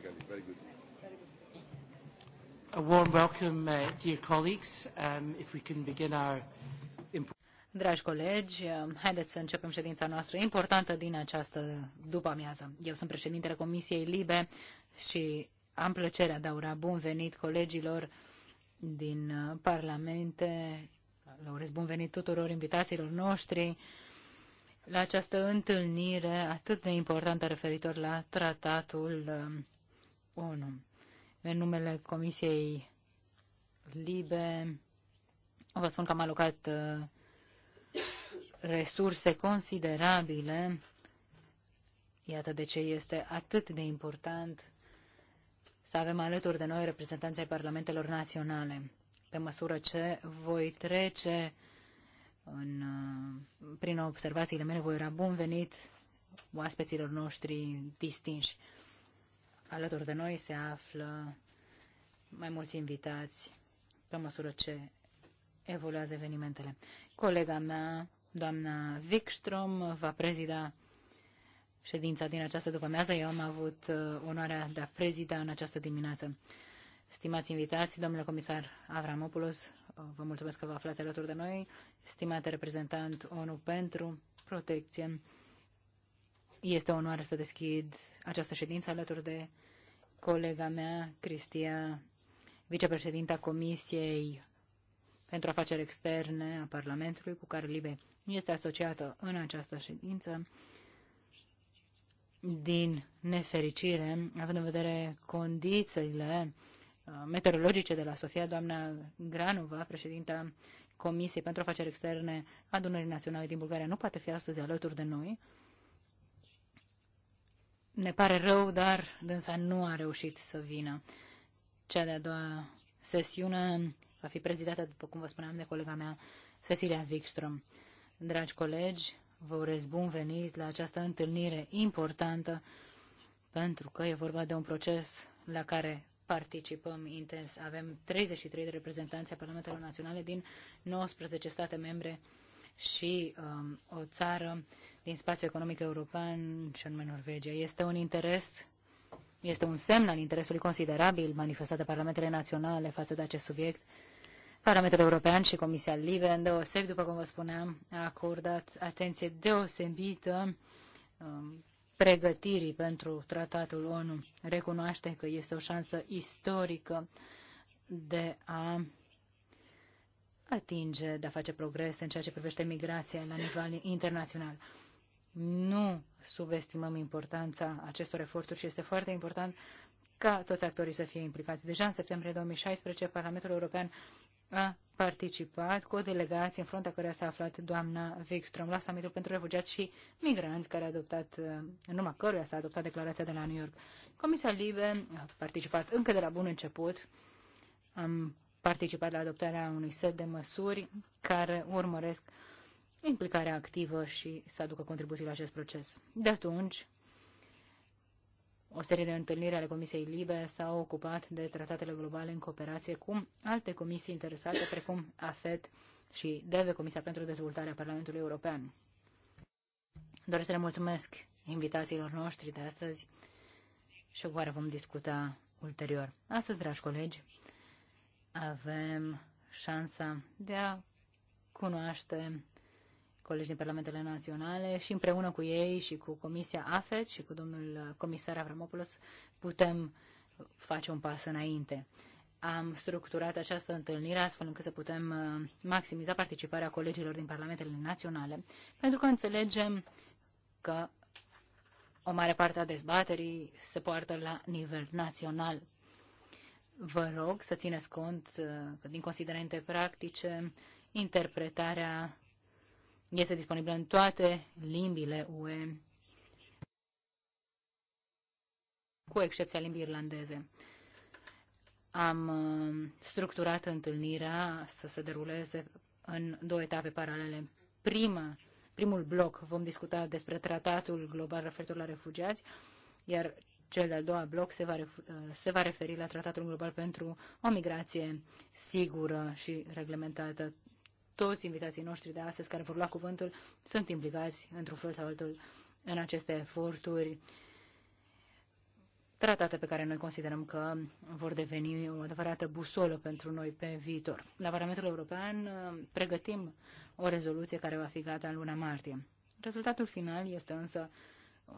very good. A warm welcome, uh, dear colleagues. Um, if we can begin our Dragi colegi, uh, haideți să începem ședința noastră importantă din această după-amiază. Eu sunt președintele Comisiei Libe și am plăcerea de a ura bun venit colegilor din uh, parlamente, le urez bun venit tuturor invitațiilor noștri la această întâlnire atât de importantă referitor la tratatul um, ONU. În numele Comisiei Libe vă spun că am alocat uh, resurse considerabile. Iată de ce este atât de important să avem alături de noi reprezentanții parlamentelor naționale, pe măsură ce voi trece în, uh, prin observațiile mele, voi era bun venit oaspeților noștri distinși. Alături de noi se află mai mulți invitați pe măsură ce evoluează evenimentele. Colega mea, doamna Wikström, va prezida ședința din această după-amiază. Eu am avut uh, onoarea de a prezida în această dimineață. Stimați invitați, domnule comisar Avramopoulos, uh, vă mulțumesc că vă aflați alături de noi, stimate reprezentant ONU pentru protecție este o onoare să deschid această ședință alături de colega mea, Cristia, vicepreședinta Comisiei pentru Afaceri Externe a Parlamentului, cu care Libe este asociată în această ședință. Din nefericire, având în vedere condițiile uh, meteorologice de la Sofia, doamna Granova, președinta Comisiei pentru Afaceri Externe a Dunării Naționale din Bulgaria, nu poate fi astăzi alături de noi. Ne pare rău, dar dânsa nu a reușit să vină. Cea de-a doua sesiune va fi prezidată, după cum vă spuneam, de colega mea, Cecilia Wikström. Dragi colegi, vă urez bun venit la această întâlnire importantă, pentru că e vorba de un proces la care participăm intens. Avem 33 de reprezentanți a Parlamentelor Naționale din 19 state membre și um, o țară din spațiul economic european, și anume Norvegia. Este un interes, este un semn al interesului considerabil manifestat de parlamentele naționale față de acest subiect. Parlamentul European și Comisia Libe, deoseb, după cum vă spuneam, a acordat atenție deosebită um, pregătirii pentru tratatul ONU. Recunoaște că este o șansă istorică de a atinge, de a face progrese în ceea ce privește migrația la nivel internațional nu subestimăm importanța acestor eforturi și este foarte important ca toți actorii să fie implicați. Deja în septembrie 2016, Parlamentul European a participat cu o delegație în fruntea căreia s-a aflat doamna Wikström la summitul pentru refugiați și migranți, care a adoptat, în urma căruia s-a adoptat declarația de la New York. Comisia Libe a participat încă de la bun început. Am participat la adoptarea unui set de măsuri care urmăresc uh, implicarea activă și să aducă contribuții la acest proces. De atunci, o serie de întâlniri ale Comisiei Libe s-au ocupat de tratatele globale în cooperație cu alte comisii interesate, precum AFET și DEVE, Comisia pentru Dezvoltarea Parlamentului European. Doresc să le mulțumesc invitațiilor noștri de astăzi și cu care vom discuta ulterior. Astăzi, dragi colegi, avem șansa de a cunoaște colegi din Parlamentele Naționale și împreună cu ei și cu Comisia AFET și cu domnul comisar Avramopoulos putem face un pas înainte. Am structurat această întâlnire astfel încât să putem uh, maximiza participarea colegilor din Parlamentele Naționale, pentru că înțelegem că o mare parte a dezbaterii se poartă la nivel național. Vă rog să țineți cont că uh, din considerente practice interpretarea este disponibilă în toate limbile UE, cu excepția limbii irlandeze. Am uh, structurat întâlnirea să se deruleze în două etape paralele. Prima, primul bloc vom discuta despre tratatul global referitor la refugiați, iar cel de-al doilea bloc se va, uh, se va referi la Tratatul Global pentru o migrație sigură și reglementată toți invitații noștri de astăzi care vor lua cuvântul sunt implicați într-un fel sau altul în aceste eforturi tratate pe care noi considerăm că vor deveni o adevărată busolă pentru noi pe viitor. La Parlamentul European uh, pregătim o rezoluție care va fi gata în luna martie. Rezultatul final este însă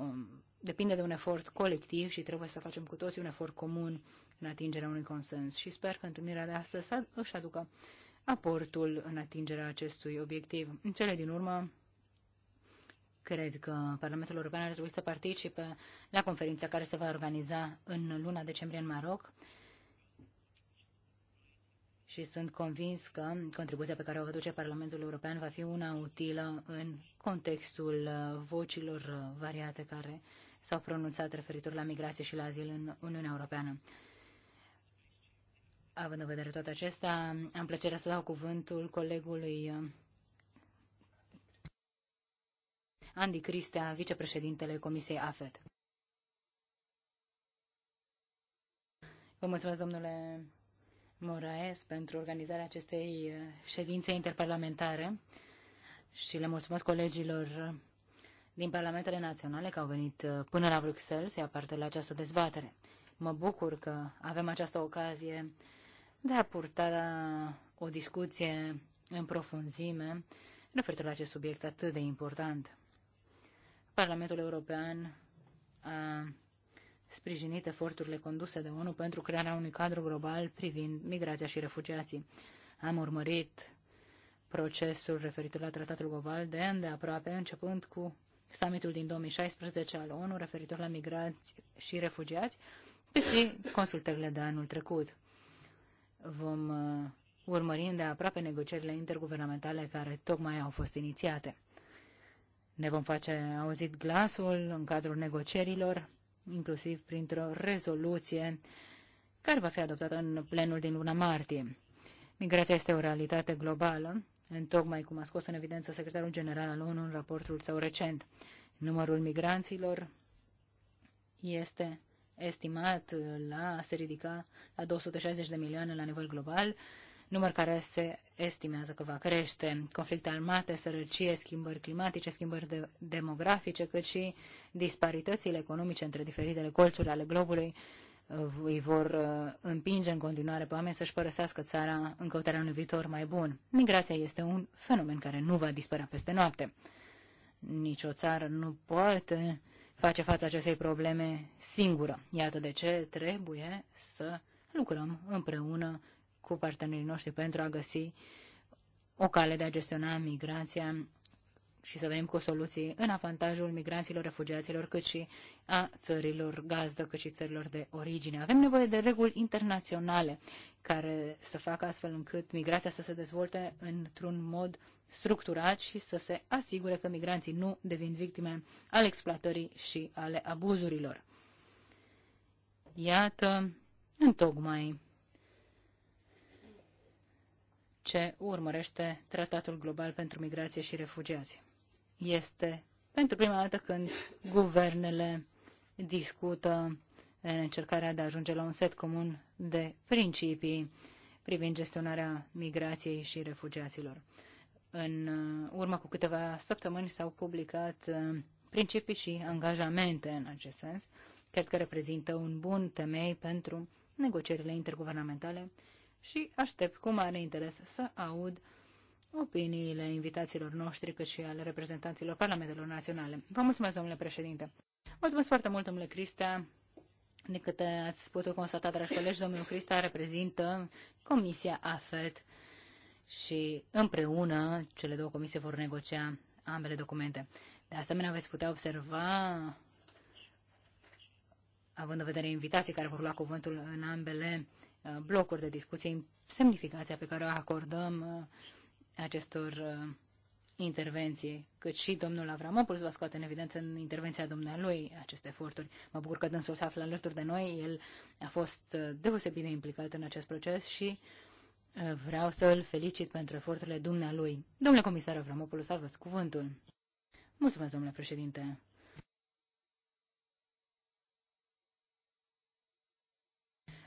um, depinde de un efort colectiv și trebuie să facem cu toții un efort comun în atingerea unui consens. Și sper că întâlnirea de astăzi își aducă aportul în atingerea acestui obiectiv. În cele din urmă, cred că Parlamentul European ar trebui să participe la conferința care se va organiza în luna decembrie în Maroc și sunt convins că contribuția pe care o va duce Parlamentul European va fi una utilă în contextul vocilor variate care s-au pronunțat referitor la migrație și la azil în Uniunea Europeană. Având în vedere toate acestea, am plăcerea să dau cuvântul colegului uh, Andy Cristea, vicepreședintele Comisiei AFET. Vă mulțumesc, domnule Moraes, pentru organizarea acestei uh, ședințe interparlamentare și le mulțumesc colegilor uh, din Parlamentele Naționale că au venit până la Bruxelles să ia parte la această dezbatere. Mă bucur că avem această ocazie de a purta o discuție în profunzime referitor la acest subiect atât de important. Parlamentul European a sprijinit eforturile conduse de ONU pentru crearea unui cadru global privind migrația și refugiații. Am urmărit procesul referitor la tratatul global de aproape începând cu summitul din 2016 al ONU referitor la migrați și refugiați, cât și consultările de anul trecut vom uh, urmări de-a aproape negocierile interguvernamentale care tocmai au fost inițiate. Ne vom face auzit glasul în cadrul negocierilor, inclusiv printr-o rezoluție care va fi adoptată în plenul din luna martie. Migrația este o realitate globală, în tocmai cum a scos în evidență secretarul general al ONU în raportul său recent. Numărul migranților este estimat la a se ridica la 260 de milioane la nivel global, număr care se estimează că va crește. Conflicte armate, sărăcie, schimbări climatice, schimbări de- demografice, cât și disparitățile economice între diferitele colțuri ale globului uh, îi vor uh, împinge în continuare pe oameni să-și părăsească țara în căutarea unui viitor mai bun. Migrația este un fenomen care nu va dispărea peste noapte. Nici o țară nu poate uh, face față acestei probleme singură. Iată de ce trebuie să lucrăm împreună cu partenerii noștri pentru a găsi o cale de a gestiona migrația și să venim cu soluții în avantajul migranților, refugiaților, cât și a țărilor gazdă, cât și țărilor de origine. Avem nevoie de reguli internaționale care să facă astfel încât migrația să se dezvolte într-un mod structurat și să se asigure că migranții nu devin victime ale exploatării și ale abuzurilor. Iată, întocmai ce urmărește Tratatul Global pentru Migrație și Refugiați este pentru prima dată când guvernele discută în încercarea de a ajunge la un set comun de principii privind gestionarea migrației și refugiaților. În uh, urmă cu câteva săptămâni s-au publicat uh, principii și angajamente în acest sens. Cred că reprezintă un bun temei pentru negocierile interguvernamentale și aștept cu mare interes să aud opiniile invitațiilor noștri, cât și ale reprezentanților Parlamentelor Naționale. Vă mulțumesc, domnule președinte. Mulțumesc foarte mult, domnule Cristea. De câte ați putut constata, dragi colegi, domnul Crista reprezintă Comisia AFET și împreună cele două comisii vor negocia ambele documente. De asemenea, veți putea observa, având în vedere invitații care vor lua cuvântul în ambele uh, blocuri de discuție, semnificația pe care o acordăm uh, acestor uh, intervenții, cât și domnul Avramopoulos va scoate în evidență în intervenția dumnealui aceste eforturi. Mă bucur că dânsul se află alături de noi, el a fost uh, deosebit de implicat în acest proces și uh, vreau să îl felicit pentru eforturile dumnealui. Domnule comisar Avramopoulos, aveți cuvântul. Mulțumesc, domnule președinte.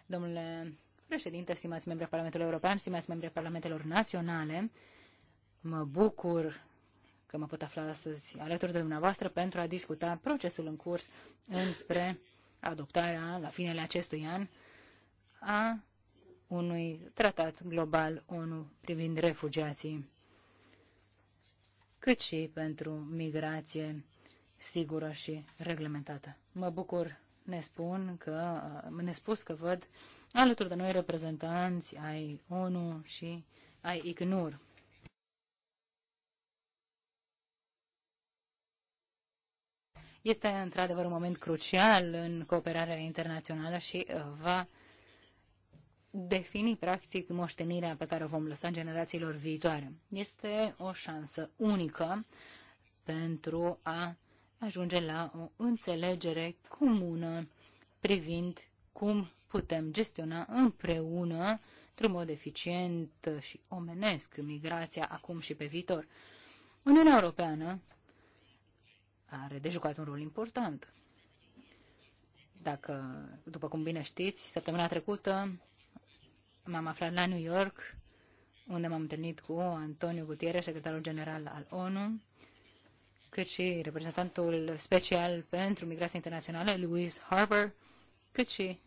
Domnule președinte, stimați membri Parlamentului European, stimați membri Parlamentelor Naționale, mă bucur că mă pot afla astăzi alături de dumneavoastră pentru a discuta procesul în curs înspre adoptarea, la finele acestui an, a unui tratat global ONU privind refugiații, cât și pentru migrație sigură și reglementată. Mă bucur, ne spun că, ne spus că văd alături de noi reprezentanți ai ONU și ai ICNUR. Este într-adevăr un moment crucial în cooperarea internațională și uh, va defini practic moștenirea pe care o vom lăsa generațiilor viitoare. Este o șansă unică pentru a ajunge la o înțelegere comună privind cum putem gestiona împreună, într-un mod eficient și omenesc, migrația acum și pe viitor. Uniunea Europeană are de jucat un rol important. Dacă, după cum bine știți, săptămâna trecută m-am aflat la New York, unde m-am întâlnit cu Antonio Gutierrez, secretarul general al ONU, cât și reprezentantul special pentru migrație internațională, Louis Harbour, cât și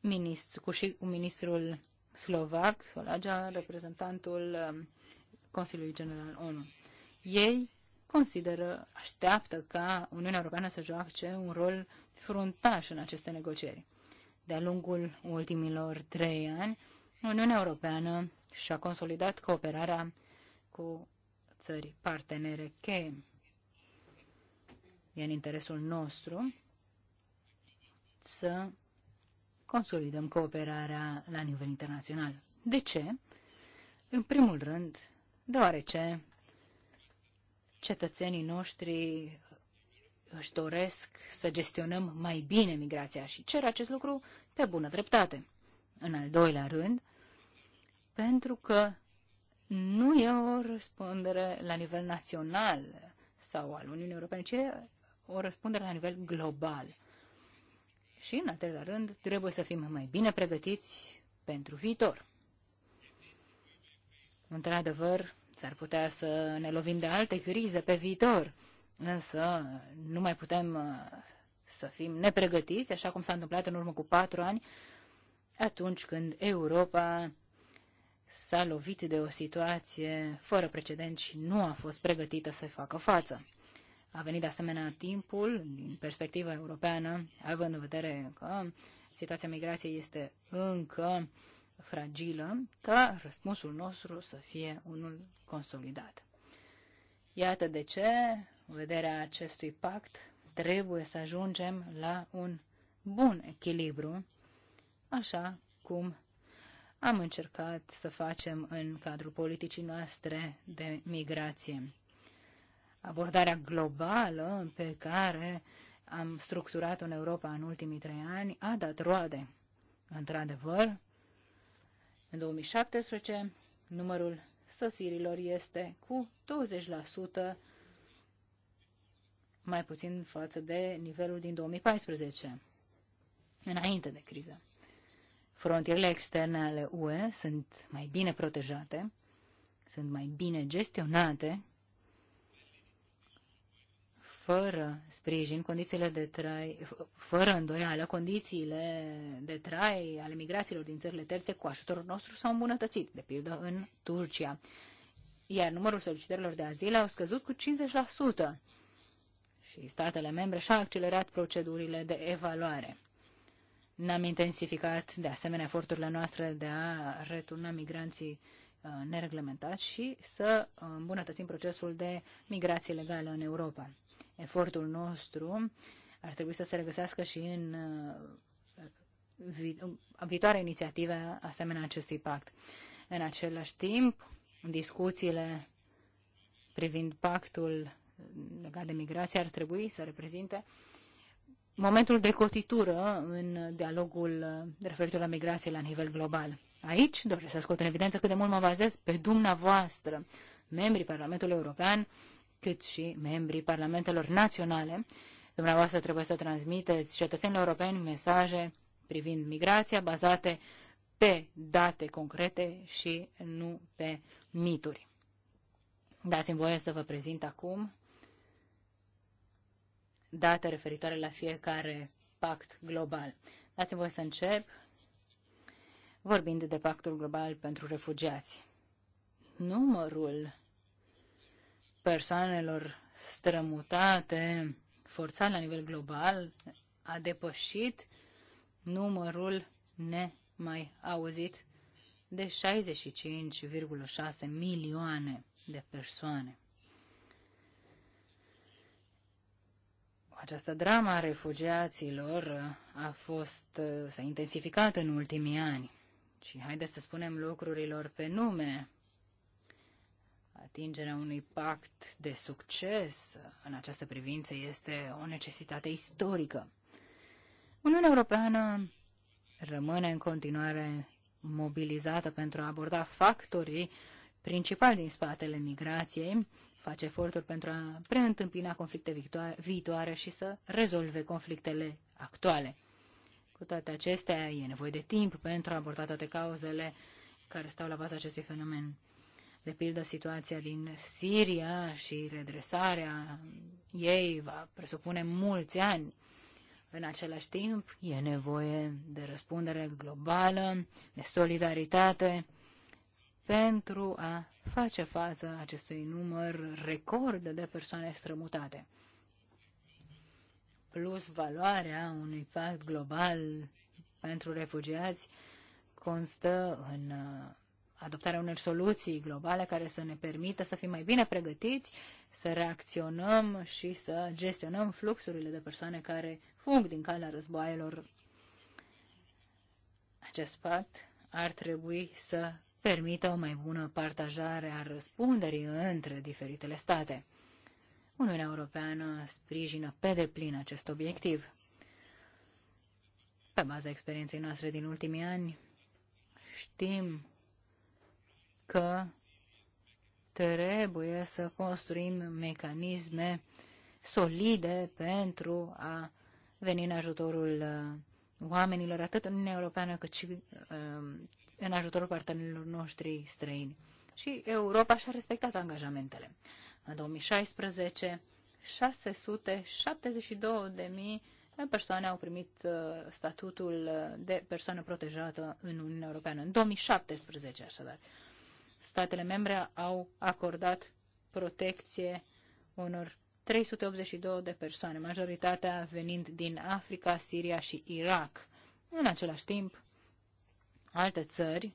ministru, cu și cu ministrul slovac, Solagea, reprezentantul um, Consiliului General ONU. Ei consideră, așteaptă ca Uniunea Europeană să joace un rol fruntaș în aceste negocieri. De-a lungul ultimilor trei ani, Uniunea Europeană și-a consolidat cooperarea cu țări partenere cheie. E în interesul nostru să consolidăm cooperarea la nivel internațional. De ce? În primul rând, deoarece cetățenii noștri își doresc să gestionăm mai bine migrația și cer acest lucru pe bună dreptate. În al doilea rând, pentru că nu e o răspundere la nivel național sau al Uniunii Europene, ci e o răspundere la nivel global. Și, în al treilea rând, trebuie să fim mai bine pregătiți pentru viitor. Într-adevăr, s-ar putea să ne lovim de alte crize pe viitor, însă nu mai putem uh, să fim nepregătiți, așa cum s-a întâmplat în urmă cu patru ani, atunci când Europa s-a lovit de o situație fără precedent și nu a fost pregătită să facă față. A venit de asemenea timpul, din perspectiva europeană, având în vedere că situația migrației este încă fragilă, ca răspunsul nostru să fie unul consolidat. Iată de ce, în vederea acestui pact, trebuie să ajungem la un bun echilibru, așa cum am încercat să facem în cadrul politicii noastre de migrație abordarea globală pe care am structurat-o în Europa în ultimii trei ani a dat roade. Într-adevăr, în 2017, numărul sosirilor este cu 20% mai puțin față de nivelul din 2014, înainte de criză. Frontierele externe ale UE sunt mai bine protejate, sunt mai bine gestionate fără sprijin, condițiile de trai, fără îndoială, condițiile de trai ale migrațiilor din țările terțe cu ajutorul nostru s-au îmbunătățit, de pildă în Turcia. Iar numărul solicitărilor de azil a scăzut cu 50% și statele membre și-au accelerat procedurile de evaluare. n am intensificat, de asemenea, eforturile noastre de a returna migranții uh, nereglementați și să îmbunătățim procesul de migrație legală în Europa efortul nostru ar trebui să se regăsească și uh, în viitoare inițiative asemenea acestui pact. În același timp, discuțiile privind pactul legat de migrație ar trebui să reprezinte momentul de cotitură în dialogul referitor la migrație la nivel global. Aici doresc să scot în evidență cât de mult mă bazez pe dumneavoastră, membrii Parlamentului European, cât și membrii parlamentelor naționale. Dumneavoastră trebuie să transmiteți cetățenilor europeni mesaje privind migrația bazate pe date concrete și nu pe mituri. Dați-mi voie să vă prezint acum date referitoare la fiecare pact global. Dați-mi voie să încep vorbind de pactul global pentru refugiați. Numărul persoanelor strămutate, forțat la nivel global, a depășit numărul nemai auzit de 65,6 milioane de persoane. Această drama a refugiaților a fost, s-a intensificat în ultimii ani. Și haideți să spunem lucrurilor pe nume. Atingerea unui pact de succes în această privință este o necesitate istorică. Uniunea Europeană rămâne în continuare mobilizată pentru a aborda factorii principali din spatele migrației, face eforturi pentru a preîntâmpina conflicte viitoare și să rezolve conflictele actuale. Cu toate acestea, e nevoie de timp pentru a aborda toate cauzele care stau la baza acestui fenomen. De pildă, situația din Siria și redresarea ei va presupune mulți ani. În același timp, e nevoie de răspundere globală, de solidaritate, pentru a face față acestui număr record de persoane strămutate. Plus valoarea unui pact global pentru refugiați constă în uh, adoptarea unor soluții globale care să ne permită să fim mai bine pregătiți, să reacționăm și să gestionăm fluxurile de persoane care fug din calea războaielor. Acest pact ar trebui să permită o mai bună partajare a răspunderii între diferitele state. Uniunea Europeană sprijină pe deplin acest obiectiv. Pe baza experienței noastre din ultimii ani, știm că trebuie să construim mecanisme solide pentru a veni în ajutorul uh, oamenilor, atât în Uniunea Europeană, cât și uh, în ajutorul partenerilor noștri străini. Și Europa și-a respectat angajamentele. În 2016, 672 de mii persoane au primit uh, statutul de persoană protejată în Uniunea Europeană. În 2017, așadar statele membre au acordat protecție unor 382 de persoane, majoritatea venind din Africa, Siria și Irak. În același timp, alte țări,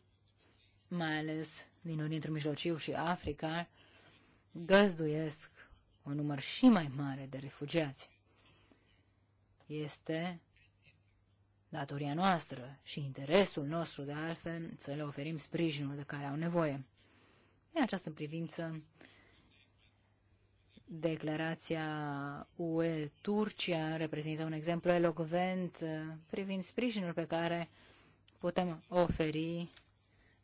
mai ales din Orientul Mijlociu și Africa, găzduiesc un număr și mai mare de refugiați. Este datoria noastră și interesul nostru de altfel să le oferim sprijinul de care au nevoie. În această privință, declarația UE-Turcia reprezintă un exemplu elocvent uh, privind sprijinul pe care putem oferi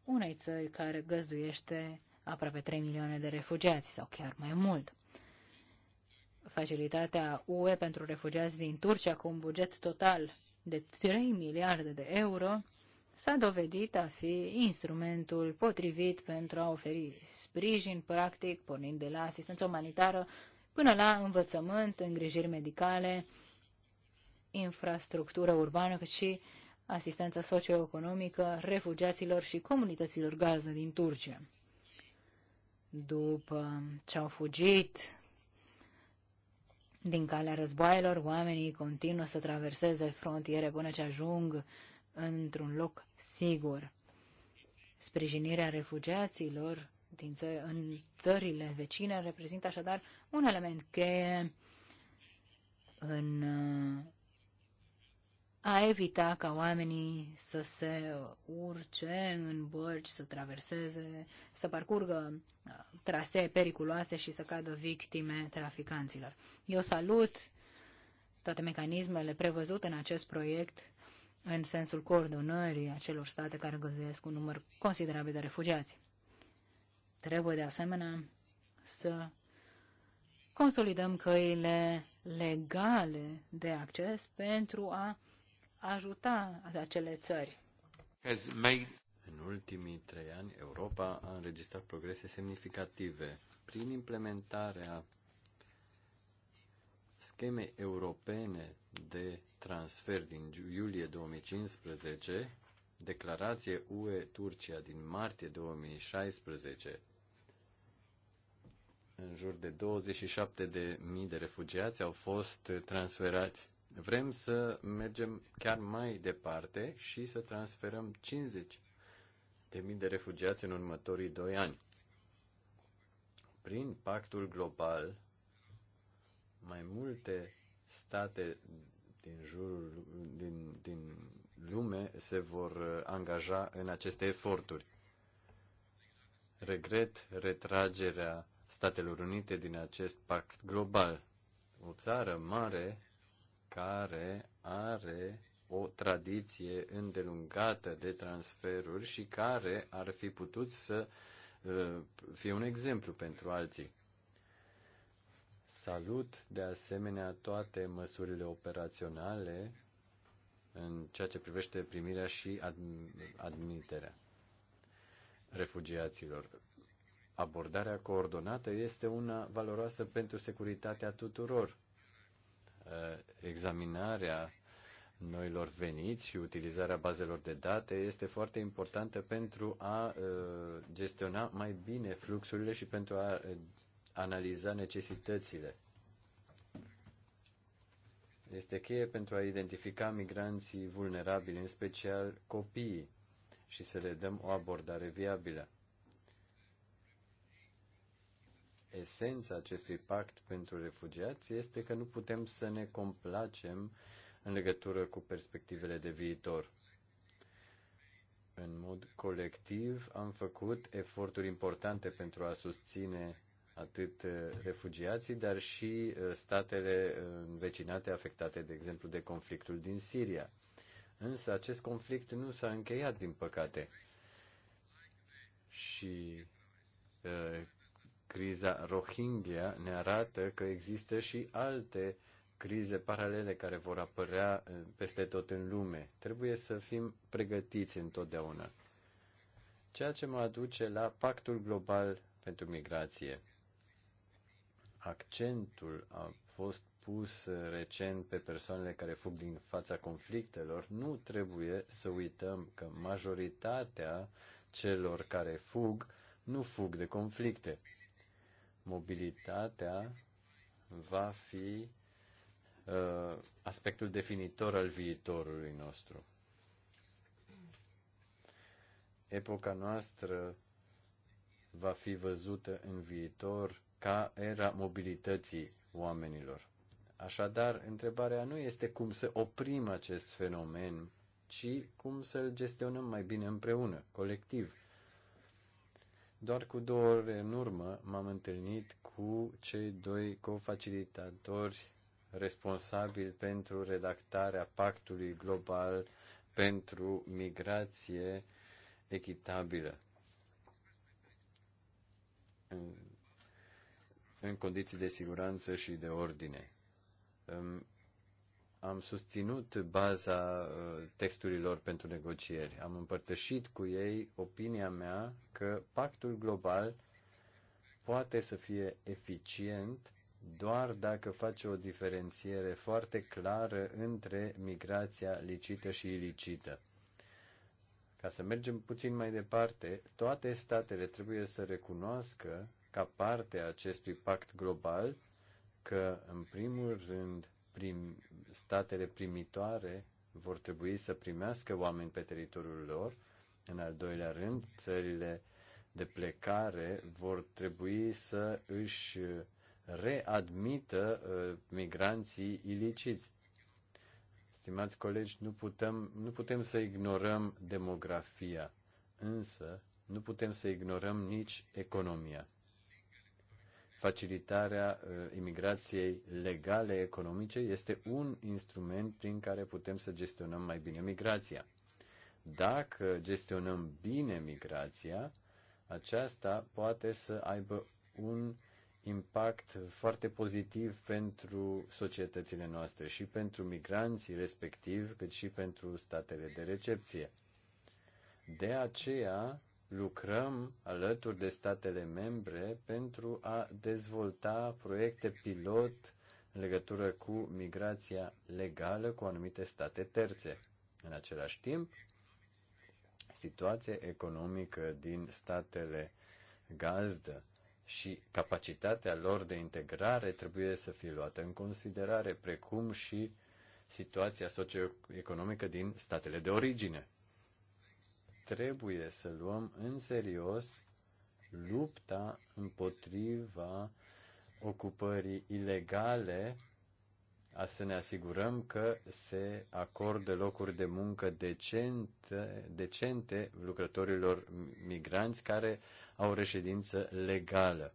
unei țări care găzduiește aproape 3 milioane de refugiați sau chiar mai mult. Facilitatea UE pentru refugiați din Turcia cu un buget total de 3 miliarde de euro s-a dovedit a fi instrumentul potrivit pentru a oferi sprijin practic, pornind de la asistență umanitară până la învățământ, îngrijiri medicale, infrastructură urbană, cât și asistența socioeconomică refugiaților și comunităților gazdă din Turcia. După ce au fugit din calea războaielor, oamenii continuă să traverseze frontiere până ce ajung într-un loc sigur. Sprijinirea refugiaților din ță- în țările vecine reprezintă așadar un element cheie în a evita ca oamenii să se urce în bărci, să traverseze, să parcurgă uh, trasee periculoase și să cadă victime traficanților. Eu salut toate mecanismele prevăzute în acest proiect în sensul coordonării acelor state care găzduiesc un număr considerabil de refugiați. Trebuie de asemenea să consolidăm căile legale de acces pentru a ajuta acele țări. În ultimii trei ani, Europa a înregistrat progrese semnificative prin implementarea scheme europene de transfer din iulie 2015, declarație UE-Turcia din martie 2016, în jur de 27.000 de, mii de refugiați au fost transferați. Vrem să mergem chiar mai departe și să transferăm 50 de mii de refugiați în următorii doi ani. Prin pactul global mai multe state din jurul din, din lume se vor uh, angaja în aceste eforturi. Regret retragerea Statelor Unite din acest pact global. O țară mare care are o tradiție îndelungată de transferuri și care ar fi putut să uh, fie un exemplu pentru alții. Salut de asemenea toate măsurile operaționale în ceea ce privește primirea și admiterea refugiaților. Abordarea coordonată este una valoroasă pentru securitatea tuturor. Uh, examinarea noilor veniți și utilizarea bazelor de date este foarte importantă pentru a uh, gestiona mai bine fluxurile și pentru a uh, analiza necesitățile. Este cheie pentru a identifica migranții vulnerabili, în special copiii, și să le dăm o abordare viabilă. Esența acestui pact pentru refugiați este că nu putem să ne complacem în legătură cu perspectivele de viitor. În mod colectiv am făcut eforturi importante pentru a susține atât uh, refugiații, dar și uh, statele uh, învecinate afectate, de exemplu, de conflictul din Siria. Însă acest conflict nu s-a încheiat, din păcate. Și criza Rohingya ne arată că există și alte crize paralele care vor apărea peste tot în lume. Trebuie să fim pregătiți întotdeauna. Ceea ce mă aduce la Pactul Global pentru Migrație accentul a fost pus recent pe persoanele care fug din fața conflictelor, nu trebuie să uităm că majoritatea celor care fug nu fug de conflicte. Mobilitatea va fi uh, aspectul definitor al viitorului nostru. Epoca noastră va fi văzută în viitor ca era mobilității oamenilor. Așadar, întrebarea nu este cum să oprim acest fenomen, ci cum să-l gestionăm mai bine împreună, colectiv. Doar cu două ore în urmă m-am întâlnit cu cei doi cofacilitatori responsabili pentru redactarea pactului global pentru migrație echitabilă în condiții de siguranță și de ordine. Am susținut baza uh, texturilor pentru negocieri. Am împărtășit cu ei opinia mea că pactul global poate să fie eficient doar dacă face o diferențiere foarte clară între migrația licită și ilicită. Ca să mergem puțin mai departe, toate statele trebuie să recunoască ca parte a acestui pact global că, în primul rând, prim, statele primitoare vor trebui să primească oameni pe teritoriul lor, în al doilea rând, țările de plecare vor trebui să își readmită uh, migranții iliciți. Stimați colegi, nu putem, nu putem să ignorăm demografia, însă nu putem să ignorăm nici economia facilitarea uh, imigrației legale economice este un instrument prin care putem să gestionăm mai bine migrația. Dacă gestionăm bine migrația, aceasta poate să aibă un impact foarte pozitiv pentru societățile noastre și pentru migranții respectiv, cât și pentru statele de recepție. De aceea, lucrăm alături de statele membre pentru a dezvolta proiecte pilot în legătură cu migrația legală cu anumite state terțe. În același timp, situația economică din statele gazdă și capacitatea lor de integrare trebuie să fie luată în considerare, precum și situația socioeconomică din statele de origine trebuie să luăm în serios lupta împotriva ocupării ilegale, a să ne asigurăm că se acordă locuri de muncă decente, decente lucrătorilor migranți care au reședință legală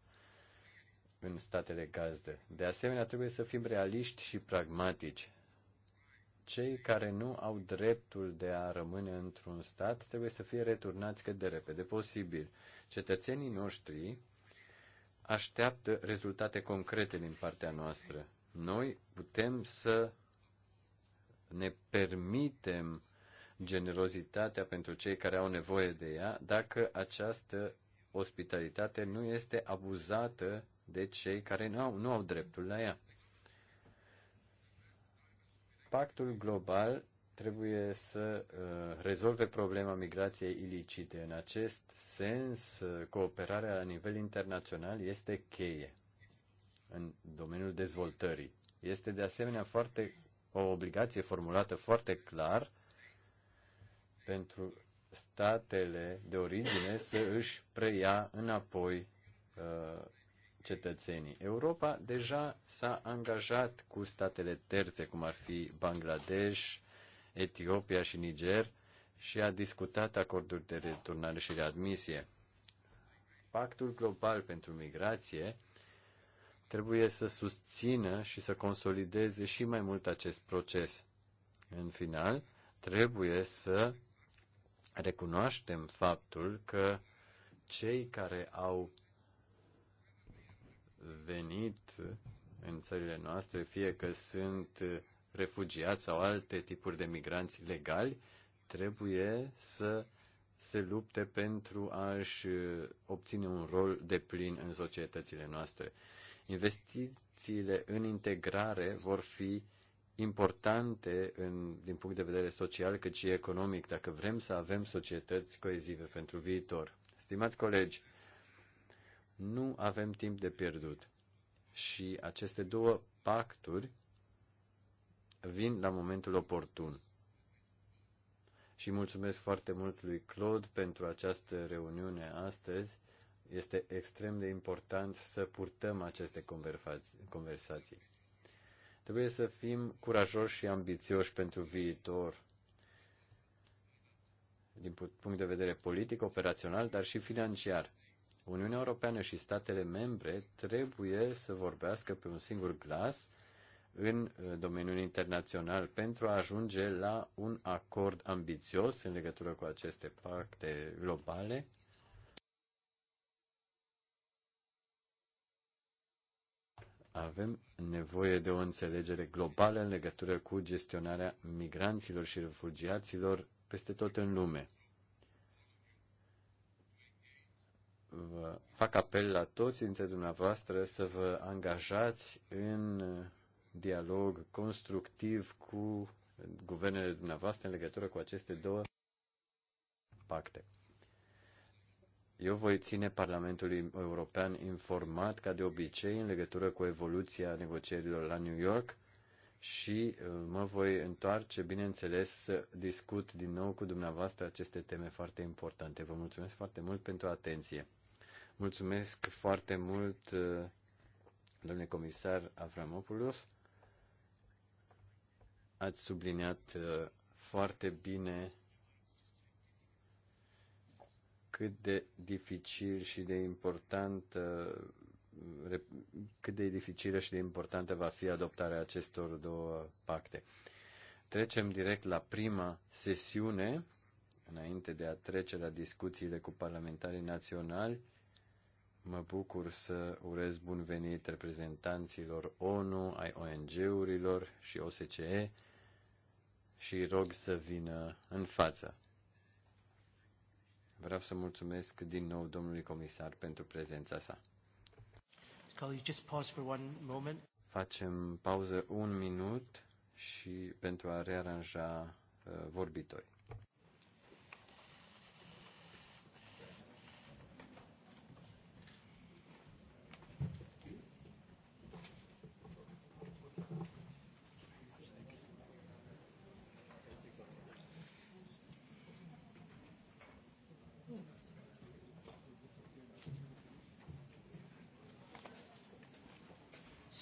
în statele gazdă. De asemenea, trebuie să fim realiști și pragmatici cei care nu au dreptul de a rămâne într-un stat trebuie să fie returnați cât de repede posibil. Cetățenii noștri așteaptă rezultate concrete din partea noastră. Noi putem să ne permitem generozitatea pentru cei care au nevoie de ea dacă această ospitalitate nu este abuzată de cei care nu au, nu au dreptul la ea pactul global trebuie să uh, rezolve problema migrației ilicite. În acest sens, uh, cooperarea la nivel internațional este cheie în domeniul dezvoltării. Este de asemenea foarte o obligație formulată foarte clar pentru statele de origine să își preia înapoi uh, cetățenii. Europa deja s-a angajat cu statele terțe, cum ar fi Bangladesh, Etiopia și Niger, și a discutat acorduri de returnare și readmisie. Pactul global pentru migrație trebuie să susțină și să consolideze și mai mult acest proces. În final, trebuie să recunoaștem faptul că cei care au venit în țările noastre, fie că sunt refugiați sau alte tipuri de migranți legali, trebuie să se lupte pentru a-și obține un rol de plin în societățile noastre. Investițiile în integrare vor fi importante în, din punct de vedere social cât și economic, dacă vrem să avem societăți coezive pentru viitor. Stimați colegi, nu avem timp de pierdut. Și aceste două pacturi vin la momentul oportun. Și mulțumesc foarte mult lui Claude pentru această reuniune astăzi. Este extrem de important să purtăm aceste conversații. Trebuie să fim curajoși și ambițioși pentru viitor, din punct de vedere politic, operațional, dar și financiar. Uniunea Europeană și statele membre trebuie să vorbească pe un singur glas în uh, domeniul internațional pentru a ajunge la un acord ambițios în legătură cu aceste pacte globale. Avem nevoie de o înțelegere globală în legătură cu gestionarea migranților și refugiaților peste tot în lume. vă fac apel la toți dintre dumneavoastră să vă angajați în dialog constructiv cu guvernele dumneavoastră în legătură cu aceste două pacte. Eu voi ține Parlamentul European informat, ca de obicei, în legătură cu evoluția negocierilor la New York și uh, mă voi întoarce, bineînțeles, să discut din nou cu dumneavoastră aceste teme foarte importante. Vă mulțumesc foarte mult pentru atenție. Mulțumesc foarte mult, uh, domnule comisar Avramopoulos. Ați subliniat uh, foarte bine cât de dificil și de important uh, cât de dificilă și de importantă va fi adoptarea acestor două pacte. Trecem direct la prima sesiune, înainte de a trece la discuțiile cu parlamentarii naționali. Mă bucur să urez bun venit reprezentanților ONU, ai ONG-urilor și OSCE și rog să vină în față. Vreau să mulțumesc din nou domnului comisar pentru prezența sa. Facem pauză un minut și pentru a rearanja uh, vorbitorii.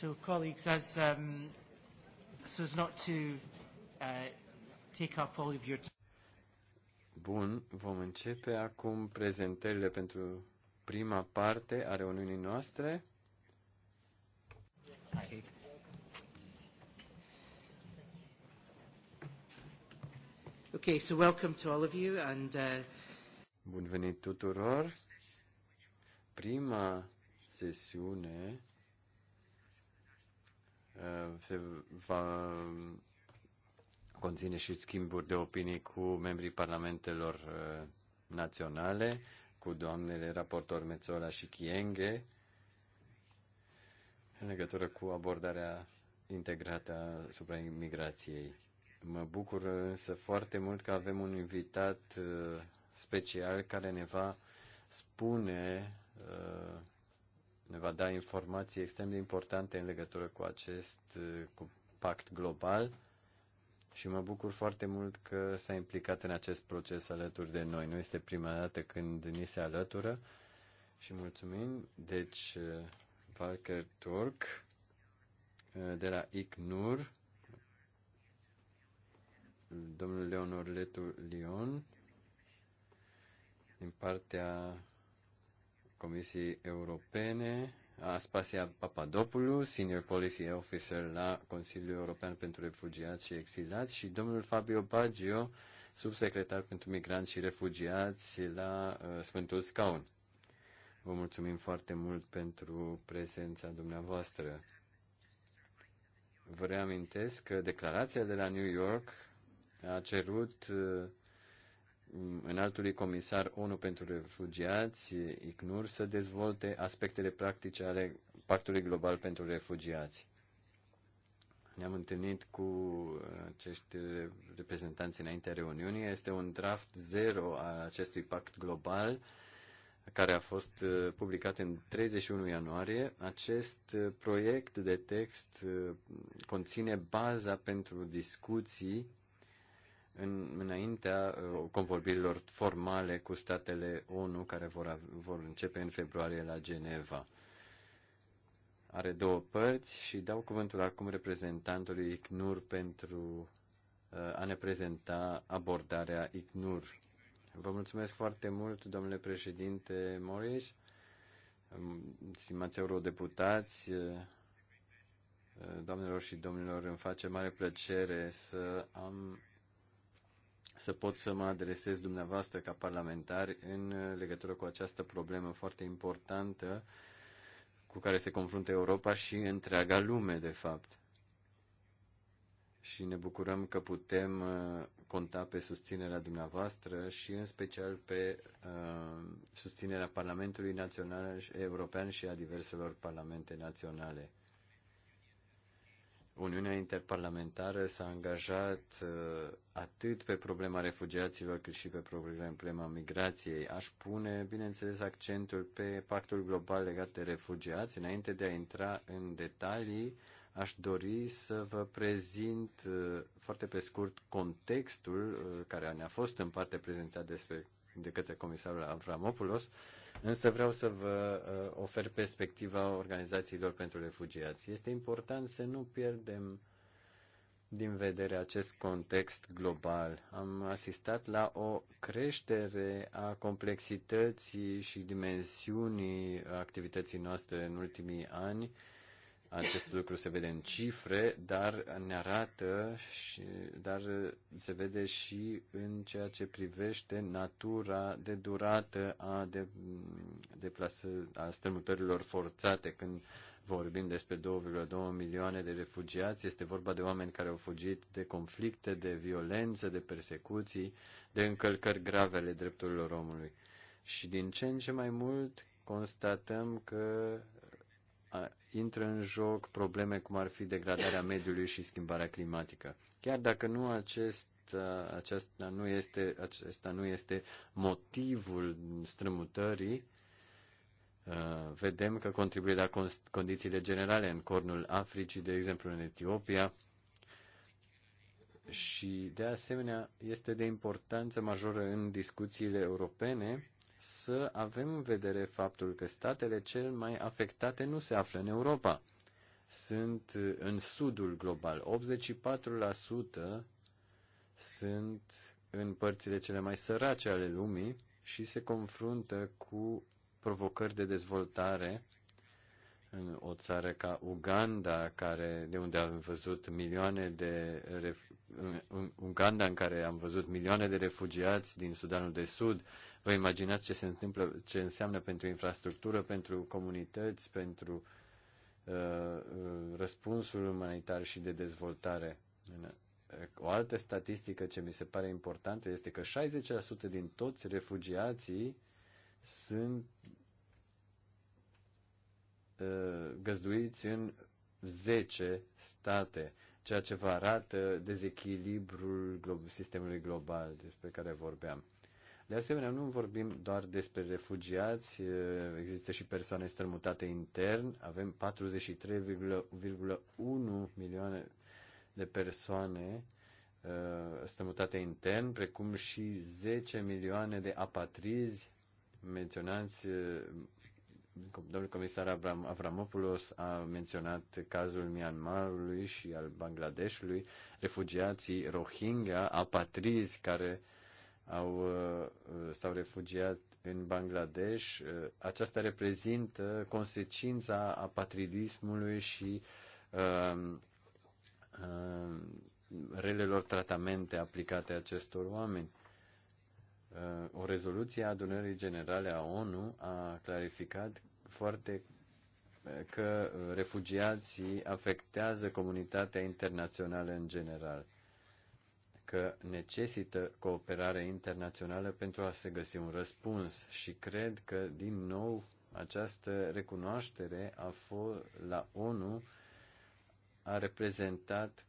So, colleagues, as, um, so as not to uh, take up all of your time. Bun, vom începe acum prezentările pentru prima parte a reuniunii noastre. Okay. Okay, so welcome to all of you and uh... Bun venit tuturor. Prima sesiune Uh, se va conține și schimburi de opinii cu membrii parlamentelor uh, naționale, cu doamnele raportor Mețola și Chienghe, în legătură cu abordarea integrată asupra imigrației. Mă bucur însă foarte mult că avem un invitat uh, special care ne va spune ne va da informații extrem de importante în legătură cu acest cu pact global și mă bucur foarte mult că s-a implicat în acest proces alături de noi. Nu este prima dată când ni se alătură și mulțumim. Deci, Walker Turk de la ICNUR, domnul Leonor Letu Lion, din partea Comisiei Europene, Aspasia Papadopoulou, Senior Policy Officer la Consiliul European pentru Refugiați și Exilați și domnul Fabio Baggio, subsecretar pentru migranți și refugiați la uh, Sfântul Scaun. Vă mulțumim foarte mult pentru prezența dumneavoastră. Vă reamintesc că declarația de la New York a cerut uh, înaltului comisar ONU pentru refugiați, ICNUR, să dezvolte aspectele practice ale Pactului Global pentru Refugiați. Ne-am întâlnit cu acești reprezentanți înaintea reuniunii. Este un draft zero a acestui pact global care a fost uh, publicat în 31 ianuarie. Acest uh, proiect de text uh, conține baza pentru discuții în, înaintea uh, convorbirilor formale cu statele ONU care vor, vor începe în februarie la Geneva. Are două părți și dau cuvântul acum reprezentantului ICNUR pentru uh, a ne prezenta abordarea ICNUR. Vă mulțumesc foarte mult, domnule președinte Morris, um, stimați eurodeputați, uh, doamnelor și domnilor, îmi face mare plăcere să am să pot să mă adresez dumneavoastră ca parlamentari în legătură cu această problemă foarte importantă cu care se confruntă Europa și întreaga lume, de fapt. Și ne bucurăm că putem uh, conta pe susținerea dumneavoastră și în special pe uh, susținerea Parlamentului Național European și a diverselor parlamente naționale. Uniunea Interparlamentară s-a angajat uh, atât pe problema refugiaților cât și pe problema migrației. Aș pune, bineînțeles, accentul pe pactul global legat de refugiați. Înainte de a intra în detalii, aș dori să vă prezint uh, foarte pe scurt contextul uh, care ne-a fost în parte prezentat despre, de către comisarul Avramopoulos Însă vreau să vă uh, ofer perspectiva organizațiilor pentru refugiați. Este important să nu pierdem din vedere acest context global. Am asistat la o creștere a complexității și dimensiunii activității noastre în ultimii ani acest lucru se vede în cifre, dar ne arată și dar se vede și în ceea ce privește natura de durată a de, plasă, a strămutărilor forțate când vorbim despre 2,2 milioane de refugiați, este vorba de oameni care au fugit de conflicte, de violență, de persecuții, de încălcări grave ale drepturilor omului. Și din ce în ce mai mult constatăm că intră în joc probleme cum ar fi degradarea mediului și schimbarea climatică. Chiar dacă nu acest uh, acesta nu este, acesta nu este motivul strămutării, uh, vedem că contribuie la condițiile generale în cornul Africii, de exemplu în Etiopia, și de asemenea este de importanță majoră în discuțiile europene să avem în vedere faptul că statele cel mai afectate nu se află în Europa. Sunt în sudul global. 84% sunt în părțile cele mai sărace ale lumii și se confruntă cu provocări de dezvoltare în o țară ca Uganda, care, de unde am văzut milioane de ref, în Uganda în care am văzut milioane de refugiați din Sudanul de Sud, Vă imaginați ce se întâmplă, ce înseamnă pentru infrastructură, pentru comunități, pentru uh, uh răspunsul umanitar și de dezvoltare. O altă statistică ce mi se pare importantă este că 60% din toți refugiații sunt uh, găzduiți în 10 state, ceea ce vă arată dezechilibrul sistemului global despre care vorbeam. De asemenea, nu vorbim doar despre refugiați, există și persoane strămutate intern, avem 43,1 milioane de persoane strămutate intern, precum și 10 milioane de apatrizi menționați domnul comisar Avram, Avramopoulos a menționat cazul Myanmarului și al Bangladeshului, refugiații Rohingya, apatrizi care au, uh, s-au refugiat în Bangladesh. Uh, aceasta reprezintă consecința apatridismului și um, um, relelor tratamente aplicate acestor oameni. Uh, o rezoluție a adunării generale a ONU a clarificat foarte că refugiații afectează comunitatea internațională în general că necesită cooperare internațională pentru a se găsi un răspuns și cred că, din nou, această recunoaștere a fost la ONU a reprezentat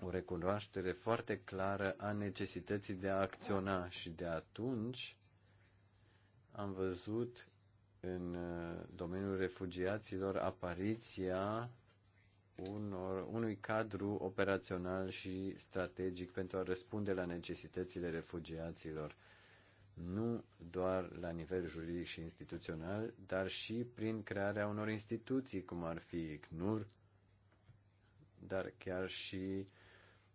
o recunoaștere foarte clară a necesității de a acționa și de atunci am văzut în uh, domeniul refugiaților apariția unor, unui cadru operațional și strategic pentru a răspunde la necesitățile refugiaților, nu doar la nivel juridic și instituțional, dar și prin crearea unor instituții, cum ar fi ICNUR, dar chiar și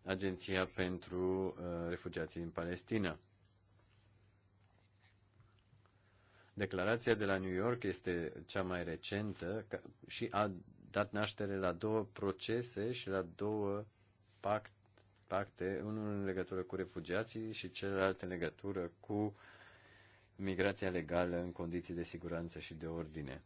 Agenția pentru uh, Refugiații din Palestina. Declarația de la New York este cea mai recentă și a dat naștere la două procese și la două pact, pacte, unul în legătură cu refugiații și celălalt în legătură cu migrația legală în condiții de siguranță și de ordine.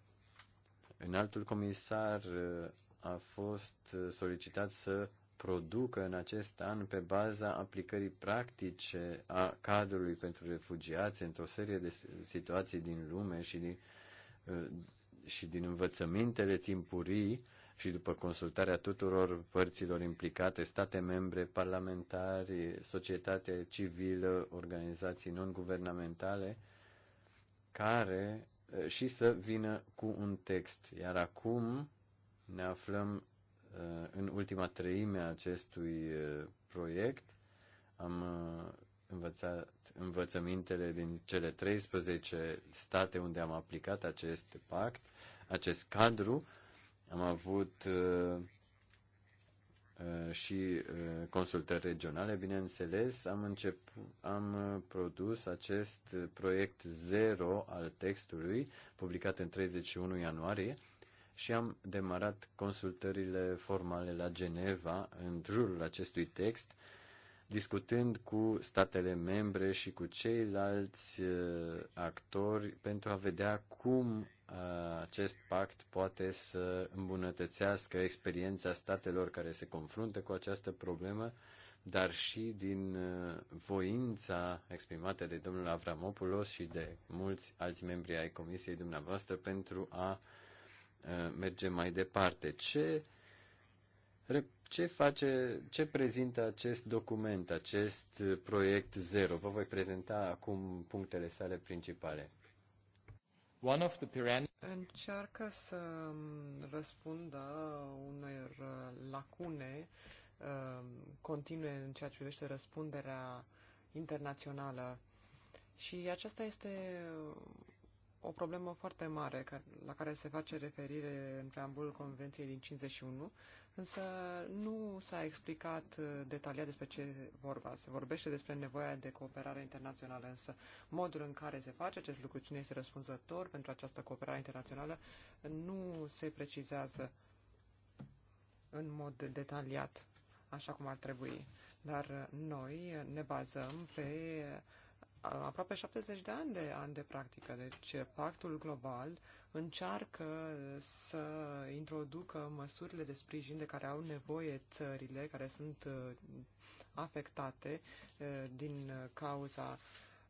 În altul comisar uh, a fost uh, solicitat să producă în acest an pe baza aplicării practice a cadrului pentru refugiați într-o serie de situații din lume și din, uh, și din învățămintele timpurii și după consultarea tuturor părților implicate, state membre, parlamentari, societate civilă, organizații non-guvernamentale, care și să vină cu un text. Iar acum ne aflăm în ultima treime a acestui proiect. Am învățat învățămintele din cele 13 state unde am aplicat acest pact, acest cadru. Am avut uh, uh și uh, consultări regionale, bineînțeles, am, început, am uh, produs acest proiect zero al textului, publicat în 31 ianuarie, și am demarat consultările formale la Geneva în jurul acestui text, uh, discutând cu statele membre și cu ceilalți uh, actori pentru a vedea cum uh, acest pact poate să îmbunătățească experiența statelor care se confruntă cu această problemă, dar și din uh, voința exprimată de domnul Avramopoulos și de mulți alți membri ai comisiei dumneavoastră pentru a merge mai departe. Ce ce face, ce prezintă acest document, acest proiect zero? Vă voi prezenta acum punctele sale principale. One of the Încearcă să răspundă unor uh, lacune uh, continue în ceea ce privește răspunderea internațională și aceasta este o problemă foarte mare la care se face referire în preambulul Convenției din 51, însă nu s-a explicat uh, detaliat despre ce vorba. Se vorbește despre nevoia de cooperare internațională, însă modul în care se face acest lucru, cine este răspunzător pentru această cooperare internațională, nu se precizează în mod detaliat, așa cum ar trebui. Dar uh, noi ne bazăm pe aproape 70 de ani de ani de practică. Deci pactul global încearcă să introducă măsurile de sprijin de care au nevoie țările care sunt uh, afectate uh, din cauza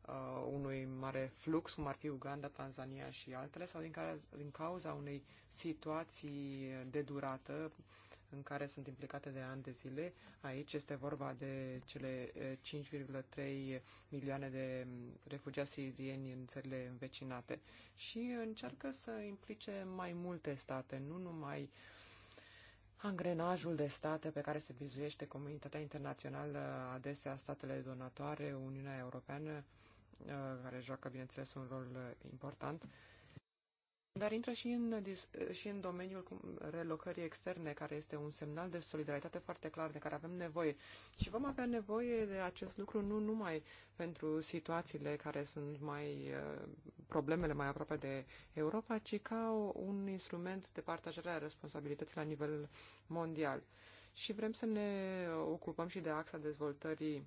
uh, unui mare flux, cum ar fi Uganda, Tanzania și altele, sau din, care, din cauza unei situații de durată în care sunt implicate de ani de zile. Aici este vorba de cele 5,3 eh, milioane de refugiați sirieni în țările învecinate și încearcă să implice mai multe state, nu numai angrenajul de state pe care se bizuiește comunitatea internațională, adesea statele donatoare, Uniunea Europeană, eh, care joacă, bineînțeles, un rol eh, important, dar intră și în, și în domeniul relocării externe, care este un semnal de solidaritate foarte clar de care avem nevoie. Și vom avea nevoie de acest lucru nu numai pentru situațiile care sunt mai eh, problemele mai aproape de Europa, ci ca un instrument de partajare a responsabilității la nivel mondial. Și vrem să ne ocupăm și de axa dezvoltării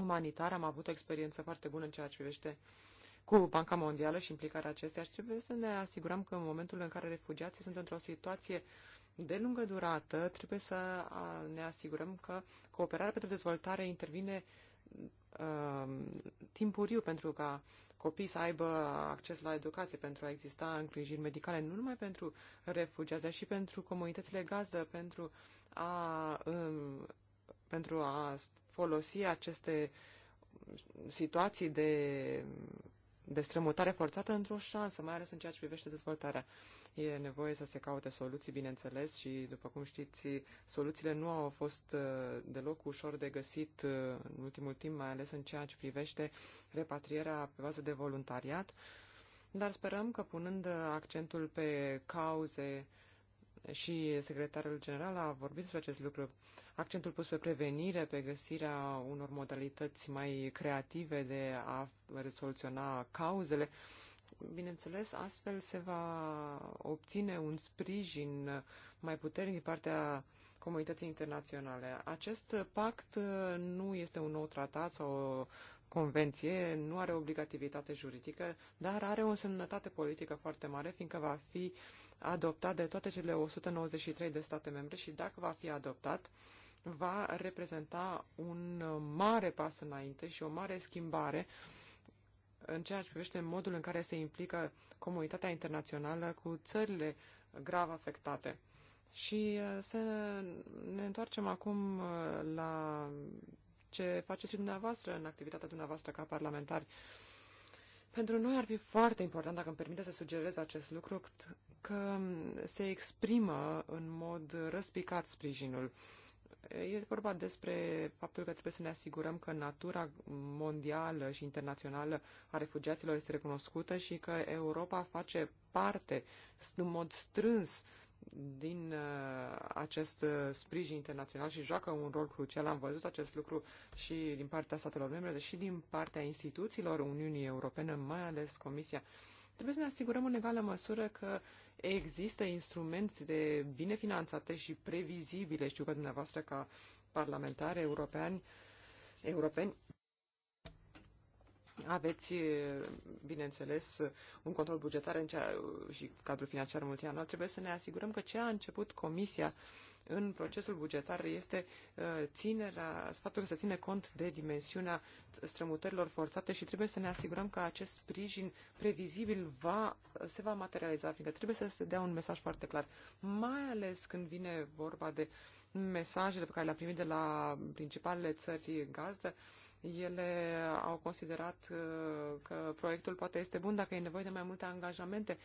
umanitare. Am avut o experiență foarte bună în ceea ce privește cu Banca Mondială și implicarea acesteia și trebuie să ne asigurăm că în momentul în care refugiații sunt într-o situație de lungă durată, trebuie să ne asigurăm că cooperarea pentru dezvoltare intervine uh, timpuriu pentru ca copiii să aibă acces la educație, pentru a exista îngrijiri medicale, nu numai pentru refugiați, dar și pentru comunitățile gazdă, pentru a, um, pentru a folosi aceste situații de strămutare forțată într-o șansă, mai ales în ceea ce privește dezvoltarea. E nevoie să se caute soluții, bineînțeles, și, după cum știți, soluțiile nu au fost uh, deloc ușor de găsit uh, în ultimul timp, mai ales în ceea ce privește repatrierea pe bază de voluntariat, dar sperăm că punând accentul pe cauze și secretarul general a vorbit despre acest lucru. Accentul pus pe prevenire, pe găsirea unor modalități mai creative de a rezoluționa cauzele. Bineînțeles, astfel se va obține un sprijin mai puternic din partea comunității internaționale. Acest pact nu este un nou tratat sau o convenție nu are obligativitate juridică, dar are o însemnătate politică foarte mare, fiindcă va fi adoptat de toate cele 193 de state membre și dacă va fi adoptat, va reprezenta un mare pas înainte și o mare schimbare în ceea ce privește modul în care se implică comunitatea internațională cu țările grav afectate. Și uh, să ne întoarcem acum uh, la ce faceți și dumneavoastră în activitatea dumneavoastră ca parlamentari. Pentru noi ar fi foarte important, dacă îmi permite să sugerez acest lucru, că se exprimă în mod răspicat sprijinul. E vorba despre faptul că trebuie să ne asigurăm că natura mondială și internațională a refugiaților este recunoscută și că Europa face parte în mod strâns din uh, acest sprijin internațional și joacă un rol crucial. Am văzut acest lucru și din partea statelor membre, dar și din partea instituțiilor Uniunii Europene, mai ales Comisia. Trebuie să ne asigurăm în egală măsură că există instrumente de bine finanțate și previzibile. Știu că dumneavoastră, ca parlamentari europeani, europeni, aveți, bineînțeles, un control bugetar în cea, și cadrul financiar multianual. Trebuie să ne asigurăm că ce a început Comisia în procesul bugetar este ținerea, sfatul că se ține cont de dimensiunea strămutărilor forțate și trebuie să ne asigurăm că acest sprijin previzibil va, se va materializa, fiindcă trebuie să se dea un mesaj foarte clar, mai ales când vine vorba de mesajele pe care le-a primit de la principalele țări gazdă, ele au considerat uh, că proiectul poate este bun dacă e nevoie de mai multe angajamente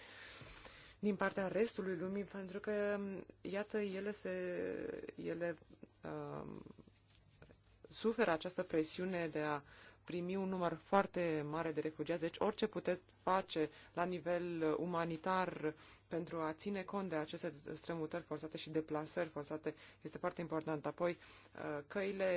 din partea restului lumii, pentru că, iată, ele se, ele uh, suferă această presiune de a primi un număr foarte mare de refugiați. Deci orice puteți face la nivel umanitar pentru a ține cont de aceste strămutări forțate și deplasări forțate este foarte important. Apoi, uh, căile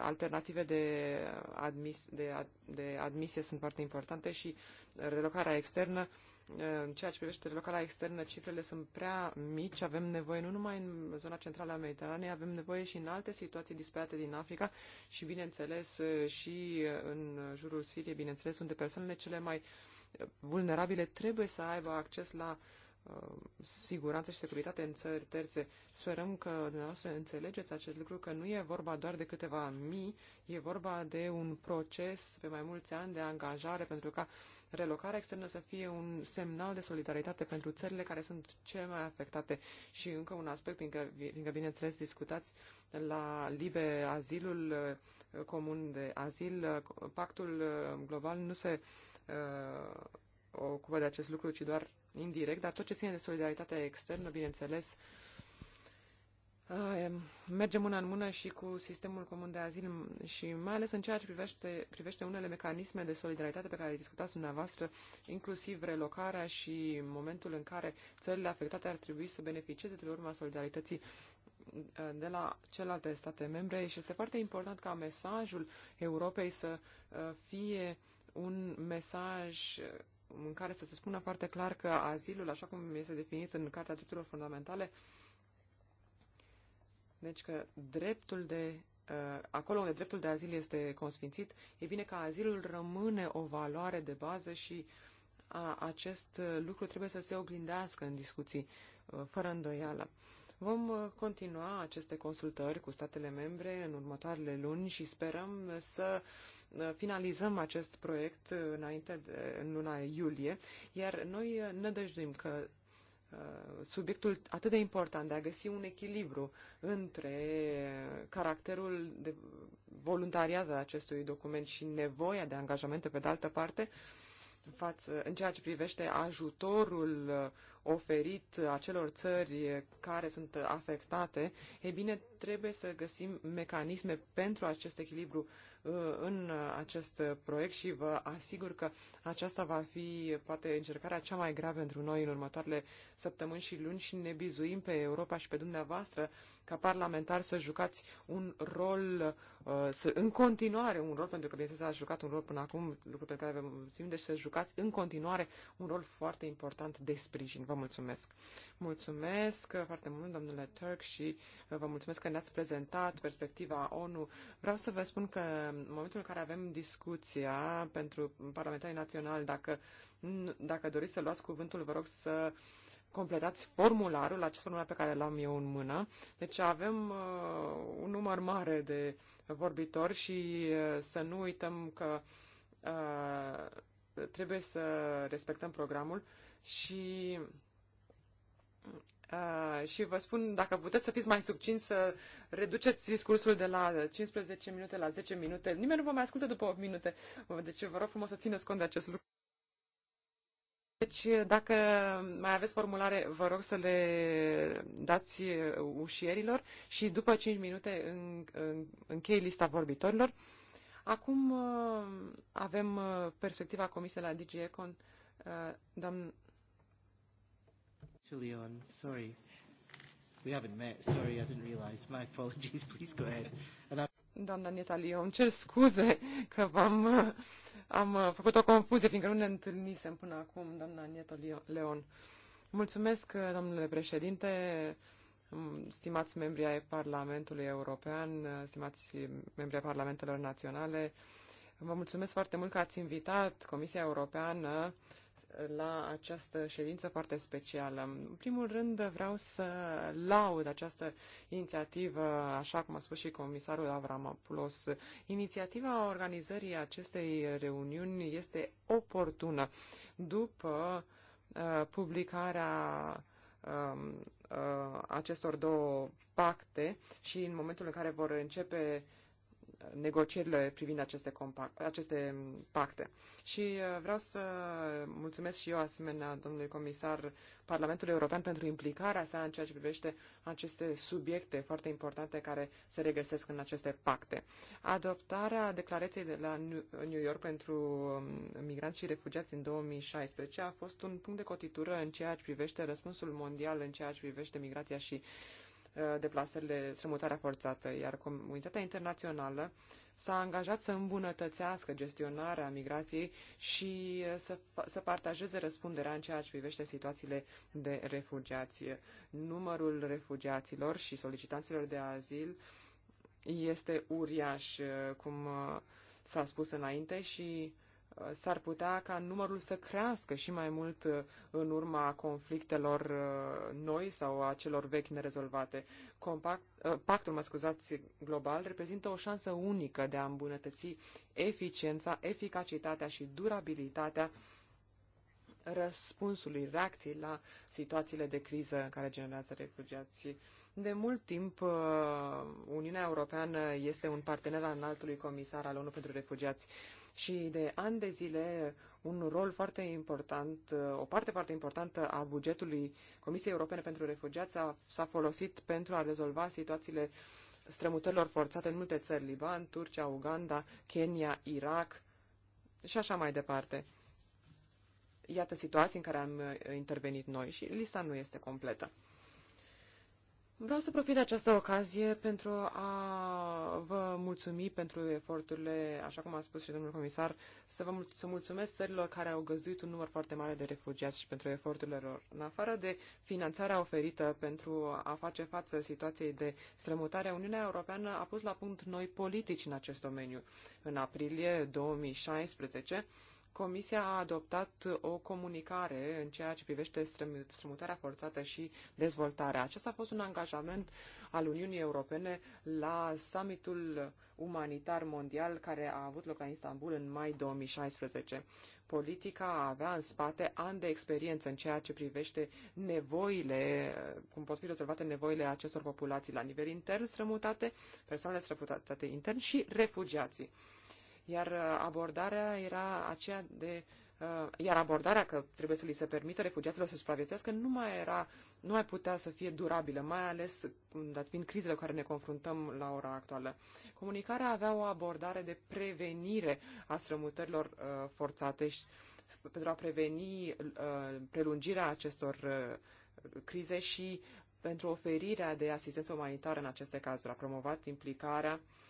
alternative de, admis, de, de admisie sunt foarte importante și relocarea externă. Uh, în ceea ce privește relocarea externă, cifrele sunt prea mici. Avem nevoie nu numai în zona centrală a Mediteranei, avem nevoie și în alte situații disperate din Africa și, bineînțeles, uh, și în jurul Siriei, bineînțeles, unde persoanele cele mai vulnerabile trebuie să aibă acces la uh, Uh, siguranță și securitate în țări terțe. Sperăm că dumneavoastră înțelegeți acest lucru, că nu e vorba doar de câteva mii, e vorba de un proces pe mai mulți ani de angajare pentru ca relocarea externă să fie un semnal de solidaritate pentru țările care sunt cele mai afectate. Și încă un aspect, fiindcă, fiindcă bineînțeles discutați la LIBE azilul uh, comun de azil, uh, pactul global nu se uh, ocupă de acest lucru, ci doar indirect, dar tot ce ține de solidaritatea externă, bineînțeles, uh, merge mână în mână și cu sistemul comun de azil și mai ales în ceea ce privește, privește unele mecanisme de solidaritate pe care le discutați dumneavoastră, inclusiv relocarea și momentul în care țările afectate ar trebui să beneficieze de urma solidarității uh, de la celelalte state membre și este foarte important ca mesajul Europei să uh, fie un mesaj în care să se spună foarte clar că azilul, așa cum este definit în cartea Drepturilor Fundamentale, deci că dreptul de uh, acolo unde dreptul de azil este consfințit, e bine că azilul rămâne o valoare de bază și uh, acest uh, lucru trebuie să se oglindească în discuții, fără îndoială. Vom uh, continua aceste consultări cu statele membre în următoarele luni și sperăm să uh, finalizăm acest proiect uh, înainte de, în luna iulie, iar noi nădăjduim că subiectul atât de important de a găsi un echilibru între caracterul de voluntariat al acestui document și nevoia de angajamente pe de altă parte, față, în ceea ce privește ajutorul oferit acelor țări care sunt afectate, e bine, trebuie să găsim mecanisme pentru acest echilibru uh, în acest proiect și vă asigur că aceasta va fi poate încercarea cea mai gravă pentru noi în următoarele săptămâni și luni și ne bizuim pe Europa și pe dumneavoastră ca parlamentar să jucați un rol, uh, să, în continuare un rol, pentru că bineînțeles a jucat un rol până acum, lucru pe care vă mulțumim, deci să jucați în continuare un rol foarte important de sprijin. Vă mulțumesc. Mulțumesc foarte mult, domnule Turk, și uh, vă mulțumesc că ne-ați prezentat perspectiva ONU. Vreau să vă spun că în momentul în care avem discuția pentru parlamentarii naționali, dacă, dacă doriți să luați cuvântul, vă rog să completați formularul, acest formular pe care l-am eu în mână. Deci avem uh, un număr mare de vorbitori și uh, să nu uităm că uh, trebuie să respectăm programul. Uh, și Uh, și vă spun, dacă puteți să fiți mai subțini, să reduceți discursul de la 15 minute la 10 minute. Nimeni nu vă mai ascultă după 8 minute, deci vă rog frumos să țineți cont de acest lucru. Deci, dacă mai aveți formulare, vă rog să le dați ușierilor și după 5 minute în, în, închei lista vorbitorilor. Acum uh, avem uh, perspectiva comisiei la DG Econ. Uh, doamnă to Leon. Sorry. We haven't met. Sorry, I didn't realize. My apologies. Please go ahead. And Doamna Netalie, îmi cer scuze că v-am am uh, făcut o confuzie, fiindcă nu ne întâlnisem până acum, doamna Nieto Leon. Mulțumesc, uh, domnule președinte, um, stimați membri ai Parlamentului European, uh, stimați membri ai Parlamentelor Naționale, Vă mulțumesc foarte mult că ați invitat Comisia Europeană la această ședință foarte specială. În primul rând vreau să laud această inițiativă, așa cum a spus și comisarul Avramopoulos. Inițiativa organizării acestei reuniuni este oportună după uh, publicarea um, uh, acestor două pacte și în momentul în care vor începe uh, negocierile privind aceste, compact, aceste pacte. Și uh, vreau să mulțumesc și eu, asemenea, domnului comisar Parlamentului European pentru implicarea sa în ceea ce privește aceste subiecte foarte importante care se regăsesc în aceste pacte. Adoptarea declarației de la New York pentru um, migranți și refugiați în 2016 a fost un punct de cotitură în ceea ce privește răspunsul mondial, în ceea ce privește migrația și uh, Uh, deplasările, strămutarea forțată, iar comunitatea internațională s-a angajat să îmbunătățească gestionarea migrației și uh, să, să partajeze răspunderea în ceea ce privește situațiile de refugiați. Numărul refugiaților și solicitanților de azil este uriaș, uh, cum s-a spus înainte, și s-ar putea ca numărul să crească și mai mult uh, în urma conflictelor uh, noi sau a celor vechi nerezolvate. Compact, uh, pactul, mă scuzați, global reprezintă o șansă unică de a îmbunătăți eficiența, eficacitatea și durabilitatea răspunsului, reacției la situațiile de criză care generează refugiații. De mult timp, Uniunea Europeană este un partener al înaltului comisar al ONU pentru refugiați și de ani de zile un rol foarte important, o parte foarte importantă a bugetului Comisiei Europene pentru Refugiați s-a folosit pentru a rezolva situațiile strămutărilor forțate în multe țări, Liban, Turcia, Uganda, Kenya, Irak și așa mai departe. Iată situații în care am uh, intervenit noi și lista nu este completă. Vreau să profit de această ocazie pentru a vă mulțumi pentru eforturile, așa cum a spus și domnul comisar, să vă mul- să mulțumesc țărilor care au găzduit un număr foarte mare de refugiați și pentru eforturile lor. În afară de finanțarea oferită pentru a face față situației de strămutare, Uniunea Europeană a pus la punct noi politici în acest domeniu. În aprilie 2016, Comisia a adoptat o comunicare în ceea ce privește strămutarea forțată și dezvoltarea. Acesta a fost un angajament al Uniunii Europene la summitul umanitar mondial care a avut loc la Istanbul în mai 2016. Politica avea în spate ani de experiență în ceea ce privește nevoile, cum pot fi rezolvate nevoile acestor populații la nivel intern strămutate, persoanele strămutate intern și refugiații iar uh, abordarea era aceea de uh, iar abordarea că trebuie să li se permită refugiaților să supraviețuiască nu mai era, nu mai putea să fie durabilă, mai ales dat fiind crizele cu care ne confruntăm la ora actuală. Comunicarea avea o abordare de prevenire a strămutărilor uh, forțate și pentru a preveni uh, prelungirea acestor uh, crize și pentru oferirea de asistență umanitară în aceste cazuri. A promovat implicarea uh,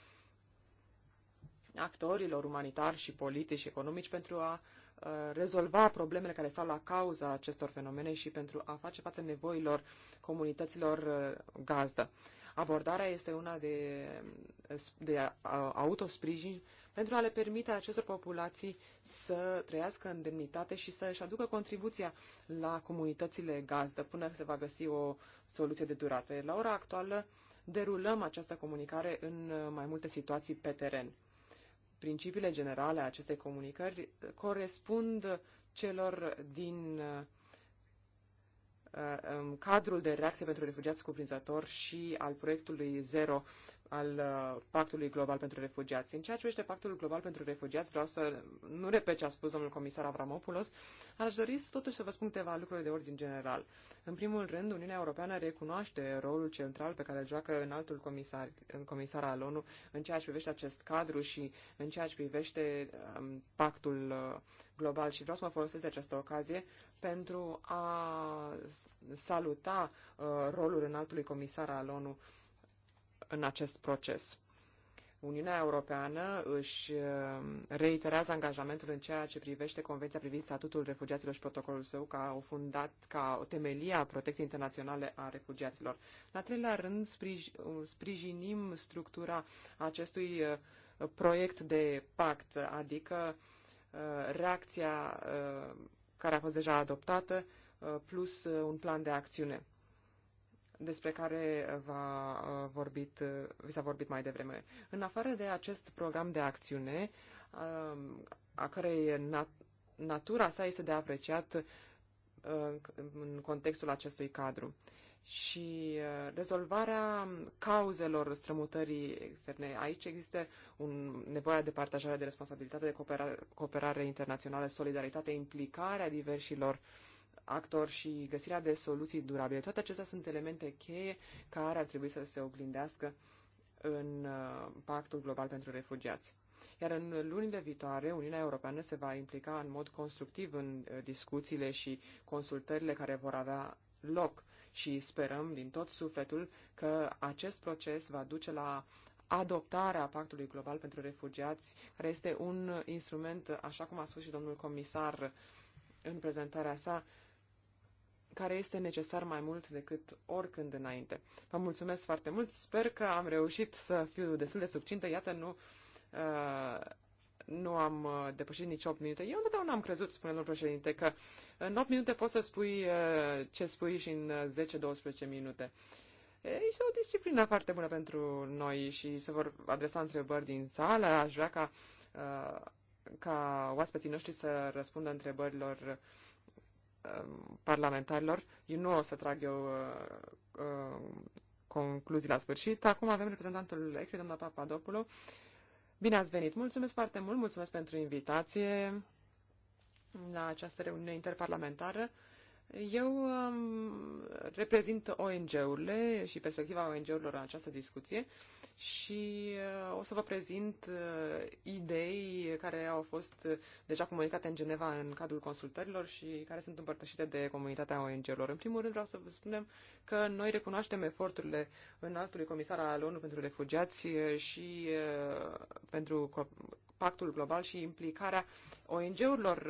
actorilor umanitari și politici și economici pentru a uh, rezolva problemele care stau la cauza acestor fenomene și pentru a face față nevoilor comunităților uh, gazdă. Abordarea este una de, de autosprijin pentru a le permite acestor populații să trăiască în demnitate și să-și aducă contribuția la comunitățile gazdă până se va găsi o soluție de durată. La ora actuală derulăm această comunicare în uh, mai multe situații pe teren principiile generale a acestei comunicări corespund celor din uh, um, cadrul de reacție pentru refugiați cuprinzător și al proiectului Zero al uh, Pactului Global pentru Refugiați. În ceea ce privește Pactul Global pentru Refugiați, vreau să nu repet ce a spus domnul comisar Avramopoulos, aș dori totuși să vă spun câteva lucruri de ordin general. În primul rând, Uniunea Europeană recunoaște rolul central pe care îl joacă în altul comisar, în comisar al ONU în ceea ce privește acest cadru și în ceea ce privește um, Pactul uh, Global și vreau să mă folosesc de această ocazie pentru a saluta uh, rolul înaltului comisar al ONU uh, în acest proces. Uniunea Europeană își uh, reiterează angajamentul în ceea ce privește Convenția privind statutul refugiaților și protocolul său ca o fundat, ca o temelie a protecției internaționale a refugiaților. În al treilea rând, sprij, sprijinim structura acestui uh, proiect de pact, adică uh, reacția care a fost deja adoptată, plus un plan de acțiune despre care v-a uh, vorbit, uh, vi s-a vorbit mai devreme. În afară de acest program de acțiune, um, a cărei nat- natura sa este de apreciat uh, în contextul acestui cadru și rezolvarea cauzelor strămutării externe. Aici există un, nevoia de partajare de responsabilitate, de cooperare, cooperare internațională, solidaritate, implicarea diversilor uh, actor și găsirea de soluții durabile. Toate acestea sunt elemente cheie care ar trebui să se oglindească în uh, Pactul Global pentru Refugiați. Iar în lunile viitoare, Uniunea Europeană se va implica în mod constructiv în uh, discuțiile și consultările care vor avea loc și sperăm din tot sufletul că acest proces va duce la adoptarea Pactului Global pentru Refugiați, care este un instrument, așa cum a spus și domnul comisar în prezentarea sa, care este necesar mai mult decât oricând înainte. Vă mulțumesc foarte mult, sper că am reușit să fiu destul de succintă, iată, nu, uh, nu am uh, depășit nici 8 minute. Eu întotdeauna am crezut, spune domnul președinte, că în 8 minute poți să spui uh, ce spui și în 10-12 uh, minute. Este o disciplină foarte bună pentru noi și se vor adresa întrebări din sală. Aș vrea ca, uh, ca oaspeții noștri să răspundă întrebărilor uh, Um, parlamentarilor. Eu nu o să trag eu uh, uh, concluzii la sfârșit. Acum avem reprezentantul ECRI, doamna Papadopoulou. Bine ați venit! Mulțumesc foarte mult, mulțumesc pentru invitație la această reuniune interparlamentară. Eu um, reprezint ONG-urile și perspectiva ONG-urilor în această discuție. Uh, și uh, o să vă prezint uh, idei care au fost uh, deja comunicate în Geneva în cadrul consultărilor și care sunt împărtășite de comunitatea ONG-urilor. În primul rând vreau să vă spunem că noi recunoaștem eforturile înaltului comisar al ONU pentru refugiați și pentru pactul global și implicarea ONG-urilor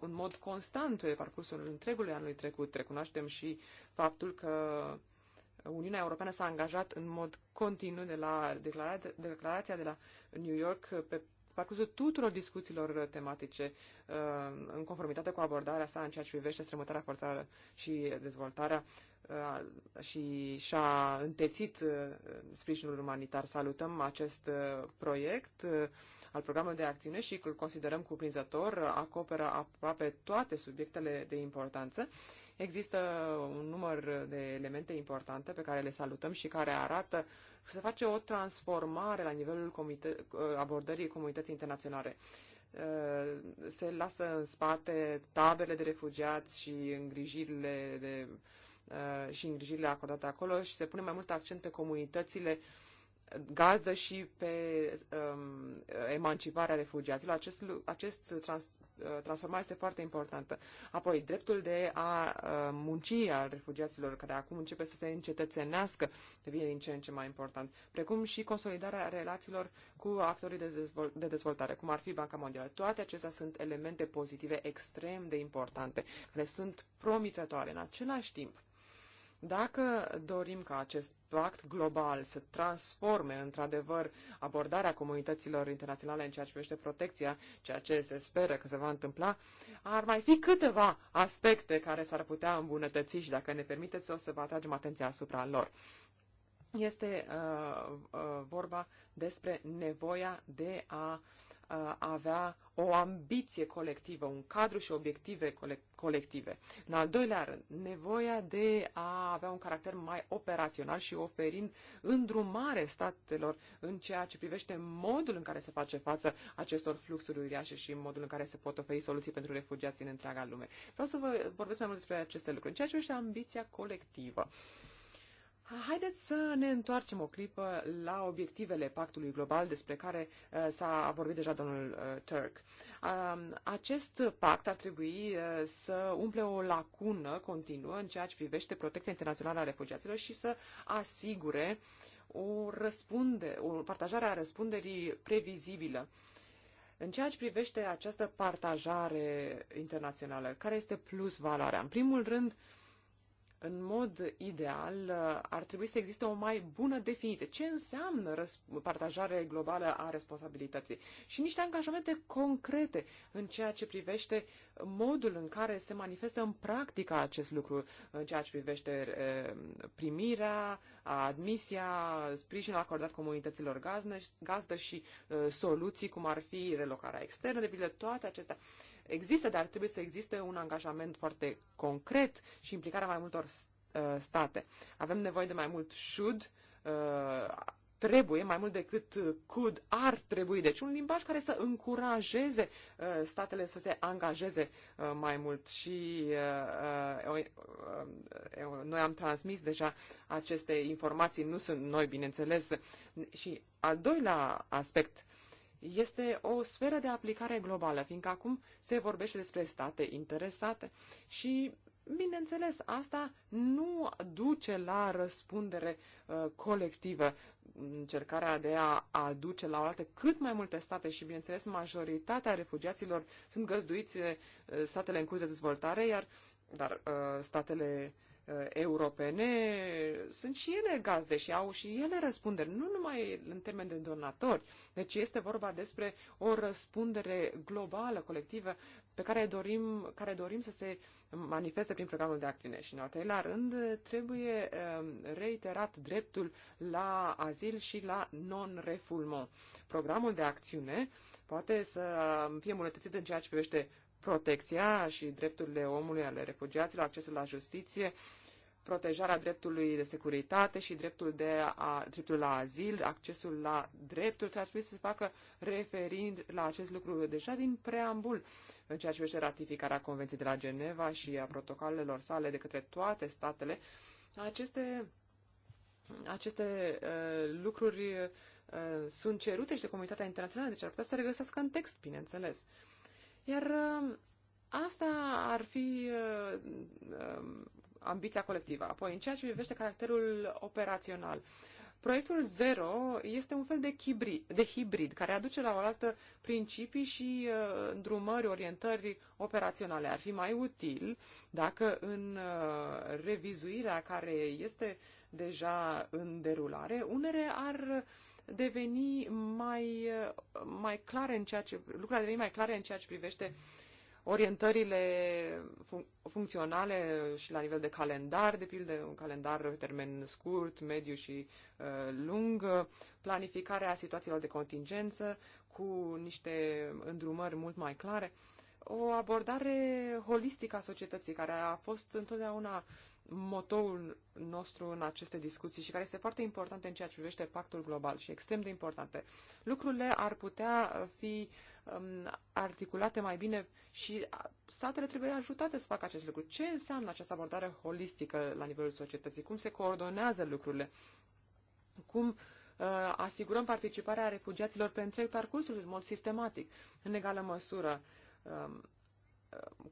în mod constant pe parcursul întregului anului trecut. Recunoaștem și faptul că Uniunea Europeană s-a angajat în mod continuu de la declarația, de la New York pe parcursul tuturor discuțiilor tematice uh, în conformitate cu abordarea sa în ceea ce privește strămutarea forțară și dezvoltarea uh, și și-a întețit uh, sprijinul umanitar. Salutăm acest proiect al programului de acțiune și îl considerăm cuprinzător, acoperă aproape toate subiectele de importanță Există un număr de elemente importante pe care le salutăm și care arată că se face o transformare la nivelul comite- abordării comunității internaționale uh, se lasă în spate taberele de refugiați și îngrijirile, de, uh, și îngrijirile acordate acolo și se pune mai mult accent pe comunitățile gazdă și pe um, emanciparea refugiaților. Acest, acest trans, Uh, transformare este foarte importantă. Apoi, dreptul de a uh, munci al refugiaților, care acum începe să se încetățenească, devine din ce în ce mai important, precum și consolidarea relațiilor cu actorii de, dezvol- de dezvoltare, cum ar fi Banca Mondială. Toate acestea sunt elemente pozitive extrem de importante, care sunt promițătoare în același timp dacă dorim ca acest pact global să transforme într-adevăr abordarea comunităților internaționale în ceea ce privește protecția, ceea ce se speră că se va întâmpla, ar mai fi câteva aspecte care s-ar putea îmbunătăți și dacă ne permiteți o să vă atragem atenția asupra lor este uh, uh, vorba despre nevoia de a Uh, avea o ambiție colectivă, un cadru și obiective colective. În al doilea rând, nevoia de a avea un caracter mai operațional și oferind îndrumare statelor în ceea ce privește modul în care se face față acestor fluxuri uriașe și modul în care se pot oferi soluții pentru refugiații în întreaga lume. Vreau să vă vorbesc mai mult despre aceste lucruri. În ceea ce privește ambiția colectivă, uh, Haideți să ne întoarcem o clipă la obiectivele pactului global despre care uh, s-a vorbit deja domnul uh, Turk. Uh, acest pact ar trebui uh, să umple o lacună continuă în ceea ce privește protecția internațională a refugiaților și să asigure o, răspunde, o partajare a răspunderii previzibilă. În ceea ce privește această partajare internațională, care este plus valoarea? În primul rând, uh, în mod ideal, uh, ar trebui să existe o mai bună definiție. Ce înseamnă partajare globală a responsabilității? Și niște angajamente concrete în ceea ce privește modul în care se manifestă în practică acest lucru, în ceea ce privește uh, primirea, admisia, sprijinul acordat comunităților gazdă și uh, soluții, cum ar fi relocarea externă, de pildă, toate acestea există, dar trebuie să existe un angajament foarte concret și implicarea mai multor uh, state. Avem nevoie de mai mult should, uh, trebuie, mai mult decât could, ar trebui. Deci un limbaj care să încurajeze uh, statele să se angajeze mai mult. Și noi am transmis deja aceste informații, nu sunt noi, bineînțeles. Și al doilea aspect este o sferă de aplicare globală, fiindcă acum se vorbește despre state interesate și, bineînțeles, asta nu duce la răspundere uh, colectivă. Încercarea de a aduce la altă cât mai multe state și, bineînțeles, majoritatea refugiaților sunt găzduiți uh, statele în curs de dezvoltare, iar dar uh, statele uh, Uh, europene sunt și ele gazde și au și ele răspundere, nu numai în termen de donatori. Deci este vorba despre o răspundere globală, colectivă, pe care dorim, care dorim să se manifeste prin programul de acțiune. Și în al treilea rând trebuie um, reiterat dreptul la azil și la non refulmo Programul de acțiune poate să fie îmbunătățit în ceea ce privește protecția și drepturile omului ale refugiaților, accesul la justiție, protejarea dreptului de securitate și dreptul, de a, dreptul la azil, accesul la drepturi, ar trebui să se facă referind la acest lucru deja din preambul în ceea ce privește ratificarea Convenției de la Geneva și a protocolelor sale de către toate statele. Aceste, aceste uh, lucruri uh, sunt cerute și de comunitatea internațională, deci ar putea să se regăsească în text, bineînțeles. Uh, iar um, asta ar fi uh, um, ambiția colectivă. Apoi, în ceea ce privește caracterul operațional, proiectul Zero este un fel de, chibri, de hibrid care aduce la oaltă principii și uh, îndrumări, orientări operaționale. Ar fi mai util dacă în uh, revizuirea care este deja în derulare, unele ar uh, deveni mai, mai clare în ceea ce, lucrurile deveni mai clare în ceea ce privește orientările func- funcționale și la nivel de calendar, de pildă un calendar pe termen scurt, mediu și uh, lung, planificarea situațiilor de contingență cu niște îndrumări mult mai clare. Uh, o abordare holistică a societății, care a fost întotdeauna motoul nostru în aceste discuții și care este foarte important în ceea ce privește pactul global și extrem de importante. Lucrurile ar putea fi um, articulate mai bine și statele trebuie ajutate să facă acest lucru. Ce înseamnă această abordare holistică la nivelul societății? Cum se coordonează lucrurile? Cum uh, asigurăm participarea refugiaților pe întreg parcursul în mod sistematic, în egală măsură? Uh, Um,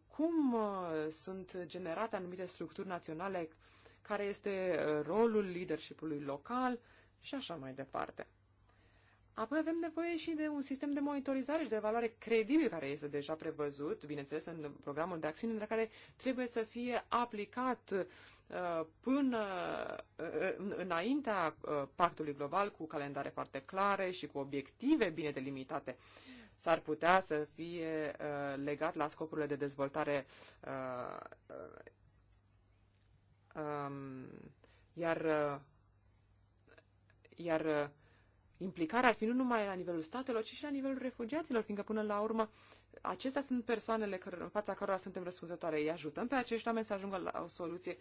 cum uh, sunt generate anumite structuri naționale, care este uh, rolul leadershipului local și așa mai departe. Apoi avem nevoie și de un sistem de monitorizare și de evaluare credibil care este deja prevăzut, bineînțeles, în programul de acțiune, dar care trebuie să fie aplicat uh, până uh, înaintea uh, pactului global cu calendare foarte clare și cu obiective bine delimitate. Uh, s-ar putea să fie uh, legat la scopurile de dezvoltare uh, uh, um, iar uh, iar uh, implicarea ar fi nu numai la nivelul statelor, ci și la nivelul refugiaților, fiindcă până la urmă acestea sunt persoanele care, în fața cărora suntem răspunzătoare. Îi ajutăm pe acești oameni să ajungă la o soluție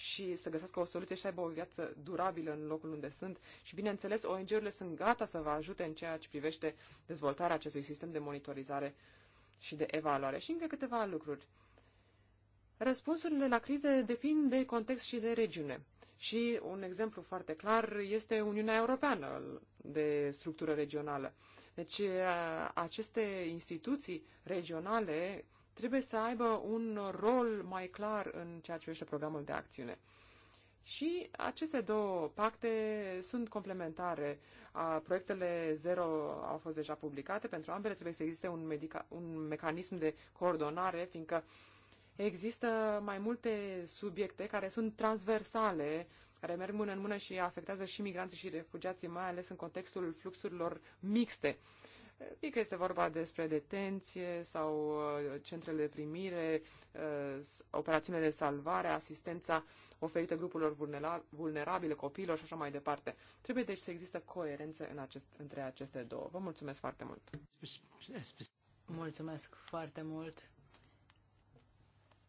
și să găsească o soluție și să aibă o viață durabilă în locul unde sunt. Și, bineînțeles, ONG-urile sunt gata să vă ajute în ceea ce privește dezvoltarea acestui sistem de monitorizare și de evaluare. Și încă câteva lucruri. Răspunsurile la crize depind de context și de regiune. Și un exemplu foarte clar este Uniunea Europeană de structură regională. Deci aceste instituții regionale trebuie să aibă un rol mai clar în ceea ce privește programul de acțiune. Și aceste două pacte sunt complementare. A, proiectele zero au fost deja publicate. Pentru ambele trebuie să existe un, medica, un mecanism de coordonare, fiindcă există mai multe subiecte care sunt transversale, care merg mână în mână și afectează și migranții și refugiații, mai ales în contextul fluxurilor mixte fie că este vorba despre detenție sau uh, centrele de primire, uh, operațiunile de salvare, asistența oferită grupurilor vulnerabile, copiilor și așa mai departe. Trebuie deci să există coerență în acest, între aceste două. Vă mulțumesc foarte mult! Mulțumesc foarte mult!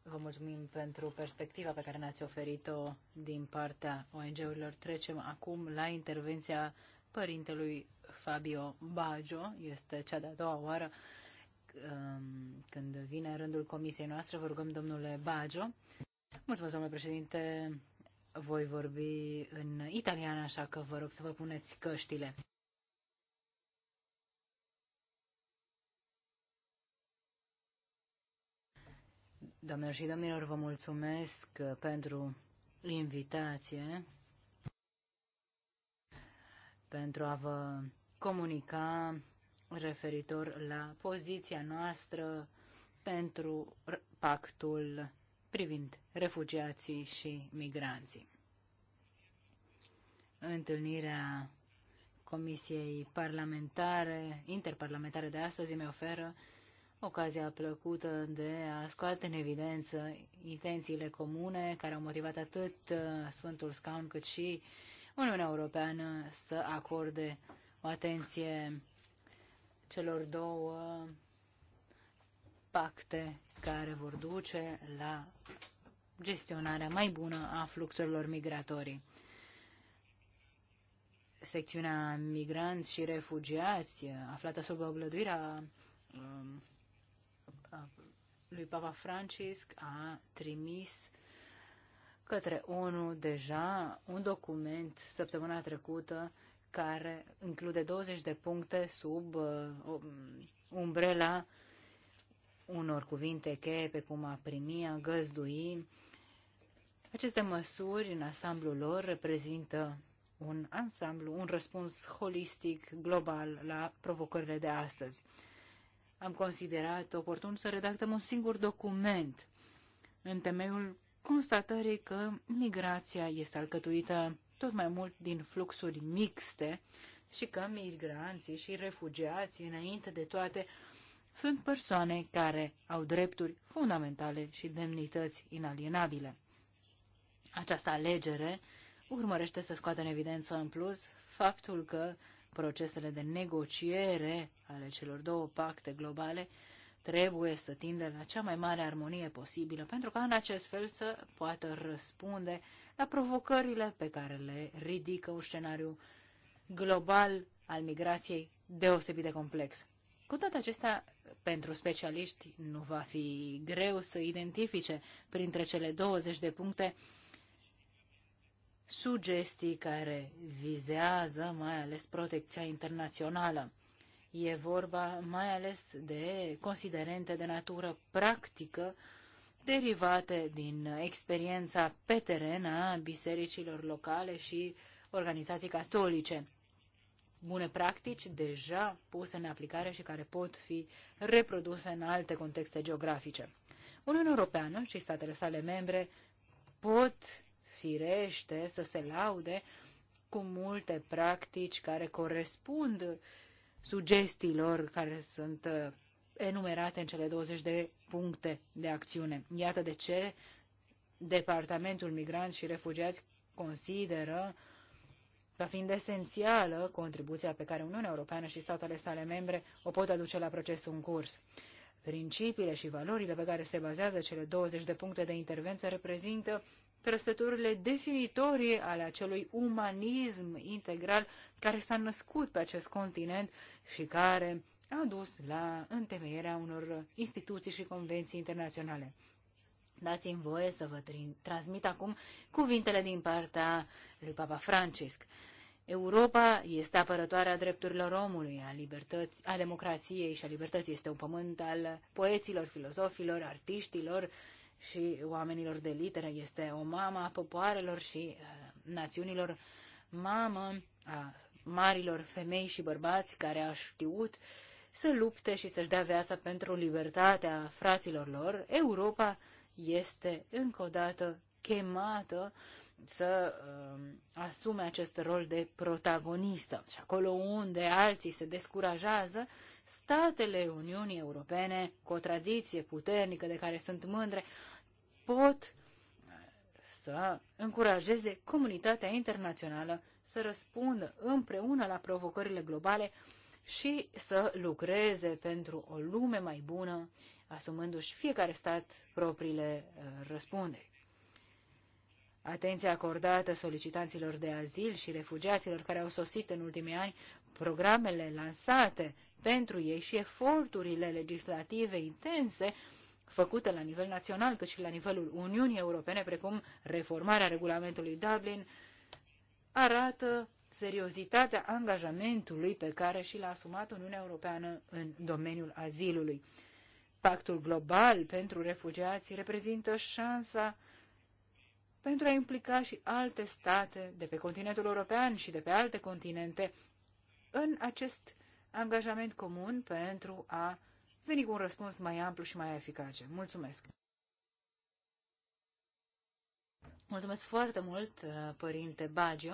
Vă mulțumim pentru perspectiva pe care ne-ați oferit-o din partea ONG-urilor. Trecem acum la intervenția părintelui Fabio Baggio. Este cea de-a doua oară um, când vine rândul comisiei noastre. Vă rugăm, domnule Baggio. Mulțumesc, domnule președinte. Voi vorbi în italiană, așa că vă rog să vă puneți căștile. Doamnelor și domnilor, vă mulțumesc pentru invitație, pentru a vă comunica referitor la poziția noastră pentru pactul privind refugiații și migranții. Întâlnirea Comisiei Parlamentare, Interparlamentare de astăzi mi oferă ocazia plăcută de a scoate în evidență intențiile comune care au motivat atât uh, Sfântul Scaun cât și Uniunea Europeană să acorde o atenție celor două pacte care vor duce la gestionarea mai bună a fluxurilor migratorii. Secțiunea migranți și refugiați, aflată sub oblăduirea um, lui Papa Francisc, a trimis către ONU deja un document săptămâna trecută care include 20 de puncte sub uh, um, umbrela unor cuvinte cheie, pe cum a primi, a găzdui. Aceste măsuri, în ansamblul lor, reprezintă un ansamblu, un răspuns holistic, global la provocările de astăzi. Am considerat oportun să redactăm un singur document în temeiul constatării că migrația este alcătuită tot mai mult din fluxuri mixte și că migranții și refugiații, înainte de toate, sunt persoane care au drepturi fundamentale și demnități inalienabile. Această alegere urmărește să scoată în evidență în plus faptul că procesele de negociere ale celor două pacte globale trebuie să tindă la cea mai mare armonie posibilă, pentru ca în acest fel să poată răspunde la provocările pe care le ridică un scenariu global al migrației deosebit de complex. Cu toate acestea, pentru specialiști nu va fi greu să identifice printre cele 20 de puncte sugestii care vizează mai ales protecția internațională. E vorba mai ales de considerente de natură practică derivate din experiența pe teren a bisericilor locale și organizații catolice. Bune practici deja puse în aplicare și care pot fi reproduse în alte contexte geografice. Uniunea Europeană și statele sale membre pot firește să se laude cu multe practici care corespund sugestiilor care sunt uh, enumerate în cele 20 de puncte de acțiune. Iată de ce Departamentul Migranți și Refugiați consideră ca fiind esențială contribuția pe care Uniunea Europeană și statele sale membre o pot aduce la procesul în curs. Principiile și valorile pe care se bazează cele 20 de puncte de intervenție reprezintă trăsăturile definitorii ale acelui umanism integral care s-a născut pe acest continent și care a dus la întemeierea unor instituții și convenții internaționale. Dați-mi voie să vă transmit acum cuvintele din partea lui Papa Francisc. Europa este apărătoarea drepturilor omului, a, libertăți, a democrației și a libertății. Este un pământ al poeților, filozofilor, artiștilor și oamenilor de literă. Este o mamă a popoarelor și a, uh, națiunilor, mamă a marilor femei și bărbați care au știut uh, să lupte și să-și dea viața pentru libertatea fraților lor, Europa este încă o dată chemată să uh, asume acest rol de protagonistă. Și acolo unde alții se descurajează, statele Uniunii Europene, cu o tradiție puternică de care sunt mândre, pot uh, să încurajeze comunitatea internațională să răspundă împreună la provocările globale și să lucreze pentru o lume mai bună, asumându-și fiecare stat propriile uh, răspunderi. Atenția acordată solicitanților de azil și refugiaților care au sosit în ultimii ani, programele lansate pentru ei și eforturile legislative intense făcute la nivel național, cât și la nivelul Uniunii Europene, precum reformarea regulamentului Dublin, arată seriozitatea angajamentului pe care și l-a asumat Uniunea Europeană în domeniul azilului. Pactul global pentru refugiați reprezintă șansa pentru a implica și alte state de pe continentul european și de pe alte continente în acest angajament comun pentru a veni cu un răspuns mai amplu și mai eficace. Mulțumesc! Mulțumesc foarte mult, uh, părinte Bagio.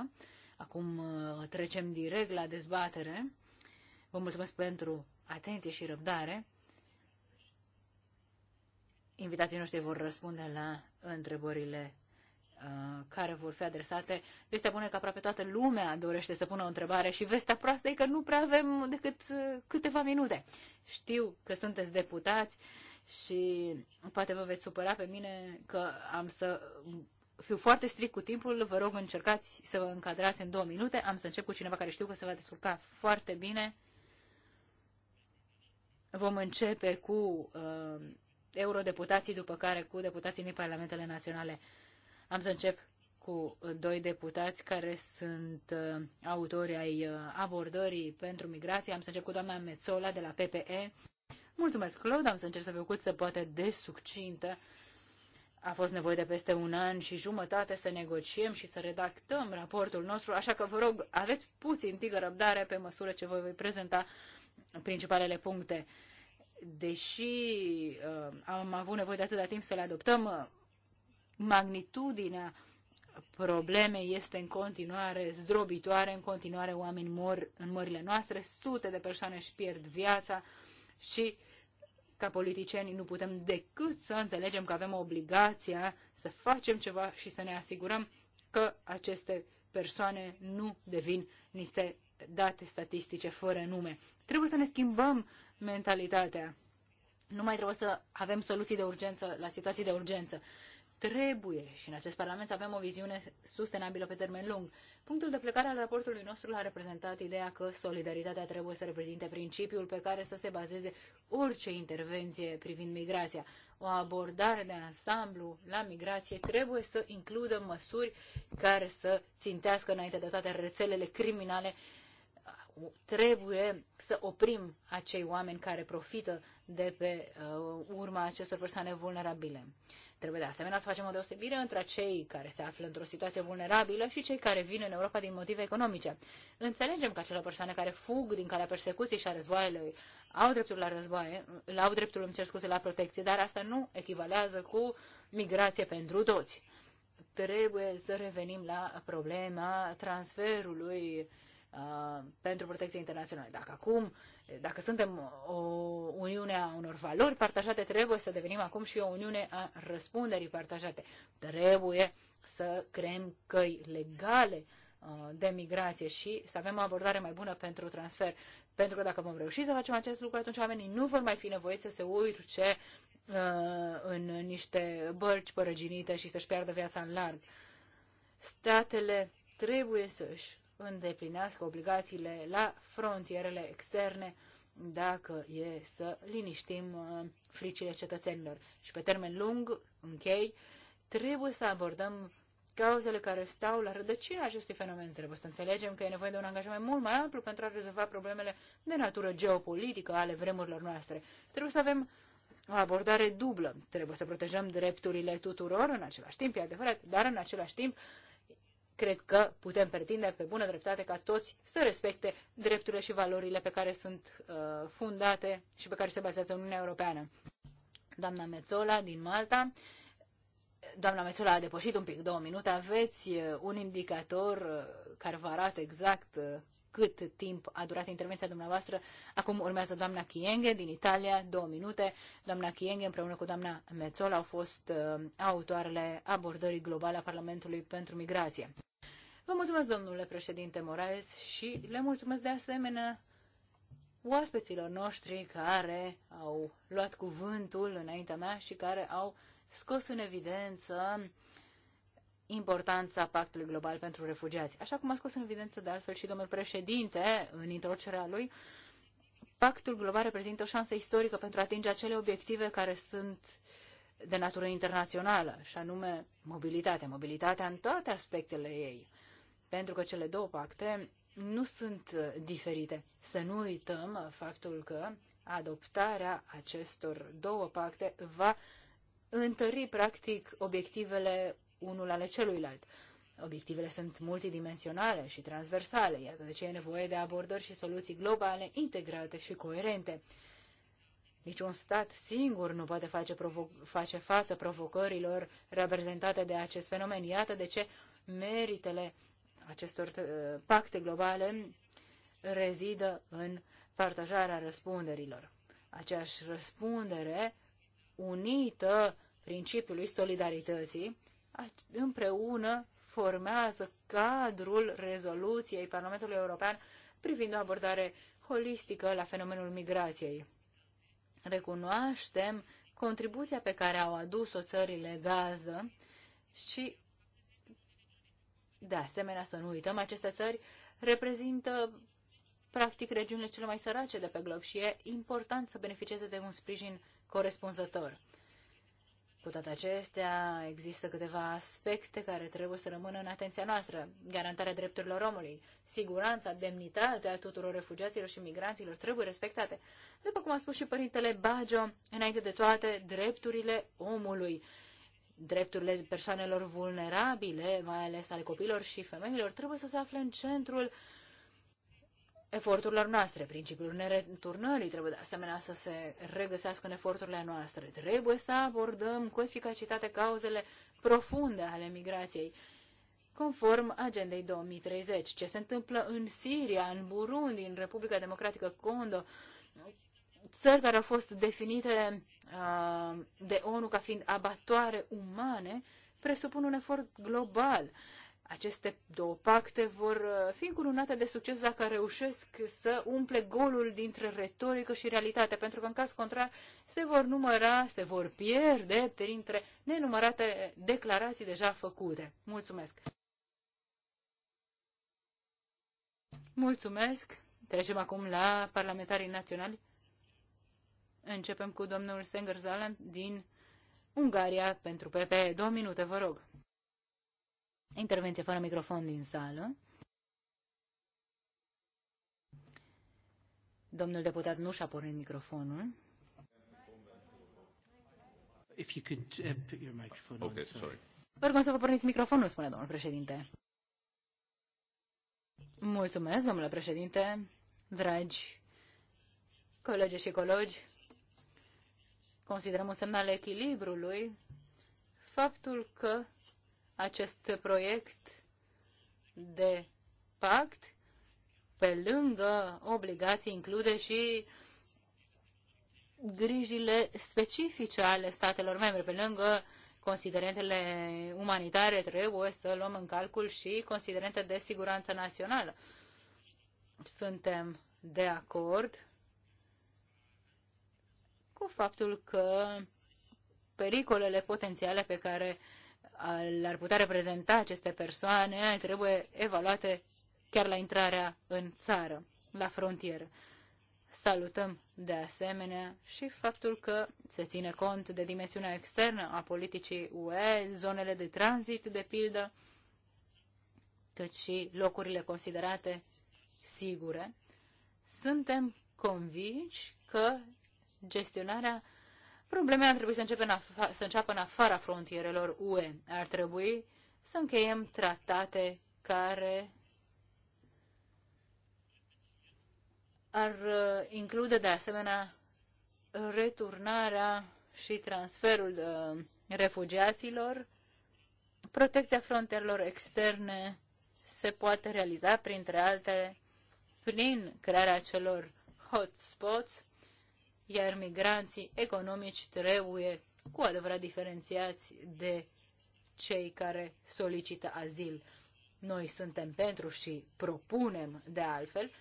Acum uh, trecem direct la dezbatere. Vă mulțumesc pentru atenție și răbdare. Invitații noștri vor răspunde la întrebările uh, care vor fi adresate. Vestea bună că aproape toată lumea dorește să pună o întrebare și vestea proastă e că nu prea avem decât uh, câteva minute. Știu că sunteți deputați și poate vă veți supăra pe mine că am să fiu foarte strict cu timpul, vă rog încercați să vă încadrați în două minute. Am să încep cu cineva care știu că se va descurca foarte bine. Vom începe cu uh, eurodeputații, după care cu deputații din Parlamentele Naționale. Am să încep cu doi deputați care sunt uh, autori ai uh, abordării pentru migrație. Am să încep cu doamna Mețola de la PPE. Mulțumesc, Claude, am să încerc să vă cât să poate de succintă a fost nevoie de peste un an și jumătate să negociem și să redactăm raportul nostru, așa că vă rog, aveți puțin tigă răbdare pe măsură ce voi voi prezenta principalele puncte. Deși uh, am avut nevoie de atâta timp să le adoptăm, uh, magnitudinea problemei este în continuare zdrobitoare, în continuare oameni mor în mările noastre, sute de persoane își pierd viața și uh, ca politicieni nu putem decât să înțelegem că avem obligația să facem ceva și să ne asigurăm că aceste persoane nu devin niște date statistice fără nume. Trebuie să ne schimbăm mentalitatea. Nu mai trebuie să avem soluții de urgență la situații de urgență trebuie și în acest Parlament să avem o viziune sustenabilă pe termen lung. Punctul de plecare al raportului nostru a reprezentat ideea că solidaritatea trebuie să reprezinte principiul pe care să se bazeze orice intervenție privind migrația. O abordare de ansamblu la migrație trebuie să includă măsuri care să țintească înainte de toate rețelele criminale trebuie să oprim acei oameni care profită de pe uh, urma acestor persoane vulnerabile. Trebuie de asemenea să facem o deosebire între cei care se află într-o situație vulnerabilă și cei care vin în Europa din motive economice. Înțelegem că acele persoane care fug din calea persecuției și a războaielor au dreptul la războaie, au dreptul, îmi cer scuze, la protecție, dar asta nu echivalează cu migrație pentru toți. Trebuie să revenim la problema transferului uh, pentru protecție internațională. Dacă acum dacă suntem o uniune a unor valori partajate, trebuie să devenim acum și o uniune a răspunderii partajate. Trebuie să creăm căi legale uh, de migrație și să avem o abordare mai bună pentru transfer. Pentru că dacă vom reuși să facem acest lucru, atunci oamenii nu vor mai fi nevoiți să se urce uh, în niște bărci părăginite și să-și piardă viața în larg. Statele trebuie să-și îndeplinească obligațiile la frontierele externe dacă e să liniștim uh, fricile cetățenilor. Și pe termen lung, închei, trebuie să abordăm cauzele care stau la rădăcina acestui fenomen. Trebuie să înțelegem că e nevoie de un angajament mult mai amplu pentru a rezolva problemele de natură geopolitică ale vremurilor noastre. Trebuie să avem o abordare dublă. Trebuie să protejăm drepturile tuturor în același timp, e adevărat, dar în același timp cred că putem pretinde pe bună dreptate ca toți să respecte drepturile și valorile pe care sunt uh, fundate și pe care se bazează Uniunea Europeană. Doamna Mezzola din Malta, doamna Mezzola, a depășit un pic două minute, aveți uh, un indicator uh, care vă arată exact uh, cât timp a durat intervenția dumneavoastră. Acum urmează doamna Chienghe din Italia, două minute. Doamna Chienghe împreună cu doamna Mețol au fost uh, autoarele abordării globale a Parlamentului pentru migrație. Vă mulțumesc, domnule președinte Moraes, și le mulțumesc de asemenea oaspeților noștri care au luat cuvântul înaintea mea și care au scos în evidență importanța Pactului Global pentru Refugiați. Așa cum a scos în evidență de altfel și domnul președinte în introducerea lui, Pactul Global reprezintă o șansă istorică pentru a atinge acele obiective care sunt de natură internațională, și anume mobilitatea, mobilitatea în toate aspectele ei. Pentru că cele două pacte nu sunt diferite. Să nu uităm faptul că adoptarea acestor două pacte va întări, practic, obiectivele unul ale celuilalt. Obiectivele sunt multidimensionale și transversale, iată de ce e nevoie de abordări și soluții globale, integrate și coerente. Niciun stat singur nu poate face, provo- face față provocărilor reprezentate de acest fenomen. Iată de ce meritele acestor uh, pacte globale rezidă în partajarea răspunderilor. Aceeași răspundere unită principiului solidarității împreună formează cadrul rezoluției Parlamentului European privind o abordare holistică la fenomenul migrației. Recunoaștem contribuția pe care au adus-o țările gază și, de asemenea, să nu uităm, aceste țări reprezintă practic regiunile cele mai sărace de pe glob și e important să beneficieze de un sprijin corespunzător. Cu toate acestea, există câteva aspecte care trebuie să rămână în atenția noastră. Garantarea drepturilor omului, siguranța, demnitatea tuturor refugiaților și migranților trebuie respectate. După cum a spus și părintele Bajo, înainte de toate, drepturile omului. Drepturile persoanelor vulnerabile, mai ales ale copiilor și femeilor, trebuie să se afle în centrul uh, eforturilor noastre. Principiul nereturnării trebuie de asemenea să se regăsească în eforturile noastre. Trebuie să abordăm cu eficacitate cauzele profunde ale migrației, conform agendei 2030. Ce se întâmplă în Siria, în Burundi, în Republica Democratică Condo, țări care au fost definite uh, de ONU ca fiind abatoare umane, presupun un efort global. Aceste două pacte vor uh, fi încununate de succes dacă reușesc să umple golul dintre retorică și realitate, pentru că în caz contrar se vor număra, se vor pierde printre nenumărate declarații deja făcute. Mulțumesc! Mulțumesc! Trecem acum la parlamentarii naționali. Începem cu domnul Sengerzalan din Ungaria pentru PP. Două minute, vă rog. Intervenție fără microfon din sală. Domnul deputat nu și-a pornit microfonul. If you could uh, put your microphone okay, on, sorry. sorry. Vă rog să vă porniți microfonul, spune domnul președinte. Mulțumesc, domnule președinte, dragi colegi și colegi. Considerăm un semnal echilibrului faptul că acest proiect de pact, pe lângă obligații, include și grijile specifice ale statelor membre, pe lângă considerentele umanitare trebuie să luăm în calcul și considerente de siguranță națională. Suntem de acord cu faptul că pericolele potențiale pe care uh, l-ar putea reprezenta aceste persoane trebuie evaluate chiar la intrarea în țară, la frontieră. Salutăm de asemenea și faptul că se ține cont de dimensiunea externă a politicii UE, zonele de tranzit, de pildă, cât și locurile considerate sigure. Suntem convinși că gestionarea Problemele ar trebui să, începe în să înceapă în afara frontierelor UE. Ar trebui să încheiem tratate care ar uh, include de asemenea returnarea și transferul uh, refugiaților. Protecția frontierelor externe se poate realiza, printre altele, prin crearea celor hotspots iar migranții economici trebuie cu adevărat diferențiați de cei care solicită azil. Noi suntem pentru și propunem, de altfel,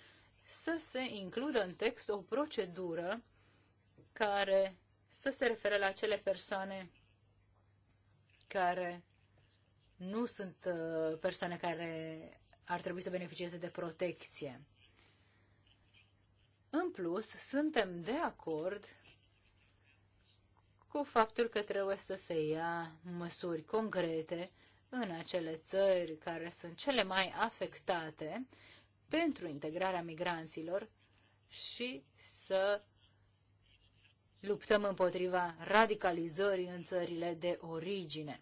să se includă în text o procedură care să se refere la cele persoane care nu sunt uh, persoane care ar trebui să beneficieze de protecție. În plus, suntem de acord cu faptul că trebuie să se ia măsuri concrete în acele țări care sunt cele mai afectate pentru integrarea migranților și să luptăm împotriva radicalizării în țările de origine.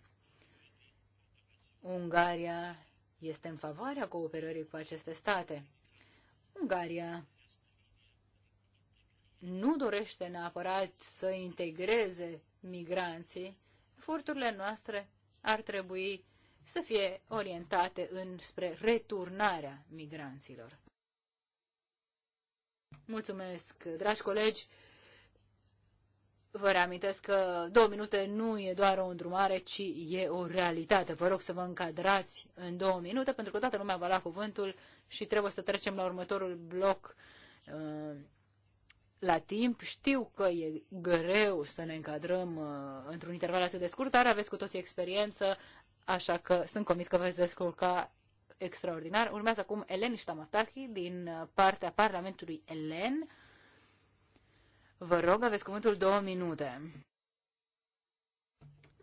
Ungaria este în favoarea cooperării cu aceste state. Ungaria nu dorește neapărat să integreze migranții, eforturile noastre ar trebui să fie orientate înspre returnarea migranților. Mulțumesc, dragi colegi! Vă reamintesc că două minute nu e doar o îndrumare, ci e o realitate. Vă rog să vă încadrați în două minute, pentru că toată lumea va lua cuvântul și trebuie să trecem la următorul bloc uh, la timp. Știu că e greu să ne încadrăm uh, într-un interval atât de scurt, dar aveți cu toții experiență, așa că sunt convins că veți descurca extraordinar. Urmează acum Elen Ștamatachi din uh, partea Parlamentului Elen. Vă rog, aveți cuvântul două minute.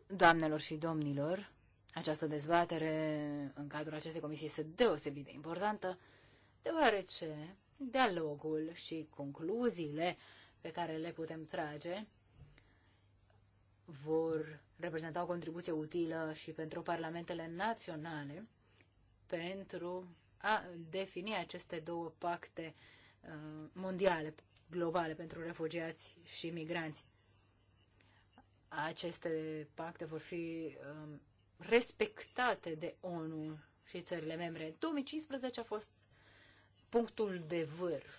Doamnelor și domnilor, această dezbatere în cadrul acestei comisii este deosebit de importantă, deoarece dialogul și concluziile pe care le putem trage vor reprezenta o contribuție utilă și pentru parlamentele naționale pentru a defini aceste două pacte uh, mondiale, globale pentru refugiați și migranți. Aceste pacte vor fi um, respectate de ONU și țările membre. 2015 a fost punctul de vârf.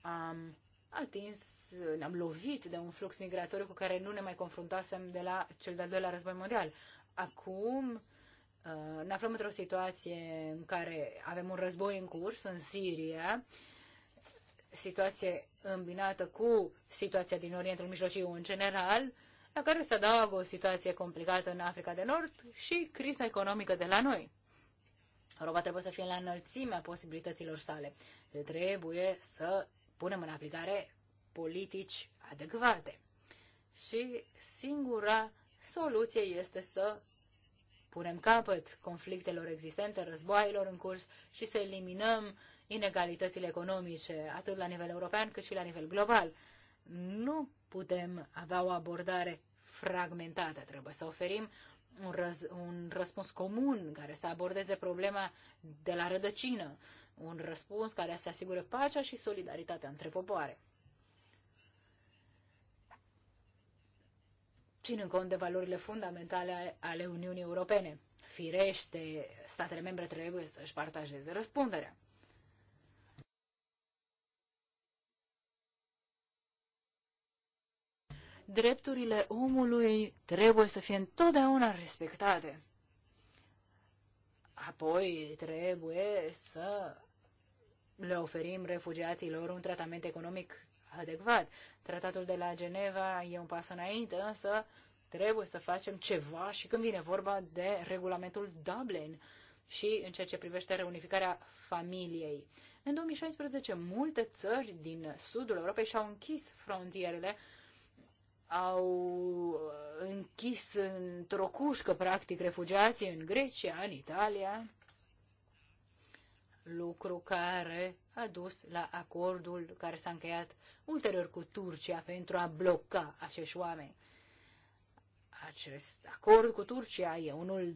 Am atins, ne-am lovit de un flux migratoriu cu care nu ne mai confruntasem de la cel de-al doilea război mondial. Acum uh, ne aflăm într-o situație în care avem un război în curs în Siria, situație îmbinată cu situația din Orientul Mijlociu în general, la care se adaugă o situație complicată în Africa de Nord și criza economică de la noi. Europa trebuie să fie la înălțimea posibilităților sale. Trebuie să punem în aplicare politici adecvate. Și singura soluție este să punem capăt conflictelor existente, războaielor în curs și să eliminăm inegalitățile economice, atât la nivel european cât și la nivel global. Nu putem avea o abordare fragmentată, trebuie să oferim un, răz, un răspuns comun care să abordeze problema de la rădăcină, un răspuns care să asigure pacea și solidaritatea între popoare. ținând cont de valorile fundamentale ale Uniunii Europene. Firește, statele membre trebuie să-și partajeze răspunderea. drepturile omului trebuie să fie întotdeauna respectate. Apoi trebuie să le oferim refugiaților un tratament economic adecvat. Tratatul de la Geneva e un pas înainte, însă trebuie să facem ceva și când vine vorba de regulamentul Dublin și în ceea ce privește reunificarea familiei. În 2016, multe țări din sudul Europei și-au închis frontierele au uh, închis într-o cușcă, practic, refugiații în Grecia, în Italia, lucru care a dus la acordul care s-a încheiat ulterior cu Turcia pentru a bloca acești oameni. Acest acord cu Turcia e unul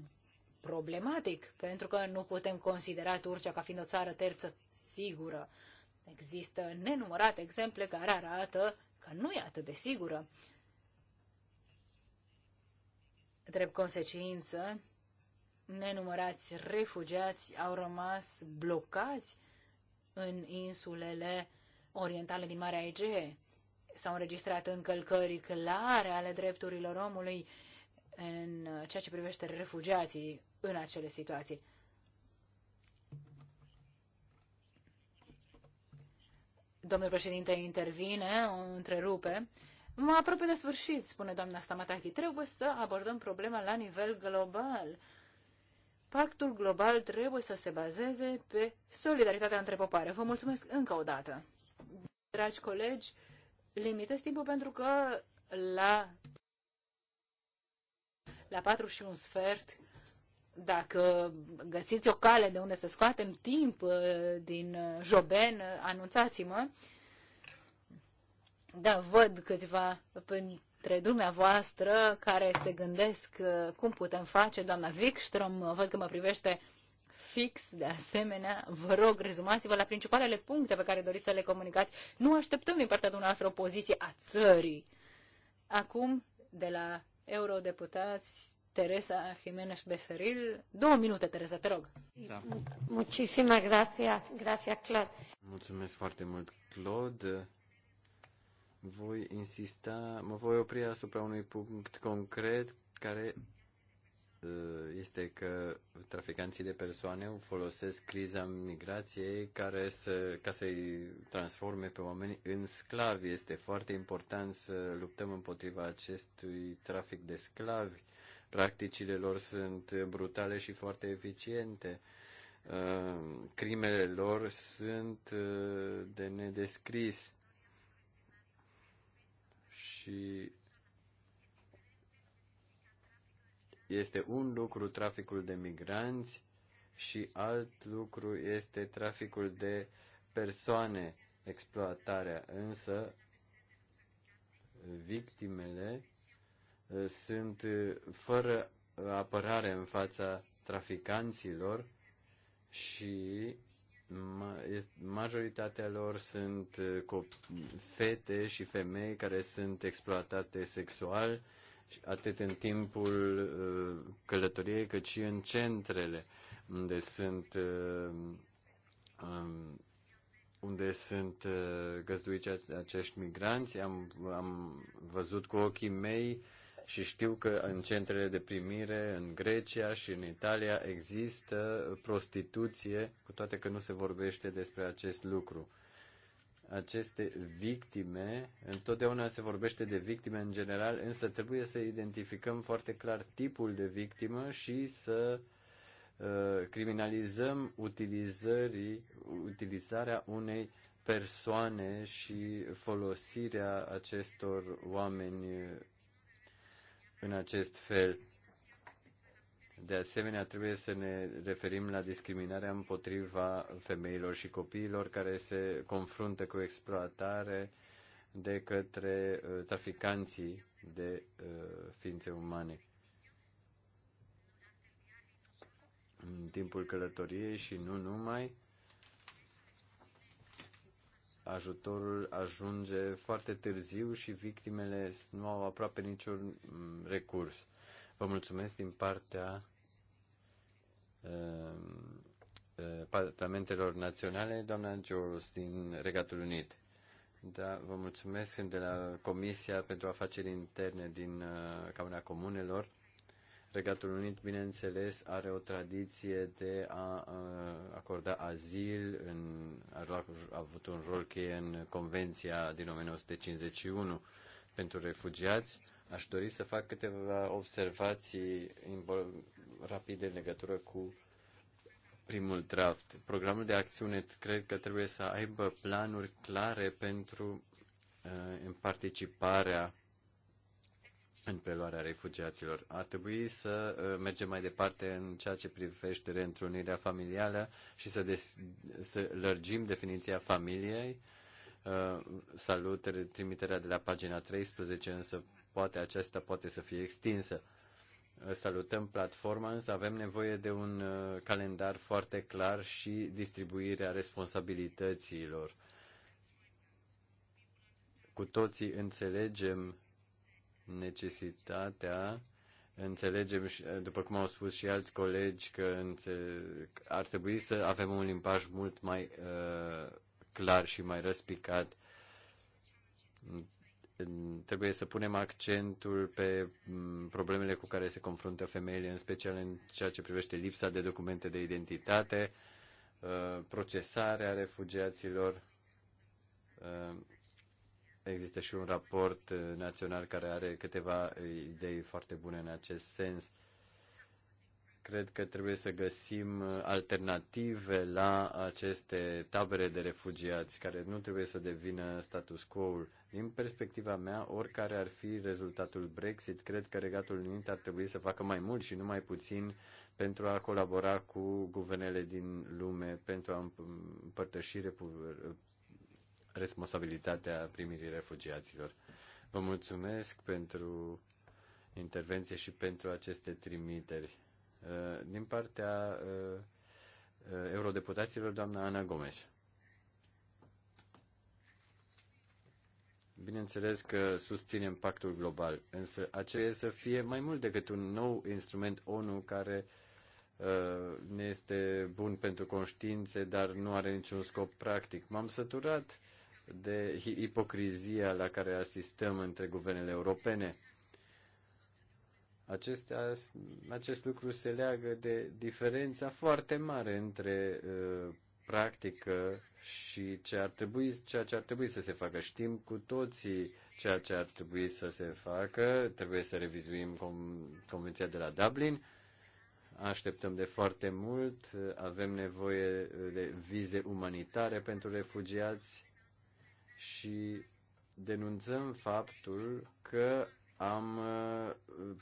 problematic, pentru că nu putem considera Turcia ca fiind o țară terță sigură. Există nenumărate exemple care arată că nu e atât de sigură drept consecință, nenumărați refugiați au rămas blocați în insulele orientale din Marea Egee. S-au înregistrat încălcări clare ale drepturilor omului în ceea ce privește refugiații în acele situații. Domnul președinte intervine, o întrerupe. Mă apropie de sfârșit, spune doamna Stamatachi. Trebuie să abordăm problema la nivel global. Pactul global trebuie să se bazeze pe solidaritatea între popoare. Vă mulțumesc încă o dată. Dragi colegi, limitez timpul pentru că la, la 4 și un sfert, dacă găsiți o cale de unde să scoatem timp uh, din uh, Joben, uh, anunțați-mă. Da, văd câțiva între dumneavoastră care se gândesc uh, cum putem face. Doamna Wikström, uh, văd că mă privește fix, de asemenea, vă rog, rezumați-vă la principalele puncte pe care doriți să le comunicați. Nu așteptăm din partea dumneavoastră o poziție a țării. Acum, de la eurodeputați, Teresa Jiménez Beseril. Două minute, Teresa, te rog. Da. Muchísimas gracias. Gracias, Claude. Mulțumesc foarte mult, Claude voi insista, mă voi opri asupra unui punct concret care uh, este că traficanții de persoane folosesc criza migrației care să, ca să-i transforme pe oameni în sclavi. Este foarte important să luptăm împotriva acestui trafic de sclavi. Practicile lor sunt brutale și foarte eficiente. Uh, crimele lor sunt uh, de nedescris și este un lucru traficul de migranți și alt lucru este traficul de persoane, exploatarea. Însă, victimele uh, sunt uh, fără apărare în fața traficanților și majoritatea lor sunt uh, fete și femei care sunt exploatate sexual, atât în timpul uh, călătoriei, cât și în centrele unde sunt uh, um, unde sunt găzduiți acești migranți. Am, am văzut cu ochii mei uh, și știu că în centrele de primire, în Grecia și în Italia, există prostituție, cu toate că nu se vorbește despre acest lucru. Aceste victime, întotdeauna se vorbește de victime în general, însă trebuie să identificăm foarte clar tipul de victimă și să uh, criminalizăm utilizării, utilizarea unei persoane și folosirea acestor oameni în acest fel. De asemenea, trebuie să ne referim la discriminarea împotriva femeilor și copiilor care se confruntă cu exploatare de către uh, traficanții de uh, ființe umane. În timpul călătoriei și nu numai, ajutorul ajunge foarte târziu și victimele nu au aproape niciun mm, recurs. Vă mulțumesc din partea ehm, Parlamentelor Naționale, doamna Jules din Regatul Unit. Da, vă mulțumesc. Sunt de la Comisia pentru Afaceri Interne din eh, Camera Comunelor Regatul Unit, bineînțeles, are o tradiție de a acorda azil, în, a, avut un rol cheie în Convenția din 1951 pentru refugiați. Aș dori să fac câteva observații rapide în legătură cu primul draft. Programul de acțiune cred că trebuie să aibă planuri clare pentru în participarea în preluarea refugiaților. Ar trebui să uh, mergem mai departe în ceea ce privește reîntrunirea familială și să, des, să lărgim definiția familiei. Uh, salut trimiterea de la pagina 13, însă poate aceasta poate să fie extinsă. Uh, salutăm platforma, însă avem nevoie de un calendar foarte clar și distribuirea responsabilităților. Cu toții înțelegem necesitatea, înțelegem, după cum au spus și alți colegi, că ar trebui să avem un limbaj mult mai uh, clar și mai răspicat. Trebuie să punem accentul pe mm, problemele cu care se confruntă femeile, în special în ceea ce privește lipsa de documente de identitate, uh, procesarea refugiaților uh, Există și un raport eh, național care are câteva eh, idei foarte bune în acest sens. Cred că trebuie să găsim eh, alternative la aceste tabere de refugiați, care nu trebuie să devină status quo-ul. Din perspectiva mea, oricare ar fi rezultatul Brexit, cred că Regatul Unit ar trebui să facă mai mult și nu mai puțin pentru a colabora cu guvernele din lume, pentru a împărtăși responsabilitatea primirii refugiaților. Vă mulțumesc pentru intervenție și pentru aceste trimiteri. Uh, din partea uh, uh, eurodeputaților, doamna Ana Gomes. Bineînțeles că susținem pactul global, însă aceea să fie mai mult decât un nou instrument ONU care ne este bun pentru conștiințe, dar nu are niciun scop practic. M-am săturat de ipocrizia la care asistăm între guvernele europene. Acestea, acest lucru se leagă de diferența foarte mare între uh, practică și ce ar trebui, ceea ce ar trebui să se facă. Știm cu toții ceea ce ar trebui să se facă. Trebuie să revizuim com- Convenția de la Dublin. Așteptăm de foarte mult. Avem nevoie uh, de vize umanitare pentru refugiați și denunțăm faptul că am uh,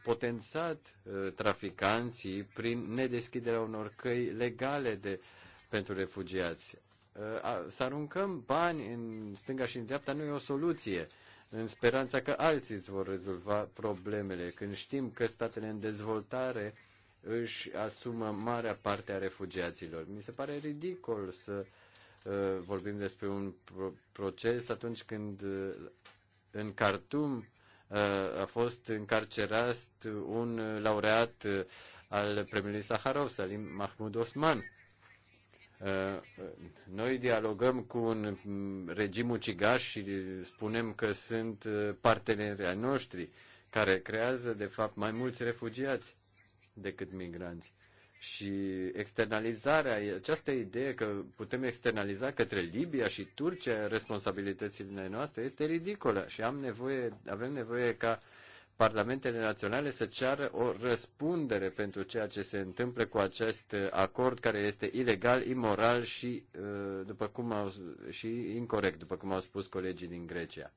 potențat uh, traficanții prin nedeschiderea unor căi legale de, pentru refugiați. Uh, să aruncăm bani în stânga și în dreapta nu e o soluție, în speranța că alții îți vor rezolva problemele. Când știm că statele în dezvoltare își asumă marea parte a refugiaților. Mi se pare ridicol să uh, Eh, vorbim despre un proces atunci când eh, în Cartum eh, a fost încarcerat un laureat al premiului Saharov, Salim Mahmud Osman. Noi dialogăm cu un mm, regim ucigaș și spunem că sunt partenerii noștri care creează, de fapt, mai mulți refugiați decât migranți. Și externalizarea, această idee că putem externaliza către Libia și Turcia responsabilitățile noastre este ridicolă și am nevoie, avem nevoie ca parlamentele naționale să ceară o răspundere pentru ceea ce se întâmplă cu acest acord care este ilegal, imoral și, uh, după cum au, și incorrect, după cum au spus colegii din Grecia.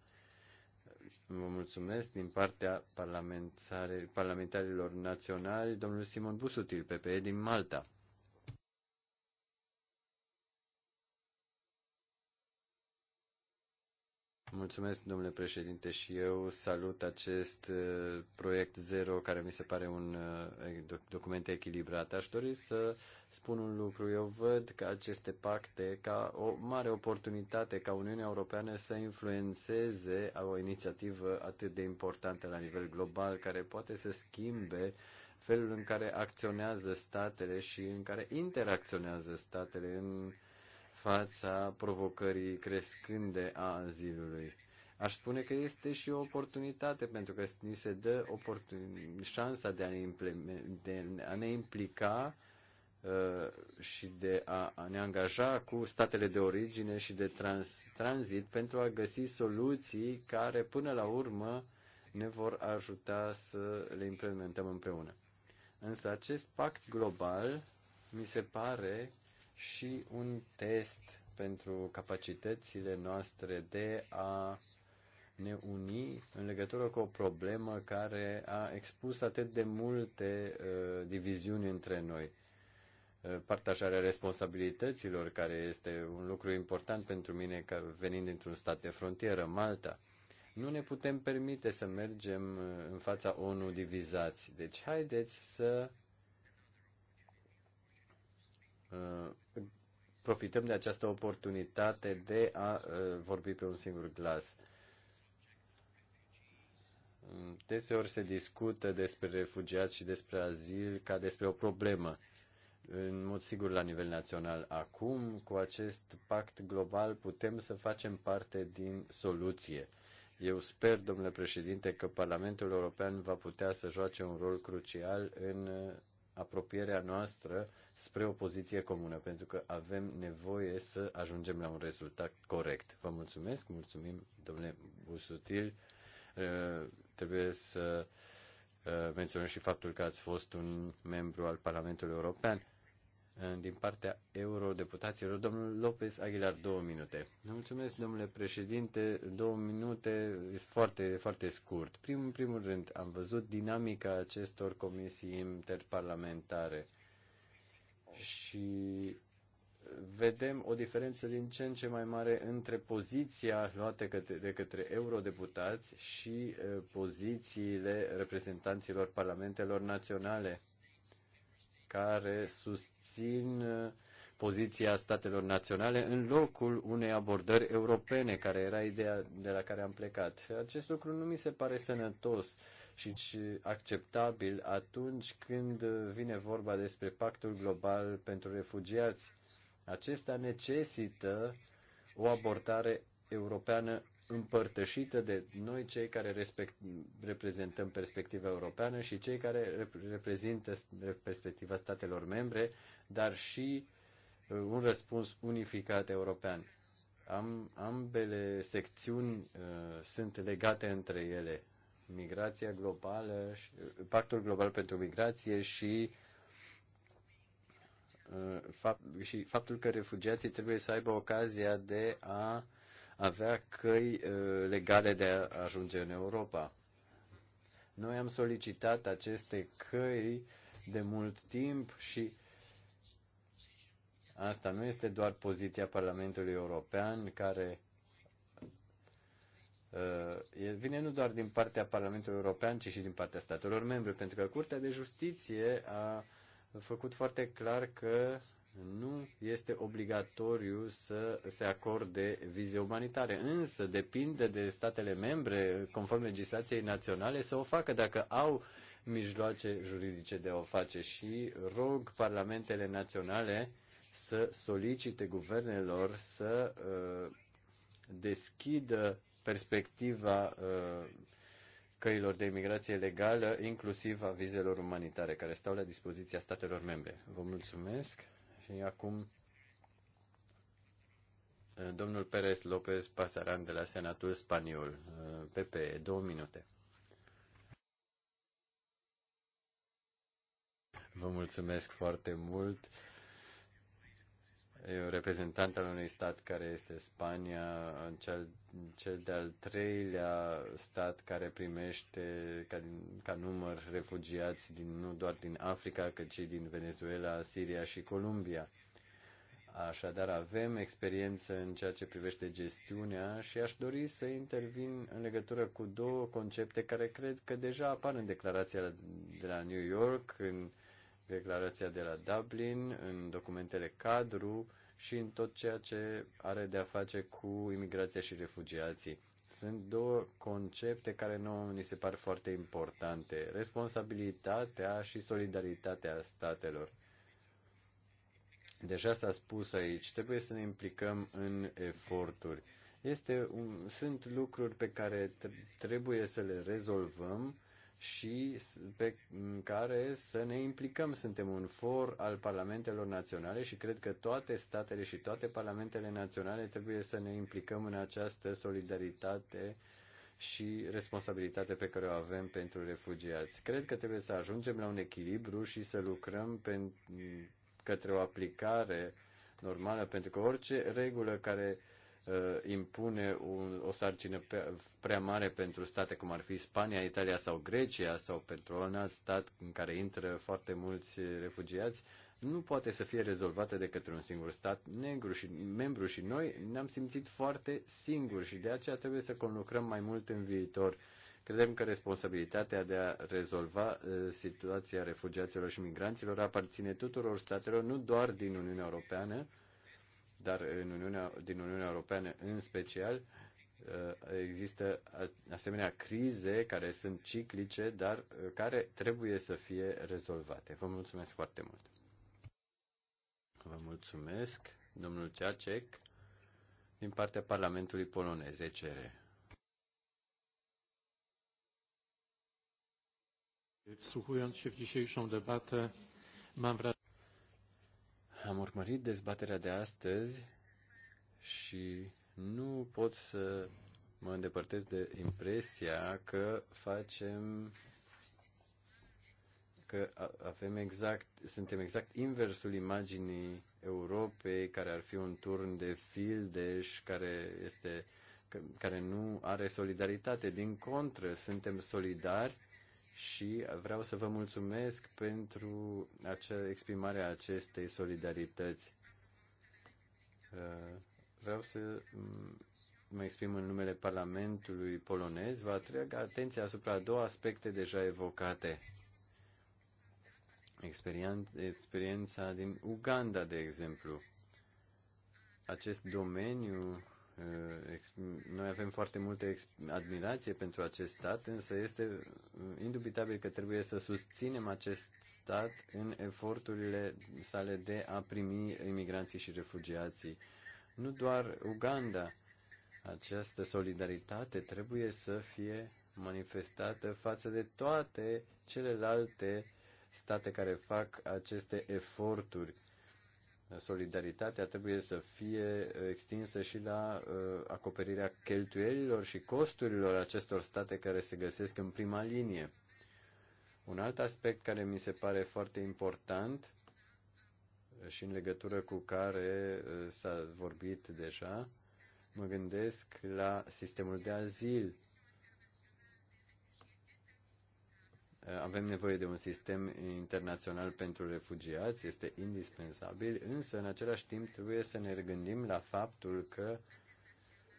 Vă mulțumesc din partea parlamentarilor naționali, domnul Simon Busutil, PPE din Malta. Mulțumesc, domnule președinte, și eu salut acest uh, proiect zero, care mi se pare un uh, document echilibrat. Aș dori să spun un lucru. Eu văd că aceste pacte ca o mare oportunitate ca Uniunea Europeană să influențeze o inițiativă atât de importantă la nivel global, care poate să schimbe felul în care acționează statele și în care interacționează statele în fața provocării crescânde a azilului. Aș spune că este și o oportunitate, pentru că ni se dă oportun- șansa de a ne, de a ne implica uh, și de a, a ne angaja cu statele de origine și de trans- tranzit pentru a găsi soluții care, până la urmă, ne vor ajuta să le implementăm împreună. Însă acest pact global mi se pare și un test pentru capacitățile noastre de a ne uni în legătură cu o problemă care a expus atât de multe uh, diviziuni între noi. Uh, partajarea responsabilităților, care este un lucru important pentru mine că venind dintr-un stat de frontieră, Malta. Nu ne putem permite să mergem uh, în fața ONU divizați. Deci haideți să uh, profităm de această oportunitate de a uh, vorbi pe un singur glas. Deseori se discută despre refugiați și despre azil ca despre o problemă. În mod sigur, la nivel național, acum, cu acest pact global, putem să facem parte din soluție. Eu sper, domnule președinte, că Parlamentul European va putea să joace un rol crucial în uh, apropierea noastră spre o poziție comună, pentru că avem nevoie să ajungem la un rezultat corect. Vă mulțumesc, mulțumim, domnule Busutil. Uh, trebuie să uh, menționăm și faptul că ați fost un membru al Parlamentului European. Eh, din partea eurodeputaților. Domnul Lopez Aguilar, două minute. Mulțumesc, domnule președinte, două minute, foarte, foarte scurt. Prim, primul rând, am văzut dinamica acestor comisii interparlamentare și vedem o diferență din ce în ce mai mare între poziția luată de către eurodeputați și eh, pozițiile reprezentanților parlamentelor naționale care susțin uh, poziția statelor naționale în locul unei abordări europene, care era ideea de la care am plecat. Acest lucru nu mi se pare sănătos și acceptabil atunci când vine vorba despre pactul global pentru refugiați. Acesta necesită o abordare europeană împărtășită de noi cei care respect, reprezentăm perspectiva europeană și cei care reprezintă perspectiva statelor membre, dar și uh, un răspuns unificat european. Am, ambele secțiuni uh, sunt legate între ele. Migrația globală, și, uh, pactul global pentru migrație și uh, fapt, și faptul că refugiații trebuie să aibă ocazia de a uh, avea căi uh, legale de a ajunge în Europa. Noi am solicitat aceste căi de mult timp și asta nu este doar poziția Parlamentului European care uh, vine nu doar din partea Parlamentului European, ci și din partea statelor membre, pentru că Curtea de Justiție a făcut foarte clar că nu este obligatoriu să se acorde vize umanitare, însă depinde de statele membre, conform legislației naționale, să o facă dacă au mijloace juridice de a o face și rog parlamentele naționale să solicite guvernelor să uh, deschidă perspectiva uh, căilor de imigrație legală, inclusiv a vizelor umanitare, care stau la dispoziția statelor membre. Vă mulțumesc! Și acum domnul Perez López Pasaran de la Senatul Spaniol, PP, două minute. Vă mulțumesc foarte mult reprezentant al unui stat care este Spania, cel, cel de-al treilea stat care primește ca, ca număr refugiați din, nu doar din Africa, cât și din Venezuela, Siria și Columbia. Așadar, avem experiență în ceea ce privește gestiunea și aș dori să intervin în legătură cu două concepte care cred că deja apar în declarația de la New York, în uh, declarația de la Dublin, în documentele cadru și în tot ceea ce are de a face cu imigrația și refugiații. Sunt două concepte care nouă ni se par foarte importante, responsabilitatea și solidaritatea statelor. Deja s-a spus aici, trebuie să ne implicăm în eforturi. Este un, sunt lucruri pe care trebuie să le rezolvăm și pe care să ne implicăm. Suntem un for al parlamentelor naționale și cred că toate statele și toate parlamentele naționale trebuie să ne implicăm în această solidaritate și responsabilitate pe care o avem pentru refugiați. Cred că trebuie să ajungem la un echilibru și să lucrăm pe, către o aplicare normală, pentru că orice regulă care uh, Uh, impune o sarcină prea mare pentru state cum ar fi Spania, Italia sau Grecia sau pentru un alt stat în care intră foarte mulți refugiați, nu poate să fie rezolvată de către un singur stat negru și membru și noi ne-am simțit foarte singuri și de aceea trebuie să conlucrăm mai mult în viitor. Credem că responsabilitatea de a rezolva uh, situația refugiaților și migranților aparține tuturor statelor, nu doar din Uniunea Europeană, dar în Uniunea, din Uniunea Europeană în special uh, există asemenea crize care sunt ciclice, dar uh, care trebuie să fie rezolvate. Vă mulțumesc foarte mult. Vă mulțumesc, domnul Ceacek, din partea Parlamentului Polonez, ECR. Wsłuchując się w dzisiejszą debatę, mam wrażenie, am urmărit dezbaterea de astăzi și nu pot să mă îndepărtez de impresia că facem că avem exact, suntem exact inversul imaginii Europei, care ar fi un turn de fildeș, care este care nu are solidaritate. Din contră, suntem solidari și vreau să vă mulțumesc pentru acea exprimare a acestei solidarități. Uh, vreau să mm, mă exprim în numele Parlamentului polonez, vă atrag atenția asupra două aspecte deja evocate. Experiența din Uganda, de exemplu. Acest domeniu Eh, noi avem foarte multe admirație pentru acest stat, însă este mm, indubitabil că trebuie să susținem acest stat în eforturile sale de a primi imigranții și refugiații. Nu doar Uganda. Această solidaritate trebuie să fie manifestată față de toate celelalte state care fac aceste eforturi solidaritatea trebuie să fie uh, extinsă și la uh, acoperirea cheltuielilor și costurilor acestor state care se găsesc în prima linie. Un alt aspect care mi se pare foarte important uh, și în legătură cu care s-a vorbit deja, mă gândesc la sistemul de azil Eh, avem nevoie de un sistem internațional pentru refugiați, este indispensabil, însă în același timp trebuie să ne regândim la faptul că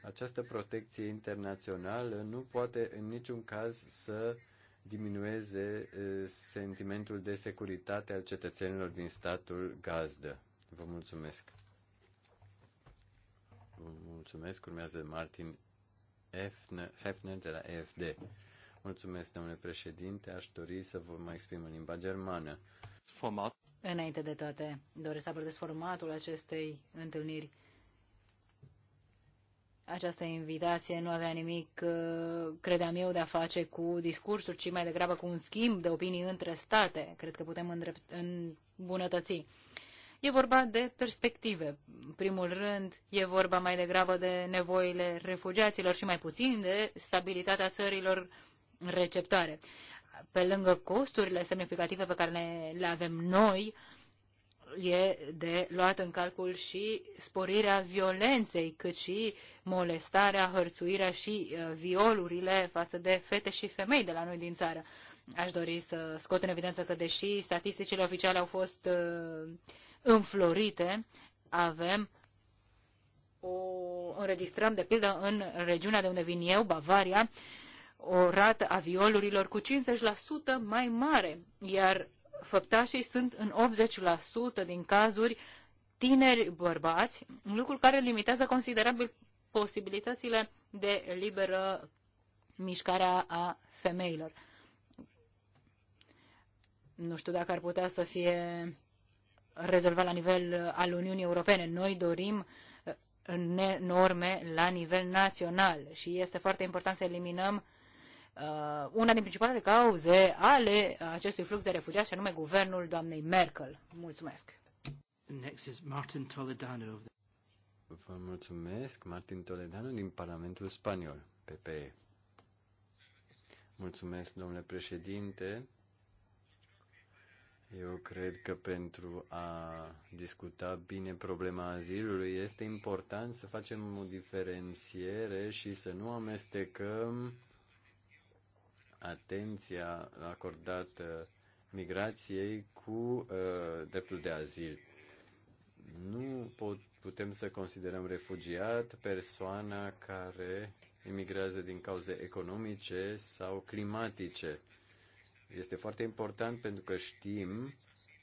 această protecție internațională nu poate în niciun caz să diminueze eh, sentimentul de securitate al cetățenilor din statul gazdă. Vă mulțumesc. Vă mulțumesc. Urmează Martin Hefner de la EFD. Mulțumesc, domnule președinte. Aș dori să vă mai exprim în limba germană. Format. Înainte de toate, doresc să abordez formatul acestei întâlniri. Această invitație nu avea nimic, uh, credeam eu, de a face cu discursuri, ci mai degrabă cu un schimb de opinii între state. Cred că putem îndrept, îmbunătăți. E vorba de perspective. În primul rând, e vorba mai degrabă de nevoile refugiaților și mai puțin de stabilitatea țărilor receptoare. Pe lângă costurile semnificative pe care ne, le avem noi, e de luat în calcul și sporirea violenței, cât și molestarea, hărțuirea și uh, violurile față de fete și femei de la noi din țară. Aș dori să scot în evidență că, deși statisticile oficiale au fost uh, înflorite, avem o înregistrăm, de pildă, în regiunea de unde vin eu, Bavaria, o rată a violurilor cu 50% mai mare, iar făptașii sunt în 80% din cazuri tineri bărbați, lucru care limitează considerabil posibilitățile de liberă mișcare a femeilor. Nu știu dacă ar putea să fie rezolvat la nivel uh, al Uniunii Europene. Noi dorim uh, norme la nivel național și este foarte important să eliminăm uh, una din principalele cauze ale acestui flux de refugiați, și anume guvernul doamnei Merkel. Mulțumesc! Next is Martin Toledano. Vă mulțumesc, Martin Toledano din Parlamentul Spaniol, PPE. Mulțumesc, domnule președinte. Eu cred că pentru a discuta bine problema azilului este important să facem o diferențiere și să nu amestecăm atenția acordată migrației cu uh, dreptul de azil. Nu pot, putem să considerăm refugiat persoana care emigrează din cauze economice sau climatice. Este foarte important pentru că știm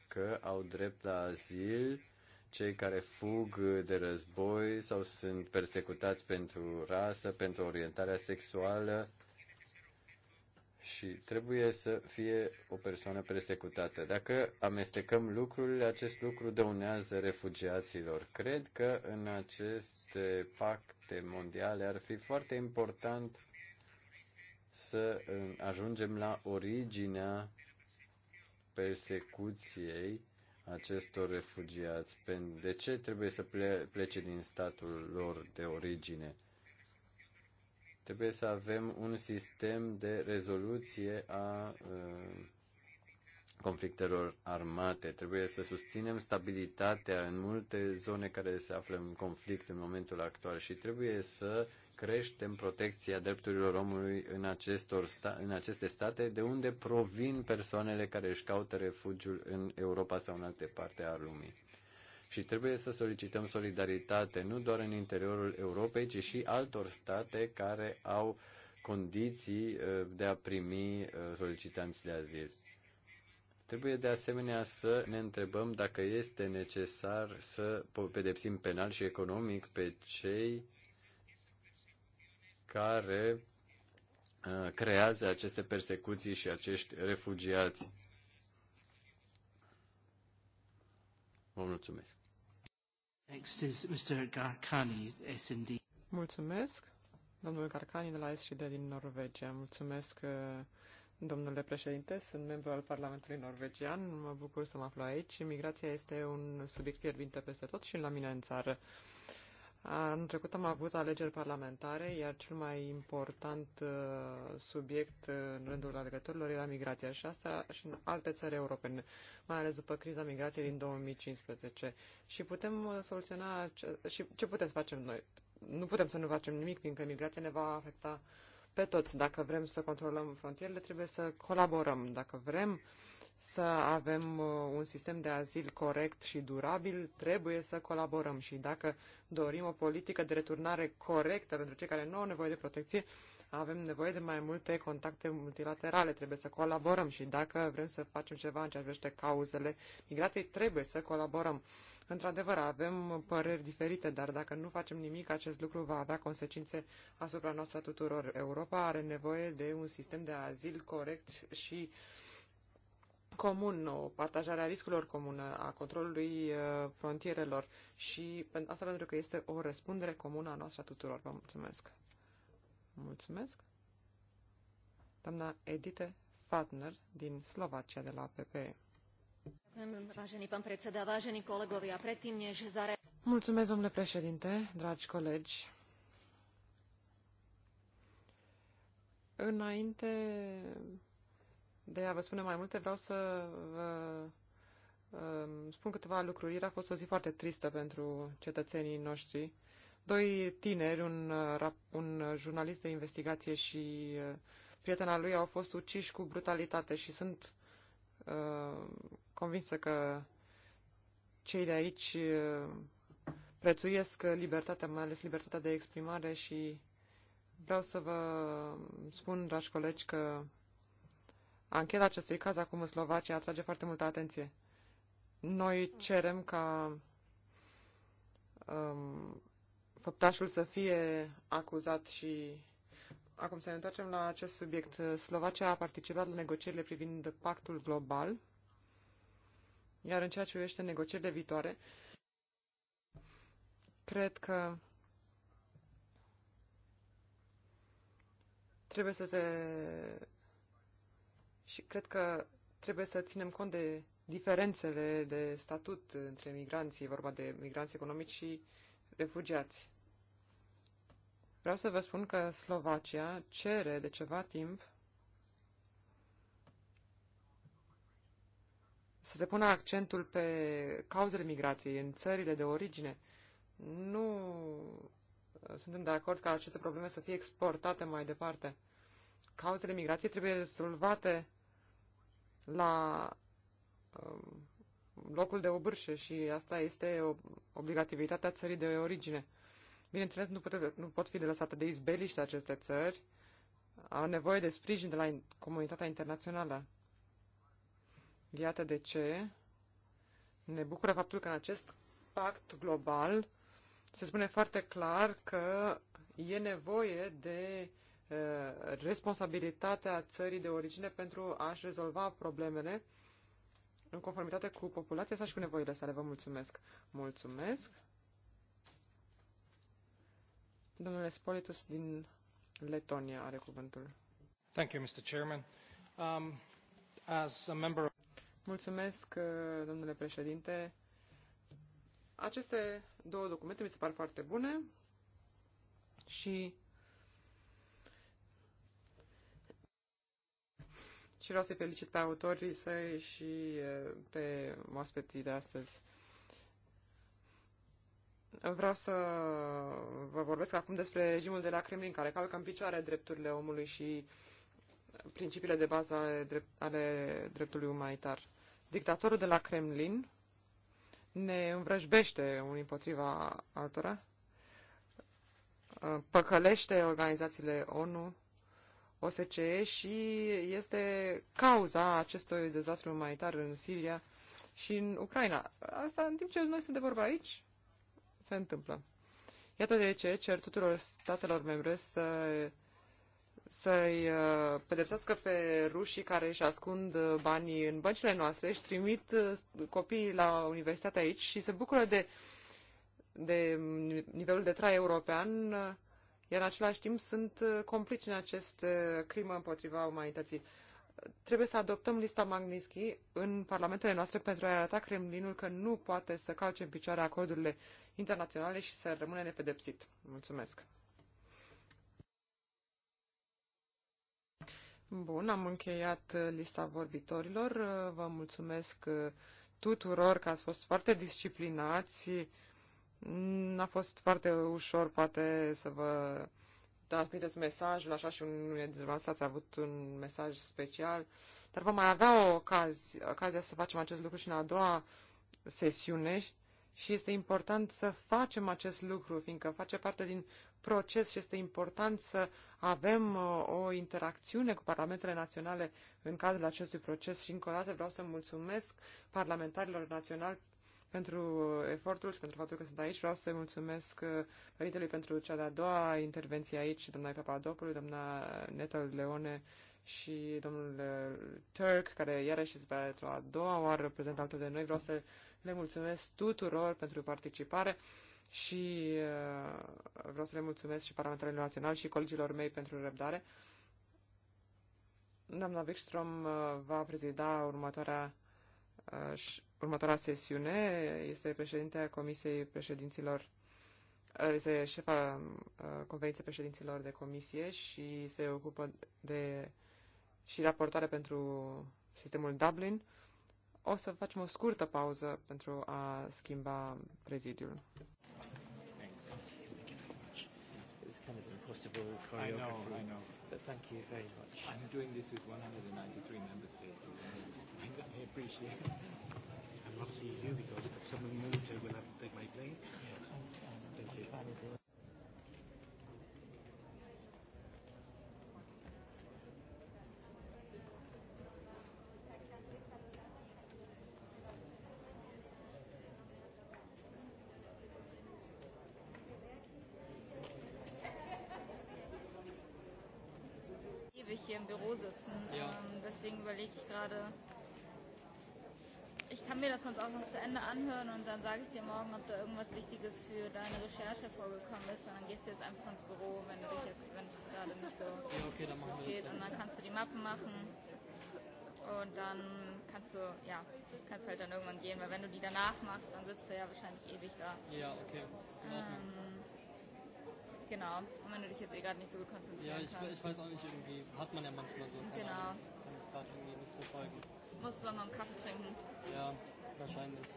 că au drept la azil cei care fug de război sau sunt persecutați pentru rasă, pentru orientarea sexuală, și trebuie să fie o persoană persecutată. Dacă amestecăm lucrurile, acest lucru dăunează refugiaților. Cred că în aceste pacte mondiale ar fi foarte important să ajungem la originea persecuției acestor refugiați. De ce trebuie să plece din statul lor de origine? Trebuie să avem un sistem de rezoluție a uh, conflictelor armate. Trebuie să susținem stabilitatea în multe zone care se află în conflict în momentul actual și trebuie să creștem protecția drepturilor omului în, acestor sta- în aceste state de unde provin persoanele care își caută refugiul în Europa sau în alte parte a lumii și trebuie să solicităm solidaritate nu doar în interiorul Europei, ci și altor state care au condiții uh, de a primi uh, solicitanți de azil. Trebuie de asemenea să ne întrebăm dacă este necesar să pedepsim penal și economic pe cei care uh, creează aceste persecuții și acești refugiați. Vă mulțumesc. Mulțumesc, domnul Garcani de la SD din Norvegia. Mulțumesc, uh, domnule președinte. Sunt membru al Parlamentului Norvegian. Mă bucur să mă aflu aici. Migrația este un subiect fierbinte peste tot și la mine în țară. Anul trecut am avut alegeri parlamentare, iar cel mai important uh, subiect uh, în rândul alegătorilor era migrația și asta și în alte țări europene, mai ales după criza migrației din 2015. Și putem uh, soluționa ce, și ce putem să facem noi? Nu putem să nu facem nimic, fiindcă migrația ne va afecta pe toți. Dacă vrem să controlăm frontierele, trebuie să colaborăm. Dacă vrem uh, să avem uh, un sistem de azil corect și durabil, trebuie să colaborăm și dacă dorim o politică de returnare corectă pentru cei care nu au nevoie de protecție, avem nevoie de mai multe contacte multilaterale, trebuie să colaborăm și dacă vrem să facem ceva în ceea ce privește cauzele migrației, trebuie să colaborăm. Într-adevăr, avem păreri diferite, dar dacă nu facem nimic, acest lucru va avea consecințe asupra noastră tuturor. Europa are nevoie de un sistem de azil corect și uh, comun, o partajare a riscurilor comună, a controlului uh, frontierelor și asta pentru că este o răspundere comună a noastră a tuturor. Vă mulțumesc! Mulțumesc! Doamna Edite Fatner din Slovacia de la PPE. Mulțumesc, domnule președinte, dragi colegi. Înainte de a vă spune mai multe, vreau să vă um, spun câteva lucruri. Era a fost o zi foarte tristă pentru cetățenii noștri. Doi tineri, un, uh, un jurnalist de investigație și uh, prietena lui au fost uciși cu brutalitate și sunt uh, convinsă că cei de aici uh, prețuiesc libertatea, mai ales libertatea de exprimare și vreau să vă spun, dragi colegi, că Ancheta acestui caz acum în Slovacia atrage foarte multă atenție. Noi cerem ca um, făptașul să fie acuzat și... Acum să ne întoarcem la acest subiect. Slovacia a participat la negocierile privind pactul global, iar în ceea ce privește negocierile viitoare, cred că trebuie să se și cred că trebuie să ținem cont de diferențele de statut între migranți, vorba de migranți economici și refugiați. Vreau să vă spun că Slovacia cere de ceva timp să se pună accentul pe cauzele migrației în țările de origine. Nu suntem de acord ca aceste probleme să fie exportate mai departe. Cauzele migrației trebuie rezolvate la um, locul de obârșe și asta este obligativitatea țării de origine. Bineînțeles, nu, pute, nu pot fi de lăsate de izbeliște aceste țări. Au nevoie de sprijin de la comunitatea internațională. Iată de ce ne bucură faptul că în acest pact global se spune foarte clar că e nevoie de uh, Uh, responsabilitatea țării de origine pentru a-și rezolva problemele în conformitate cu populația sa și cu nevoile sale. Vă mulțumesc! Mulțumesc! Domnule Spolitus din Letonia are cuvântul. Thank you, Mr. Chairman. Um, as a member Mulțumesc, uh, domnule președinte. Aceste două documente mi se par foarte bune și și vreau să-i felicit pe autorii săi și pe oaspeții de astăzi. Vreau să vă vorbesc acum despre regimul de la Kremlin, care calcă în picioare drepturile omului și principiile de bază ale, drept, ale dreptului umanitar. Dictatorul de la Kremlin ne învrăjbește unii împotriva altora, păcălește organizațiile ONU, OSCE și este cauza acestui dezastru umanitar în Siria și în Ucraina. Asta în timp ce noi suntem de vorba aici, se întâmplă. Iată de ce cer tuturor statelor membre să să-i uh, pedepsească pe rușii care își ascund banii în băncile noastre și trimit uh, copiii la universitate aici și se bucură de, de nivelul de trai european uh, iar în același timp sunt uh, complici în acest uh, crimă împotriva umanității. Trebuie să adoptăm lista Magnitsky în parlamentele noastre pentru a arăta Kremlinul că nu poate să calce în picioare acordurile internaționale și să rămâne nepedepsit. Mulțumesc! Bun, am încheiat uh, lista vorbitorilor. Vă mulțumesc tuturor că ați fost foarte disciplinați N-a fost foarte ușor, poate, să vă transmiteți mesajul, așa și unul dintre ați avut un mesaj special, dar vom mai avea o ocazie, ocazia să facem acest lucru și în a doua sesiune și este important să facem acest lucru, fiindcă face parte din proces și este important să avem uh, o interacțiune cu parlamentele naționale în cadrul acestui proces și încă o dată vreau să mulțumesc parlamentarilor naționali pentru uh, efortul și pentru faptul că sunt aici. Vreau să-i mulțumesc uh, părintelui pentru cea de-a doua intervenție aici, doamna Papadopoulou, doamna Netel Leone și domnul uh, Turk, care iarăși este pentru a doua oară prezent alături de noi. Vreau să le mulțumesc tuturor pentru participare și vreau să le mulțumesc și parlamentarilor naționali și colegilor mei pentru răbdare. Doamna Wikström va prezida următoarea următoarea sesiune este președintea Comisiei Președinților uh, este șefa uh, conferinței președinților de comisie și se ocupă de și raportare pentru sistemul Dublin. O să facem o scurtă pauză pentru a schimba prezidiul. kind of impossible choreography. I know, I know. But thank you very much. I'm doing this with 193 member states. I appreciate it. I'm not seeing you because at some moment I will have to take my plane. Yes. Thank you. hier im Büro sitzen. Ja. Ähm, deswegen überlege ich gerade, ich kann mir das sonst auch noch zu Ende anhören und dann sage ich dir morgen, ob da irgendwas Wichtiges für deine Recherche vorgekommen ist. Und dann gehst du jetzt einfach ins Büro, wenn du dich jetzt, wenn es gerade nicht so ja, okay, dann machen wir geht. Das Und dann kannst du die Mappen machen. Und dann kannst du, ja, kannst halt dann irgendwann gehen, weil wenn du die danach machst, dann sitzt du ja wahrscheinlich ewig da. Ja, okay. Ähm, genau. Und wenn du dich jetzt eh gerade nicht so gut konzentrieren ja, ich, kannst. ich weiß auch nicht, irgendwie hat man ja manchmal so. Genau. Ahnung, kann es gerade irgendwie nicht so folgen muss, du noch Kaffee trinken. Ja, wahrscheinlich.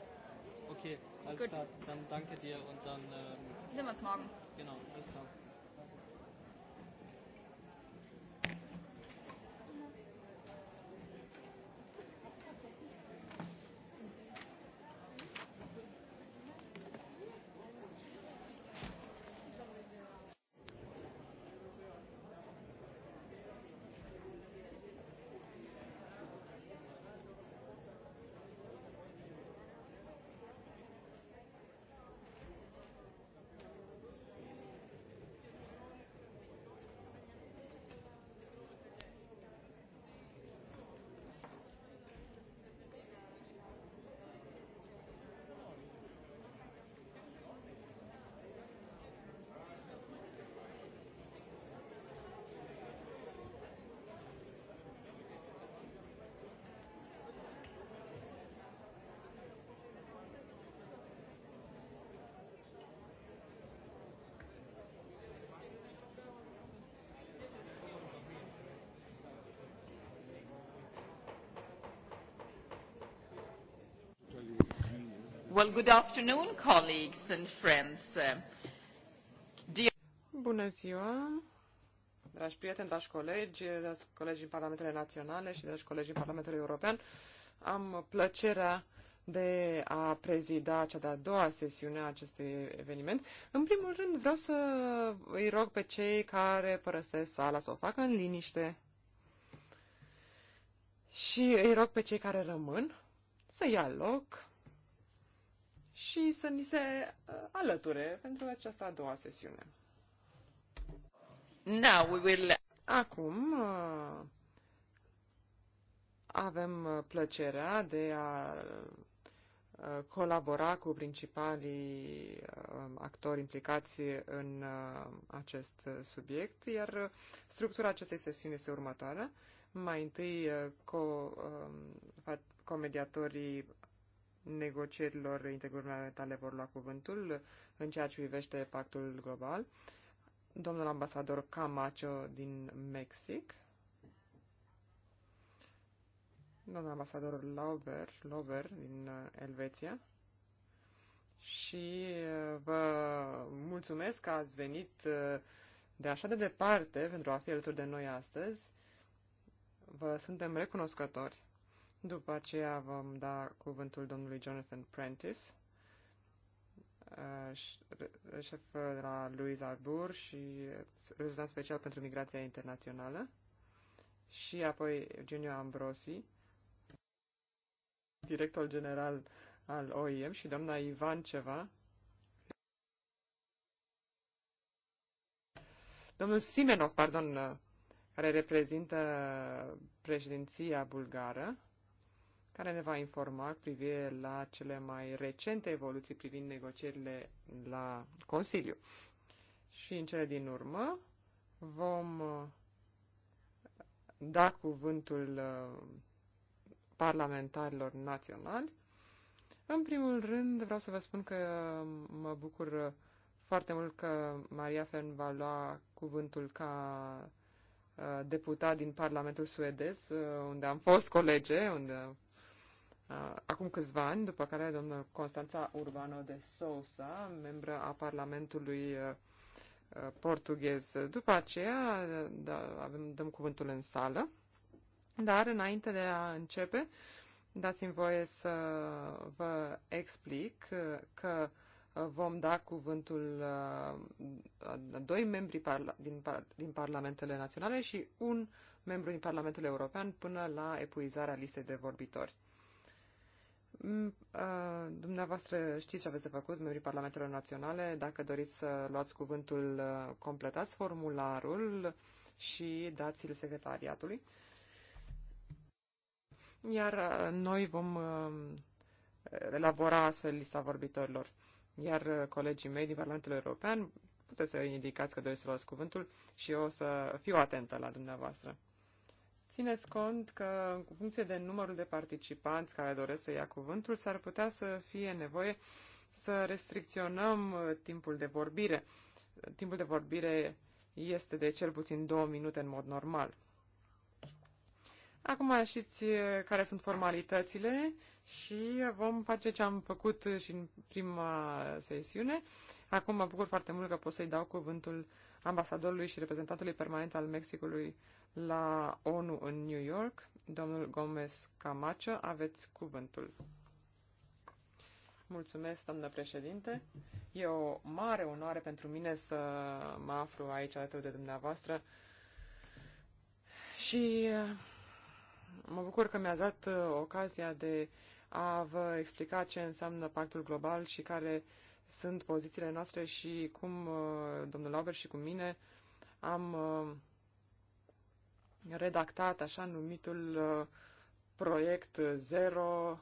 Okay, alles Gut. klar. Dann danke dir und dann. Ähm, Sehen wir uns morgen. Genau, alles klar. Well, good afternoon, colleagues and friends. Dear... Bună ziua, dragi prieteni, dragi colegi, dragi colegi din Parlamentele Naționale și dragi colegi din Parlamentul European. Am plăcerea de a prezida cea de-a doua sesiune a acestui eveniment. În primul rând vreau să îi rog pe cei care părăsesc sala să o facă în liniște și îi rog pe cei care rămân să ia loc și să ni se uh, alăture pentru această a doua sesiune. Now we will... Acum uh, avem uh, plăcerea de a colabora cu principalii actori implicați în acest subiect, iar structura acestei sesiuni este următoarea. Mai întâi co, um, comediatorii negocierilor interguvernamentale vor lua cuvântul în ceea ce privește pactul global. Domnul ambasador Camacho din Mexic, domnul ambasador Lover, Lover din uh, Elveția și uh, vă mulțumesc că ați venit uh, de așa de departe pentru a fi alături de noi astăzi. Vă suntem recunoscători. După aceea vom da cuvântul domnului Jonathan Prentice, uh, șef de la Louis Arbour și rezultat special pentru migrația internațională, și apoi Eugenio Ambrosi, director general al OIM, și doamna Ivan Ceva, domnul Simenov, pardon, uh, care reprezintă președinția bulgară, care ne va informa cu privire la cele mai recente evoluții privind negocierile la Consiliu. Și în cele din urmă vom uh, da cuvântul uh, parlamentarilor naționali. În primul rând vreau să vă spun că mă bucur foarte mult că Maria Fern va lua cuvântul ca uh, deputat din Parlamentul suedez, unde am fost colege, unde acum câțiva ani, după care domnul Constanța Urbano de Sousa, membră a Parlamentului portughez. După aceea da, avem, dăm cuvântul în sală, dar înainte de a începe, dați-mi voie să vă explic că vom da cuvântul doi membri parla- din, par- din Parlamentele Naționale și un membru din Parlamentul European până la epuizarea listei de vorbitori. Mm, dumneavoastră știți ce aveți de făcut, membrii Parlamentelor Naționale. Dacă doriți să luați cuvântul, completați formularul și dați-l secretariatului. Iar noi vom elabora astfel lista vorbitorilor. Iar colegii mei din Parlamentul European, puteți să indicați că doriți să luați cuvântul și eu o să fiu atentă la dumneavoastră. Țineți cont că, în funcție de numărul de participanți care doresc să ia cuvântul, s-ar putea să fie nevoie să restricționăm uh, timpul de vorbire. Timpul de vorbire este de cel puțin două minute în mod normal. Acum știți uh, care sunt formalitățile și vom face ce am făcut și în prima sesiune. Acum mă bucur foarte mult că pot să-i dau cuvântul ambasadorului și reprezentantului permanent al Mexicului la ONU în New York. Domnul Gomez Camacho, aveți cuvântul. Mulțumesc, doamnă președinte. E o mare onoare pentru mine să mă aflu aici alături de dumneavoastră și uh, mă bucur că mi-ați dat uh, ocazia de a vă explica ce înseamnă pactul global și care sunt pozițiile noastre și cum uh, domnul Lauber și cu mine am redactat așa numitul uh, proiect zero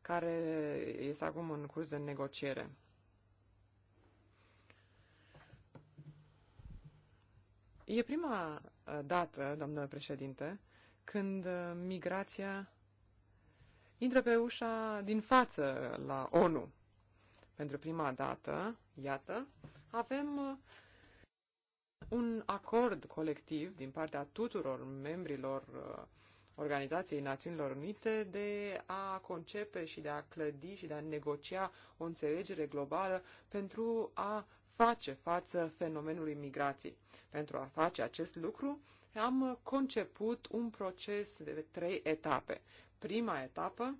care este acum în curs de negociere. E prima uh, dată, doamnă președinte, când uh, migrația intră pe ușa din față la ONU. Pentru prima dată, iată, avem un acord colectiv din partea tuturor membrilor uh, Organizației Națiunilor Unite de a concepe și de a clădi și de a negocia o înțelegere globală pentru a face față fenomenului migrației. Pentru a face acest lucru, am conceput un proces de trei etape. Prima etapă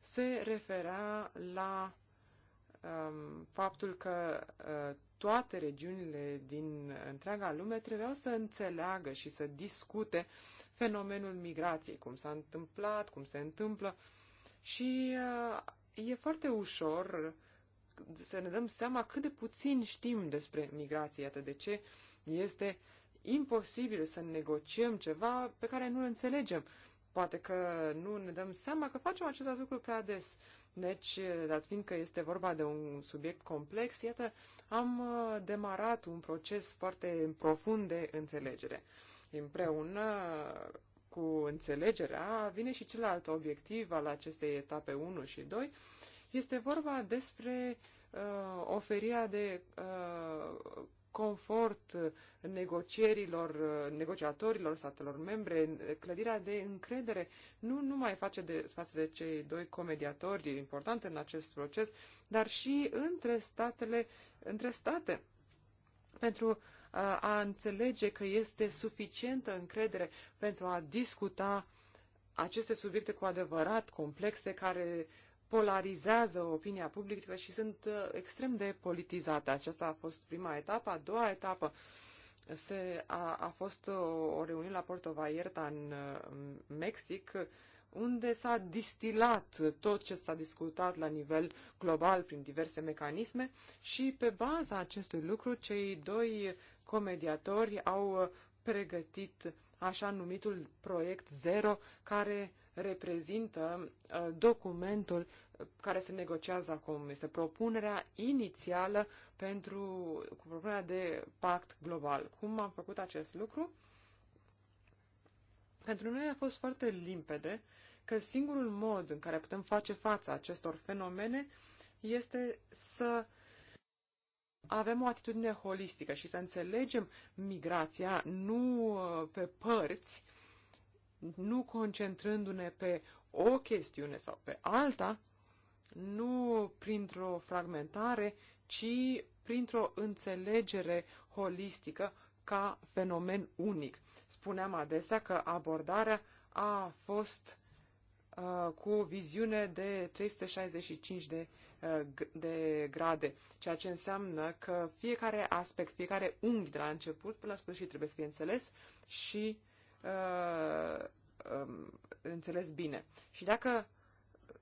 se referea la um, faptul că uh, toate regiunile din întreaga lume trebuiau să înțeleagă și să discute fenomenul migrației, cum s-a întâmplat, cum se întâmplă. Și uh, e foarte ușor să ne dăm seama cât de puțin știm despre migrație. atât de ce este imposibil să negociem ceva pe care nu-l înțelegem. Poate că nu ne dăm seama că facem acest lucru prea des. Deci, dar fiindcă este vorba de un subiect complex, iată, am uh, demarat un proces foarte profund de înțelegere. Împreună cu înțelegerea vine și celălalt obiectiv al acestei etape 1 și 2. Este vorba despre uh, oferirea de uh, confort negocierilor, negociatorilor statelor membre, clădirea de încredere nu numai face de, față de cei doi comediatori importante în acest proces, dar și între statele, între state. Pentru a, a înțelege că este suficientă încredere pentru a discuta aceste subiecte cu adevărat complexe care polarizează opinia publică și sunt uh, extrem de politizate. Aceasta a fost prima etapă. A doua etapă se, a, a fost o, o reuniune la Porto Vallarta în, în uh, Mexic, unde s-a distilat tot ce s-a discutat la nivel global prin diverse mecanisme și pe baza acestui lucru cei doi comediatori au uh, pregătit așa numitul proiect zero care reprezintă uh, documentul care se negociază acum. Este propunerea inițială pentru cu propunerea de pact global. Cum am făcut acest lucru? Pentru noi a fost foarte limpede că singurul mod în care putem face față acestor fenomene este să avem o atitudine holistică și să înțelegem migrația nu uh, pe părți, nu concentrându-ne pe o chestiune sau pe alta, nu printr-o fragmentare, ci printr-o înțelegere holistică ca fenomen unic. Spuneam adesea că abordarea a fost uh, cu o viziune de 365 de, uh, de grade, ceea ce înseamnă că fiecare aspect, fiecare unghi de la început până la sfârșit trebuie să fie înțeles și uh, uh, um, înțeles bine. Și dacă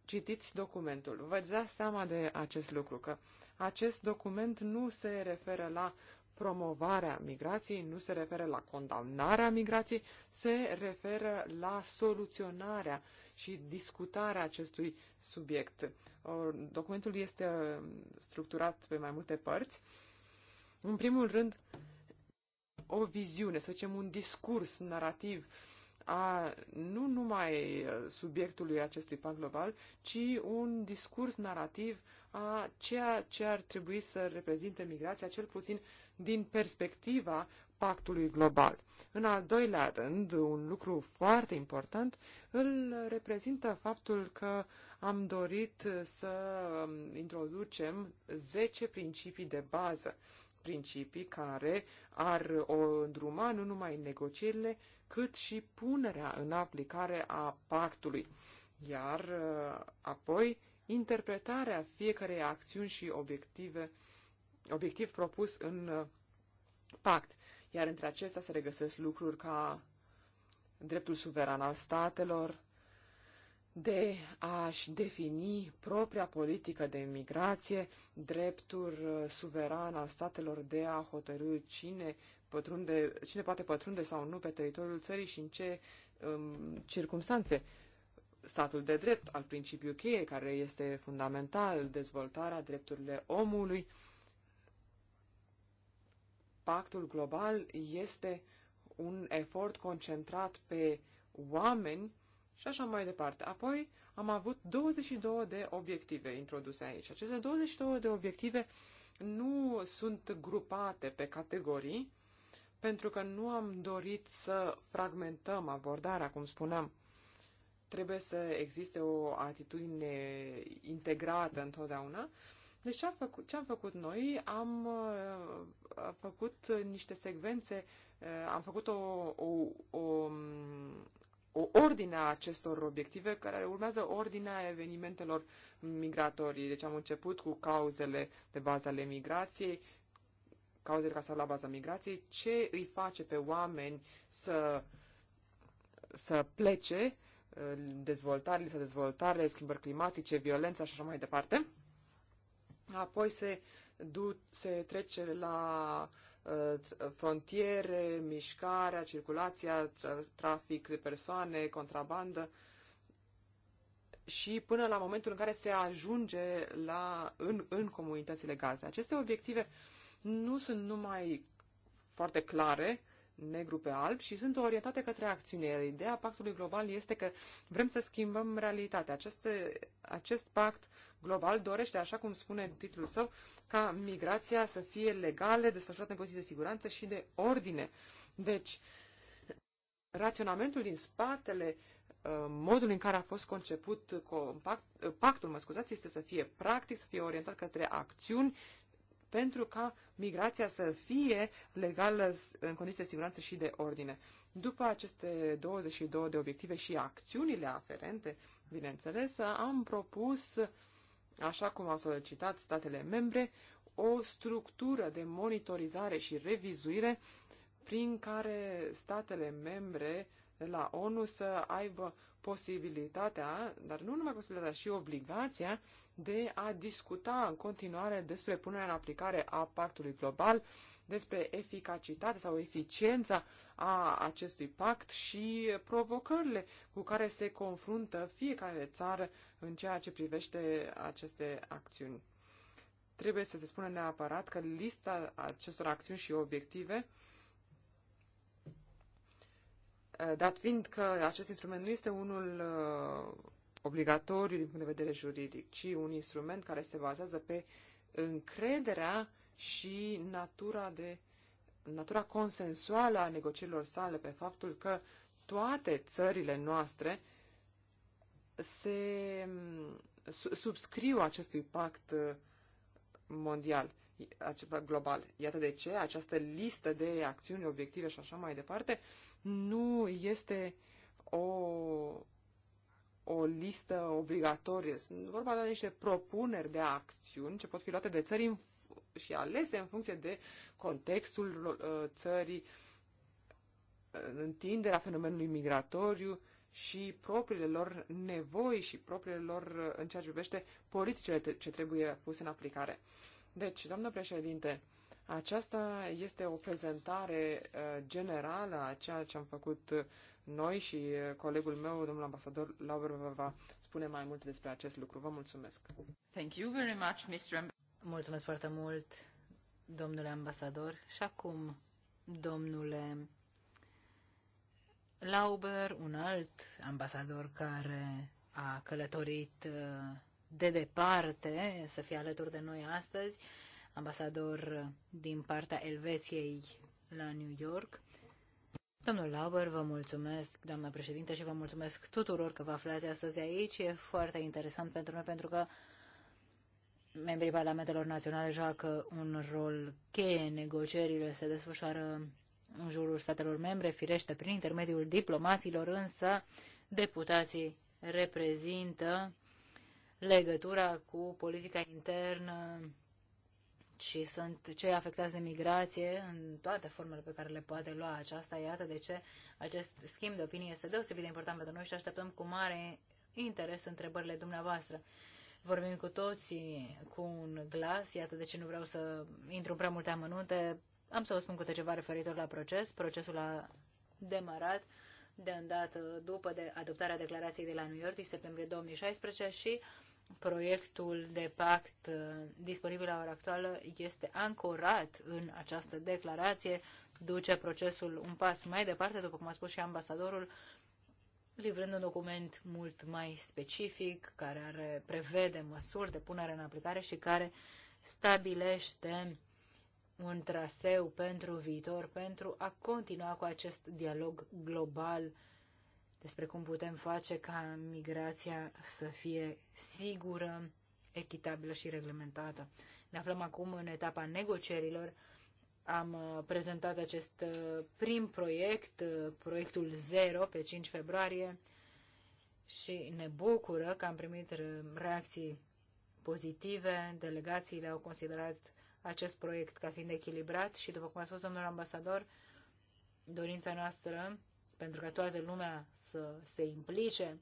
citiți documentul, veți da seama de acest lucru, că acest document nu se referă la promovarea migrației, nu se referă la condamnarea migrației, se referă la soluționarea și discutarea acestui subiect. Documentul este uh, structurat pe mai multe părți. În primul rând, o viziune, să zicem un discurs narrativ a nu numai subiectului acestui pact global, ci un discurs narrativ a ceea ce ar trebui să reprezinte migrația, cel puțin din perspectiva pactului global. În al doilea rând, un lucru foarte important îl reprezintă faptul că am dorit să introducem 10 principii de bază principii care ar o îndruma nu numai negocierile, cât și punerea în aplicare a pactului, iar uh, apoi interpretarea fiecarei acțiuni și obiective, obiectiv propus în uh, pact, iar între acestea se regăsesc lucruri ca dreptul suveran al statelor, de a-și defini propria politică de migrație, dreptul uh, suveran al statelor de a hotărâ cine, pătrunde, cine poate pătrunde sau nu pe teritoriul țării și în ce um, circunstanțe. Statul de drept, al principiului cheie, care este fundamental, dezvoltarea drepturile omului. Pactul global este un efort concentrat pe oameni și așa mai departe. Apoi am avut 22 de obiective introduse aici. Aceste 22 de obiective nu sunt grupate pe categorii, pentru că nu am dorit să fragmentăm abordarea, cum spuneam. Trebuie să existe o atitudine integrată întotdeauna. Deci ce am făcut, ce am făcut noi? Am am uh, făcut niște secvențe, uh, am făcut o, o, o o ordine a acestor obiective care urmează ordinea evenimentelor migratorii. Deci am început cu cauzele de bază ale migrației, cauzele care stau la baza migrației, ce îi face pe oameni să, să plece, dezvoltare, lipsa dezvoltare, schimbări climatice, violența și așa mai departe. Apoi se, du- se trece la uh, Uh, frontiere, mișcarea, circulația, trafic de persoane, contrabandă și până la momentul în care se ajunge la, în, în comunitățile gaze. Aceste obiective nu sunt numai foarte clare, negru pe alb și sunt orientate către acțiune. ideea pactului global este că vrem să schimbăm realitatea. Aceste, acest pact global dorește, așa cum spune titlul său, ca migrația să fie legală, desfășurată în condiții de siguranță și de ordine. Deci, raționamentul din spatele uh, modul în care a fost conceput compact, uh, pactul, mă scuzați, este să fie practic, să fie orientat către acțiuni pentru ca migrația să fie legală în condiții de siguranță și de ordine. După aceste 22 de obiective și acțiunile aferente, bineînțeles, am propus așa cum au solicitat statele membre, o structură de monitorizare și revizuire prin care statele membre de la ONU să aibă posibilitatea, dar nu numai posibilitatea, și obligația de a discuta în continuare despre punerea în aplicare a pactului global, despre eficacitatea sau eficiența a acestui pact și provocările cu care se confruntă fiecare țară în ceea ce privește aceste acțiuni. Trebuie să se spună neapărat că lista acestor acțiuni și obiective uh, Eh, dat fiind că acest instrument nu este unul eh, obligatoriu din punct de vedere juridic, ci un instrument care se bazează pe încrederea și natura de natura consensuală a negocierilor sale, pe faptul că toate țările noastre se mm, subscriu acestui pact eh, mondial global. Iată de ce această listă de acțiuni, obiective și așa mai departe nu este o, o listă obligatorie. Sunt vorba de niște propuneri de acțiuni ce pot fi luate de țări și alese în funcție de contextul uh, țării, întinderea fenomenului migratoriu și propriile lor nevoi și propriile lor, uh, în ceea ce privește, politicile ce trebuie puse în aplicare. Deci, doamnă președinte, aceasta este o prezentare uh, generală a ceea ce am făcut uh, noi și uh, colegul meu, domnul ambasador Lauber, vă va spune mai multe despre acest lucru. Vă mulțumesc. Thank you very much, Mr. Mulțumesc foarte mult, domnule ambasador. Și acum, domnule Lauber, un alt ambasador care a călătorit de departe să fie alături de noi astăzi, ambasador din partea Elveției la New York. Domnul Lauber, vă mulțumesc, doamna președinte, și vă mulțumesc tuturor că vă aflați astăzi aici. E foarte interesant pentru noi, pentru că membrii Parlamentelor Naționale joacă un rol cheie în negocierile, se desfășoară în jurul statelor membre, firește prin intermediul diplomaților, însă deputații reprezintă legătura cu politica internă și sunt cei afectați de migrație în toate formele pe care le poate lua aceasta. Iată de ce acest schimb de opinie este deosebit de important pentru noi și așteptăm cu mare interes întrebările dumneavoastră. Vorbim cu toții cu un glas, iată de ce nu vreau să intru prea multe amănunte. Am să vă spun câte ceva referitor la proces. Procesul a demarat de îndată după de adoptarea declarației de la New York din septembrie 2016 și proiectul de pact uh, disponibil la ora actuală este ancorat în această declarație, duce procesul un pas mai departe, după cum a spus și ambasadorul, livrând un document mult mai specific, care are, prevede măsuri de punere în aplicare și care stabilește un traseu pentru viitor, pentru a continua cu acest dialog global despre cum putem face ca migrația să fie sigură, echitabilă și reglementată. Ne aflăm acum în etapa negocierilor. Am uh, prezentat acest uh, prim proiect, uh, proiectul 0, pe 5 februarie și ne bucură că am primit reacții pozitive. Delegațiile au considerat acest proiect ca fiind echilibrat și, după cum a spus domnul ambasador, dorința noastră pentru ca toată lumea să se implice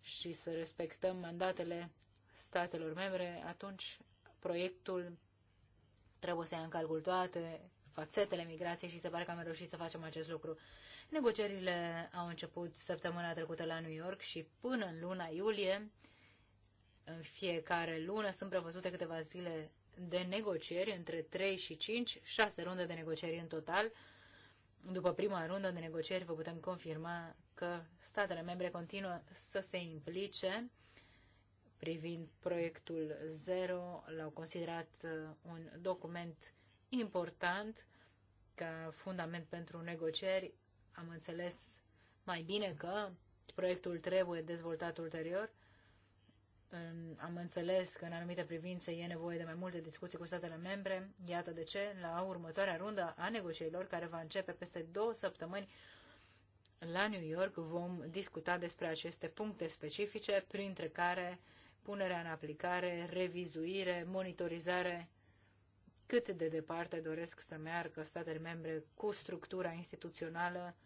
și să respectăm mandatele statelor membre, atunci proiectul trebuie să ia în calcul toate fațetele migrației și se pare că am reușit să facem acest lucru. Negocierile au început săptămâna trecută la New York și până în luna iulie, în fiecare lună, sunt prevăzute câteva zile de negocieri, între 3 și 5, 6 runde de negocieri în total, după prima rundă de negocieri, vă putem confirma că statele membre continuă să se implice privind proiectul zero. L-au considerat uh, un document important ca fundament pentru negocieri. Am înțeles mai bine că proiectul trebuie dezvoltat ulterior în, am înțeles că în anumite privințe e nevoie de mai multe discuții cu statele membre. Iată de ce, la următoarea rundă a negocierilor, care va începe peste două săptămâni la New York, vom discuta despre aceste puncte specifice, printre care punerea în aplicare, revizuire, monitorizare, cât de departe doresc să meargă statele membre cu structura instituțională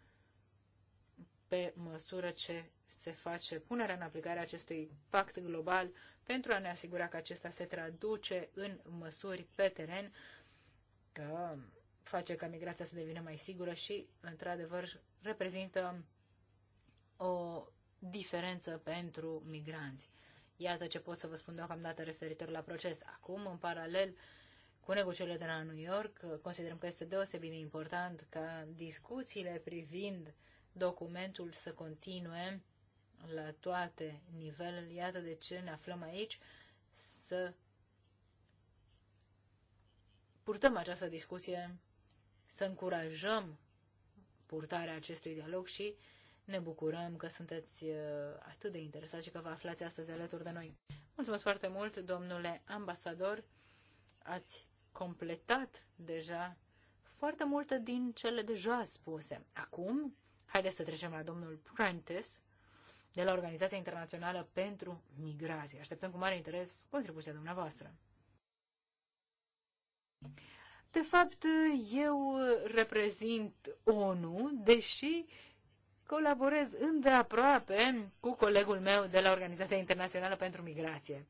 pe măsură ce se face punerea în aplicare acestui pact global pentru a ne asigura că acesta se traduce în măsuri pe teren, că face ca migrația să devină mai sigură și, într-adevăr, reprezintă o diferență pentru migranți. Iată ce pot să vă spun deocamdată referitor la proces. Acum, în paralel cu negocierile de la New York, considerăm că este deosebit de important ca discuțiile privind documentul să continue la toate nivelele. Iată de ce ne aflăm aici să purtăm această discuție, să încurajăm purtarea acestui dialog și ne bucurăm că sunteți uh, atât de interesați și că vă aflați astăzi alături de noi. Mulțumesc foarte mult, domnule ambasador. Ați completat deja foarte multe din cele deja spuse. Acum, haideți să trecem la domnul Prentice, de la Organizația Internațională pentru Migrație. Așteptăm cu mare interes contribuția dumneavoastră. De fapt, eu reprezint ONU, deși colaborez îndeaproape cu colegul meu de la Organizația Internațională pentru Migrație.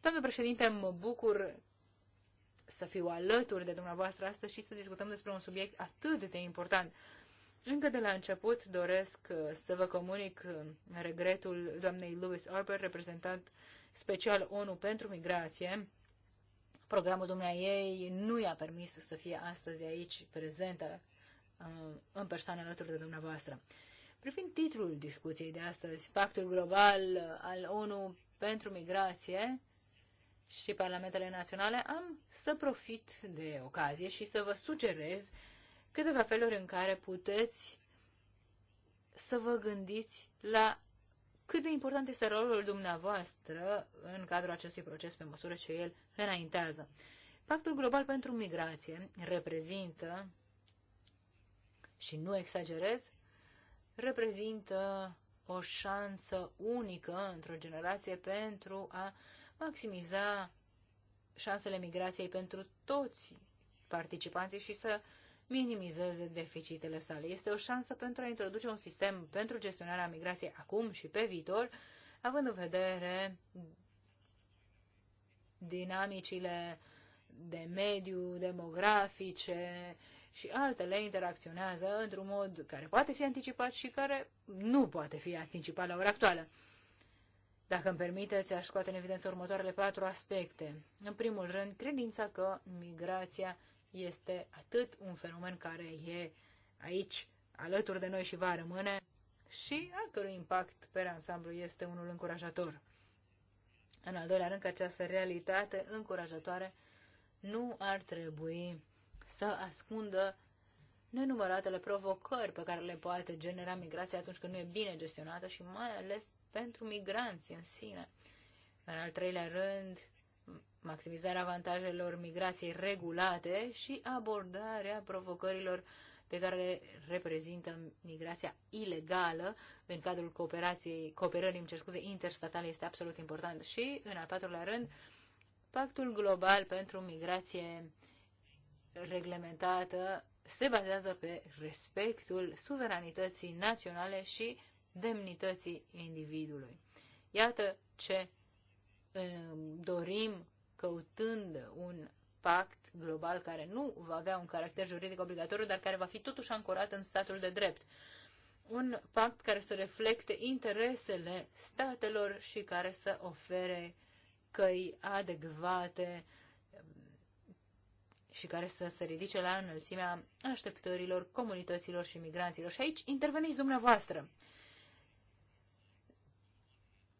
Doamne președinte, mă bucur să fiu alături de dumneavoastră astăzi și să discutăm despre un subiect atât de important. Încă de la început doresc uh, să vă comunic uh, regretul doamnei Louis Arbor, reprezentant special ONU pentru migrație. Programul ei nu i-a permis să fie astăzi aici prezentă uh, în persoană alături de dumneavoastră. Privind titlul discuției de astăzi, Pactul Global al ONU pentru Migrație și Parlamentele Naționale, am să profit de ocazie și să vă sugerez câteva feluri în care puteți să vă gândiți la cât de important este rolul dumneavoastră în cadrul acestui proces pe măsură ce el înaintează. Pactul global pentru migrație reprezintă, și nu exagerez, reprezintă o șansă unică într-o generație pentru a maximiza șansele migrației pentru toți participanții și să minimizeze deficitele sale. Este o șansă pentru a introduce un sistem pentru gestionarea migrației acum și pe viitor, având în vedere dinamicile de mediu, demografice și altele interacționează într-un mod care poate fi anticipat și care nu poate fi anticipat la ora actuală. Dacă îmi permiteți, aș scoate în evidență următoarele patru aspecte. În primul rând, credința că migrația este atât un fenomen care e aici alături de noi și va rămâne și al cărui impact pe ansamblu este unul încurajator. În al doilea rând, că această realitate încurajatoare nu ar trebui să ascundă nenumăratele provocări pe care le poate genera migrația atunci când nu e bine gestionată și mai ales pentru migranți în sine. În al treilea rând, maximizarea avantajelor migrației regulate și abordarea provocărilor pe care le reprezintă migrația ilegală în cadrul cooperației, cooperării, îmi cer scuze, interstatale este absolut important. Și, în al patrulea rând, pactul global pentru migrație reglementată se bazează pe respectul suveranității naționale și demnității individului. Iată ce uh, dorim căutând un pact global care nu va avea un caracter juridic obligatoriu, dar care va fi totuși ancorat în statul de drept. Un pact care să reflecte interesele statelor și care să ofere căi adecvate și care să se ridice la înălțimea așteptărilor comunităților și migranților. Și aici interveniți dumneavoastră.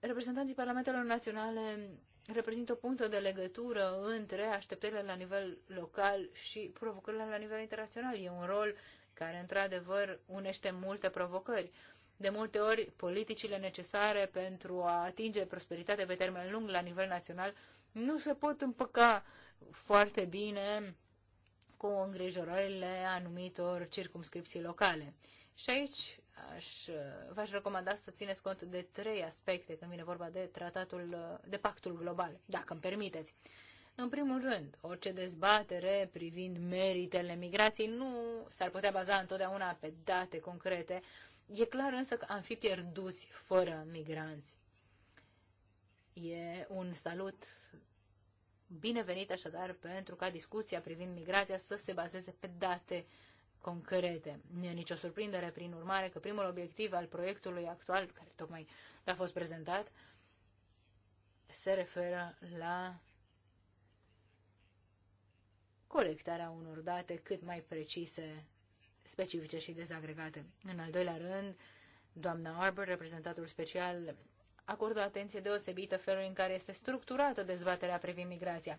Reprezentanții Parlamentelor Naționale reprezintă o punctă de legătură între așteptările la nivel local și provocările la nivel internațional. E un rol care, într-adevăr, unește multe provocări. De multe ori, politicile necesare pentru a atinge prosperitate pe termen lung la nivel național nu se pot împăca foarte bine cu îngrijorările anumitor circumscripții locale. Și aici aș, v-aș recomanda să țineți cont de trei aspecte când vine vorba de tratatul, de pactul global, dacă îmi permiteți. În primul rând, orice dezbatere privind meritele migrației nu s-ar putea baza întotdeauna pe date concrete. E clar însă că am fi pierduți fără migranți. E un salut binevenit așadar pentru ca discuția privind migrația să se bazeze pe date concrete. Nu e nicio surprindere, prin urmare, că primul obiectiv al proiectului actual, care tocmai a fost prezentat, se referă la colectarea unor date cât mai precise, specifice și dezagregate. În al doilea rând, doamna Arbor, reprezentatul special, acordă atenție deosebită felului în care este structurată dezbaterea privind migrația.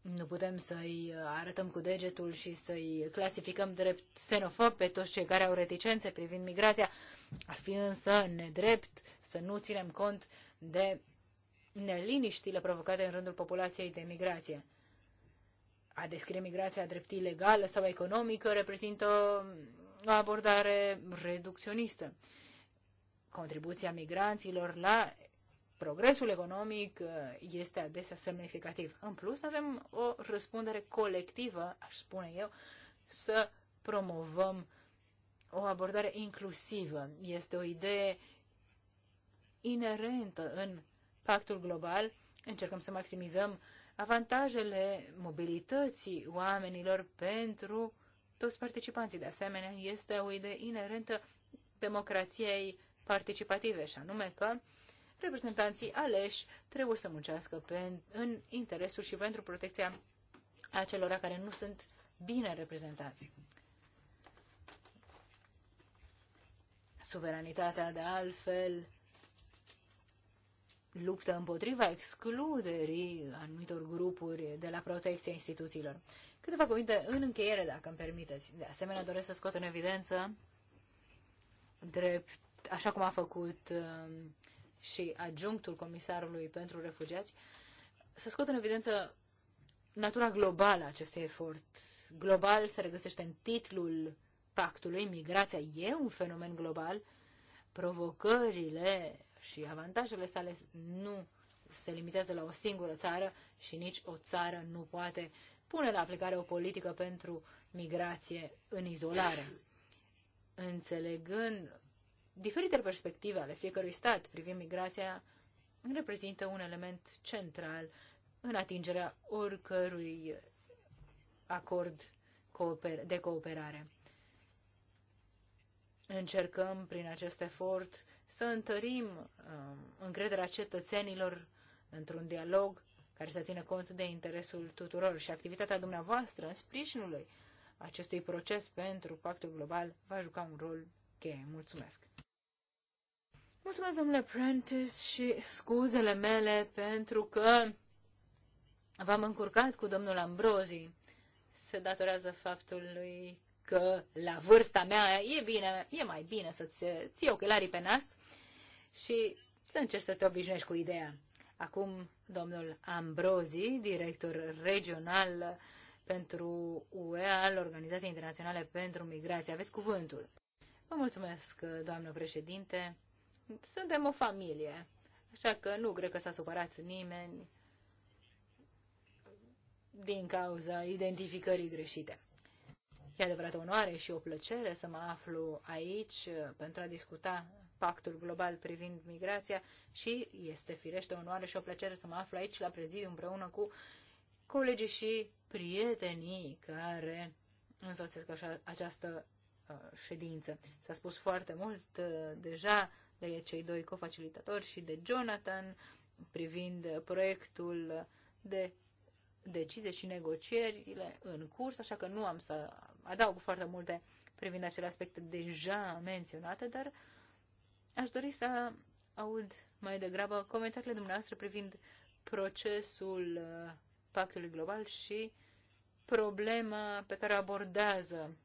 Nu putem să-i arătăm cu degetul și să-i clasificăm drept xenofob pe toți cei care au reticențe privind migrația. Ar fi însă nedrept să nu ținem cont de neliniștile provocate în rândul populației de migrație. A descrie migrația drept ilegală sau economică reprezintă o abordare reducționistă. Contribuția migranților la progresul economic uh, este adesea semnificativ. În plus, avem o răspundere colectivă, aș spune eu, să promovăm o abordare inclusivă. Este o idee inerentă în pactul global. Încercăm să maximizăm avantajele mobilității oamenilor pentru toți participanții. De asemenea, este o idee inerentă democrației participative, și anume că reprezentanții aleși trebuie să muncească pe, în interesul și pentru protecția acelora care nu sunt bine reprezentați. Suveranitatea, de altfel, luptă împotriva excluderii anumitor grupuri de la protecția instituțiilor. Câteva cuvinte în încheiere, dacă îmi permiteți. De asemenea, doresc să scot în evidență, drept, așa cum a făcut uh, și adjunctul comisarului pentru refugiați, să scot în evidență natura globală a acestui efort. Global se regăsește în titlul pactului, migrația e un fenomen global, provocările și avantajele sale nu se limitează la o singură țară și nici o țară nu poate pune la aplicare o politică pentru migrație în izolare. Înțelegând diferitele perspective ale fiecărui stat privind migrația reprezintă un element central în atingerea oricărui acord de cooperare. Încercăm prin acest efort să întărim um, încrederea cetățenilor într-un dialog care să țină cont de interesul tuturor și activitatea dumneavoastră în sprijinul acestui proces pentru pactul global va juca un rol cheie. Mulțumesc! Mulțumesc, domnule Prentice, și scuzele mele pentru că v-am încurcat cu domnul Ambrozi. Se datorează faptului că la vârsta mea e bine, e mai bine să-ți ții ochelarii pe nas și să încerci să te obișnuiești cu ideea. Acum, domnul Ambrozi, director regional pentru UE al Organizației Internaționale pentru Migrație. Aveți cuvântul. Vă mulțumesc, doamnă președinte. Suntem o familie, așa că nu cred că s-a supărat nimeni din cauza identificării greșite. E adevărat o onoare și o plăcere să mă aflu aici pentru a discuta pactul global privind migrația și este firește o onoare și o plăcere să mă aflu aici la prezidiu împreună cu colegii și prietenii care însoțesc așa, această uh, ședință. S-a spus foarte mult uh, deja de cei doi cofacilitatori și de Jonathan privind proiectul de decizie și negocierile în curs, așa că nu am să adaug foarte multe privind acele aspecte deja menționate, dar aș dori să aud mai degrabă comentariile dumneavoastră privind procesul uh, pactului global și problema pe care o abordează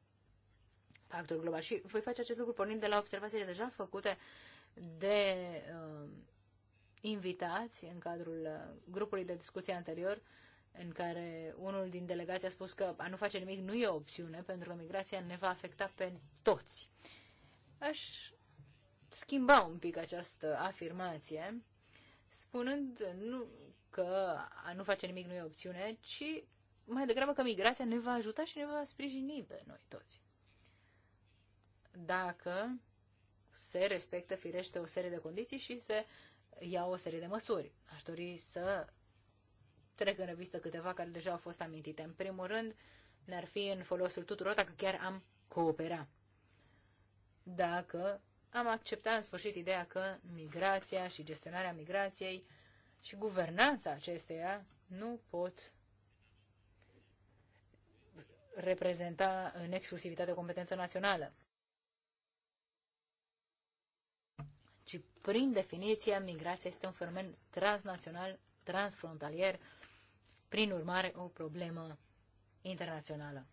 pactul global. Și voi face acest lucru pornind de la observațiile deja făcute de uh, invitați în cadrul uh, grupului de discuție anterior, în care unul din delegați a spus că a nu face nimic nu e o opțiune, pentru că migrația ne va afecta pe toți. Aș schimba un pic această afirmație, spunând nu, că a nu face nimic nu e opțiune, ci mai degrabă că migrația ne va ajuta și ne va sprijini pe noi toți. Dacă se respectă firește o serie de condiții și se ia o serie de măsuri. Aș dori să trec în revistă câteva care deja au fost amintite. În primul rând, ne-ar fi în folosul tuturor dacă chiar am coopera. Dacă am acceptat în sfârșit ideea că migrația și gestionarea migrației și guvernanța acesteia nu pot reprezenta în exclusivitate o competență națională. Prin definiție, migrația este un fenomen transnațional, transfrontalier, prin urmare o problemă internațională.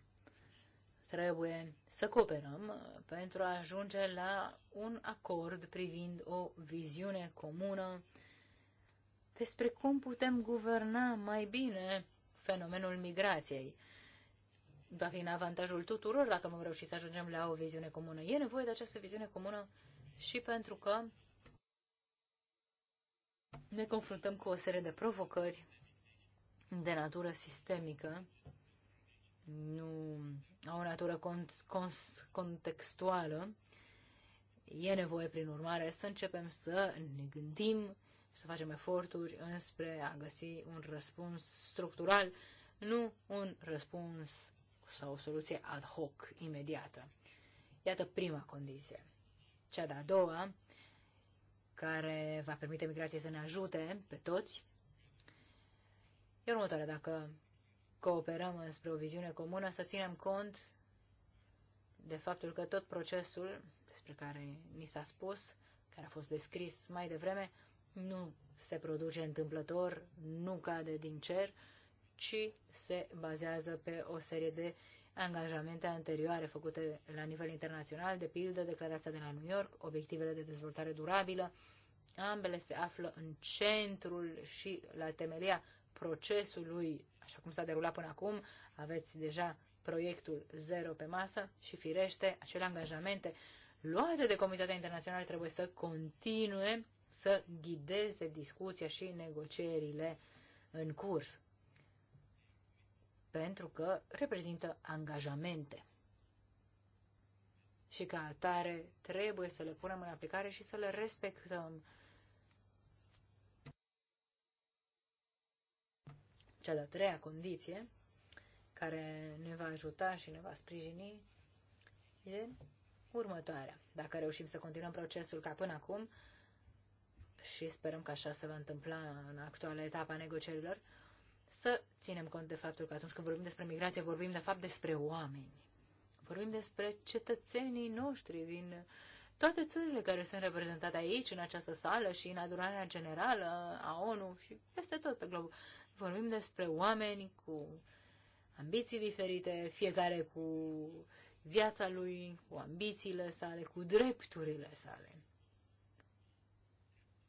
Trebuie să cooperăm pentru a ajunge la un acord privind o viziune comună despre cum putem guverna mai bine fenomenul migrației. Va fi în avantajul tuturor dacă vom reuși să ajungem la o viziune comună. E nevoie de această viziune comună și pentru că ne confruntăm cu o serie de provocări de natură sistemică, nu au o natură contextuală. E nevoie, prin urmare, să începem să ne gândim, să facem eforturi înspre a găsi un răspuns structural, nu un răspuns sau o soluție ad hoc, imediată. Iată prima condiție. Cea de-a doua care va permite migrației să ne ajute pe toți. Iar următoarea, dacă cooperăm spre o viziune comună, să ținem cont de faptul că tot procesul despre care ni s-a spus, care a fost descris mai devreme, nu se produce întâmplător, nu cade din cer, ci se bazează pe o serie de angajamente anterioare făcute la nivel internațional, de pildă declarația de la New York, obiectivele de dezvoltare durabilă. Ambele se află în centrul și la temelia procesului, așa cum s-a derulat până acum, aveți deja proiectul zero pe masă și firește acele angajamente luate de Comitatea Internațională trebuie să continue să ghideze discuția și negocierile în curs pentru că reprezintă angajamente. Și ca atare trebuie să le punem în aplicare și să le respectăm. Cea de-a treia condiție care ne va ajuta și ne va sprijini e următoarea. Dacă reușim să continuăm procesul ca până acum și sperăm că așa se va întâmpla în actuala etapă a negocierilor, să ținem cont de faptul că atunci când vorbim despre migrație, vorbim de fapt despre oameni. Vorbim despre cetățenii noștri din toate țările care sunt reprezentate aici, în această sală și în adunarea generală a ONU și peste tot pe glob. Vorbim despre oameni cu ambiții diferite, fiecare cu viața lui, cu ambițiile sale, cu drepturile sale.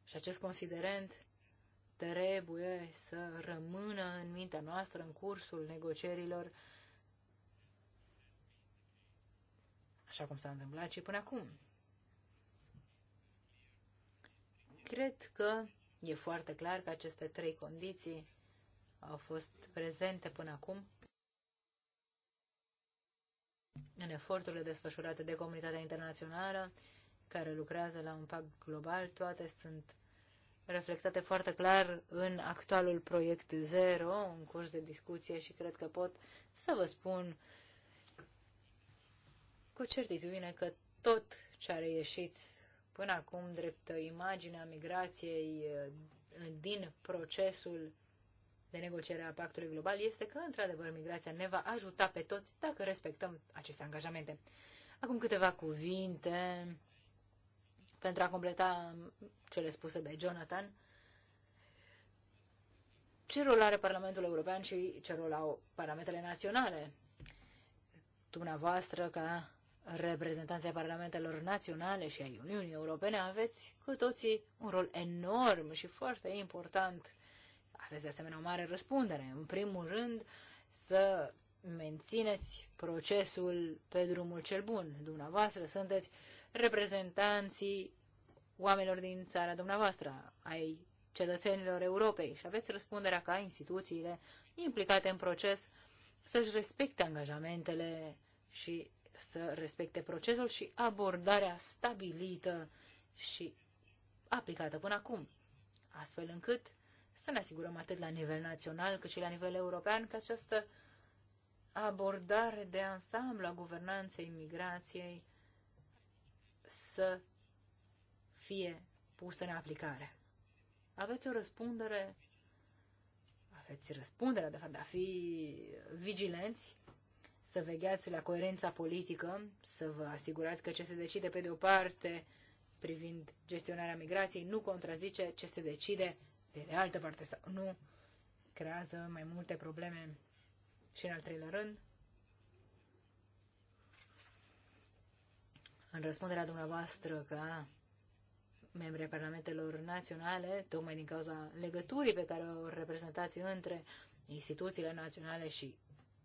Și acest considerent trebuie să rămână în mintea noastră în cursul negocierilor, așa cum s-a întâmplat și până acum. Cred că e foarte clar că aceste trei condiții au fost prezente până acum în eforturile desfășurate de comunitatea internațională care lucrează la un pact global, toate sunt reflectate foarte clar în actualul proiect 0, în curs de discuție și cred că pot să vă spun cu certitudine că tot ce a reieșit până acum drept imaginea migrației eh, din procesul de negociere a pactului global este că, într-adevăr, migrația ne va ajuta pe toți dacă respectăm aceste angajamente. Acum câteva cuvinte pentru a completa cele spuse de Jonathan, ce rol are Parlamentul European și ce rol au parlamentele naționale? Dumneavoastră, ca reprezentanții parlamentelor naționale și ai Uniunii Europene, aveți cu toții un rol enorm și foarte important. Aveți de asemenea o mare răspundere. În primul rând, să mențineți procesul pe drumul cel bun. Dumneavoastră sunteți uh, reprezentanții oamenilor din țara dumneavoastră, ai cetățenilor Europei și aveți răspunderea ca instituțiile implicate în proces să-și respecte angajamentele și să respecte procesul și abordarea stabilită și aplicată până acum, astfel încât să ne asigurăm atât la nivel național cât și la nivel european că această abordare de ansamblu a guvernanței migrației să fie pusă în aplicare. Aveți o răspundere, aveți răspunderea, de fapt, de a fi vigilenți, să vegheați la coerența politică, să vă asigurați că ce se decide pe de o parte privind gestionarea migrației nu contrazice ce se decide pe de altă parte sau nu creează mai multe probleme și în al treilea rând, În răspunderea dumneavoastră ca membrii parlamentelor naționale, tocmai din cauza legăturii pe care o reprezentați între instituțiile naționale și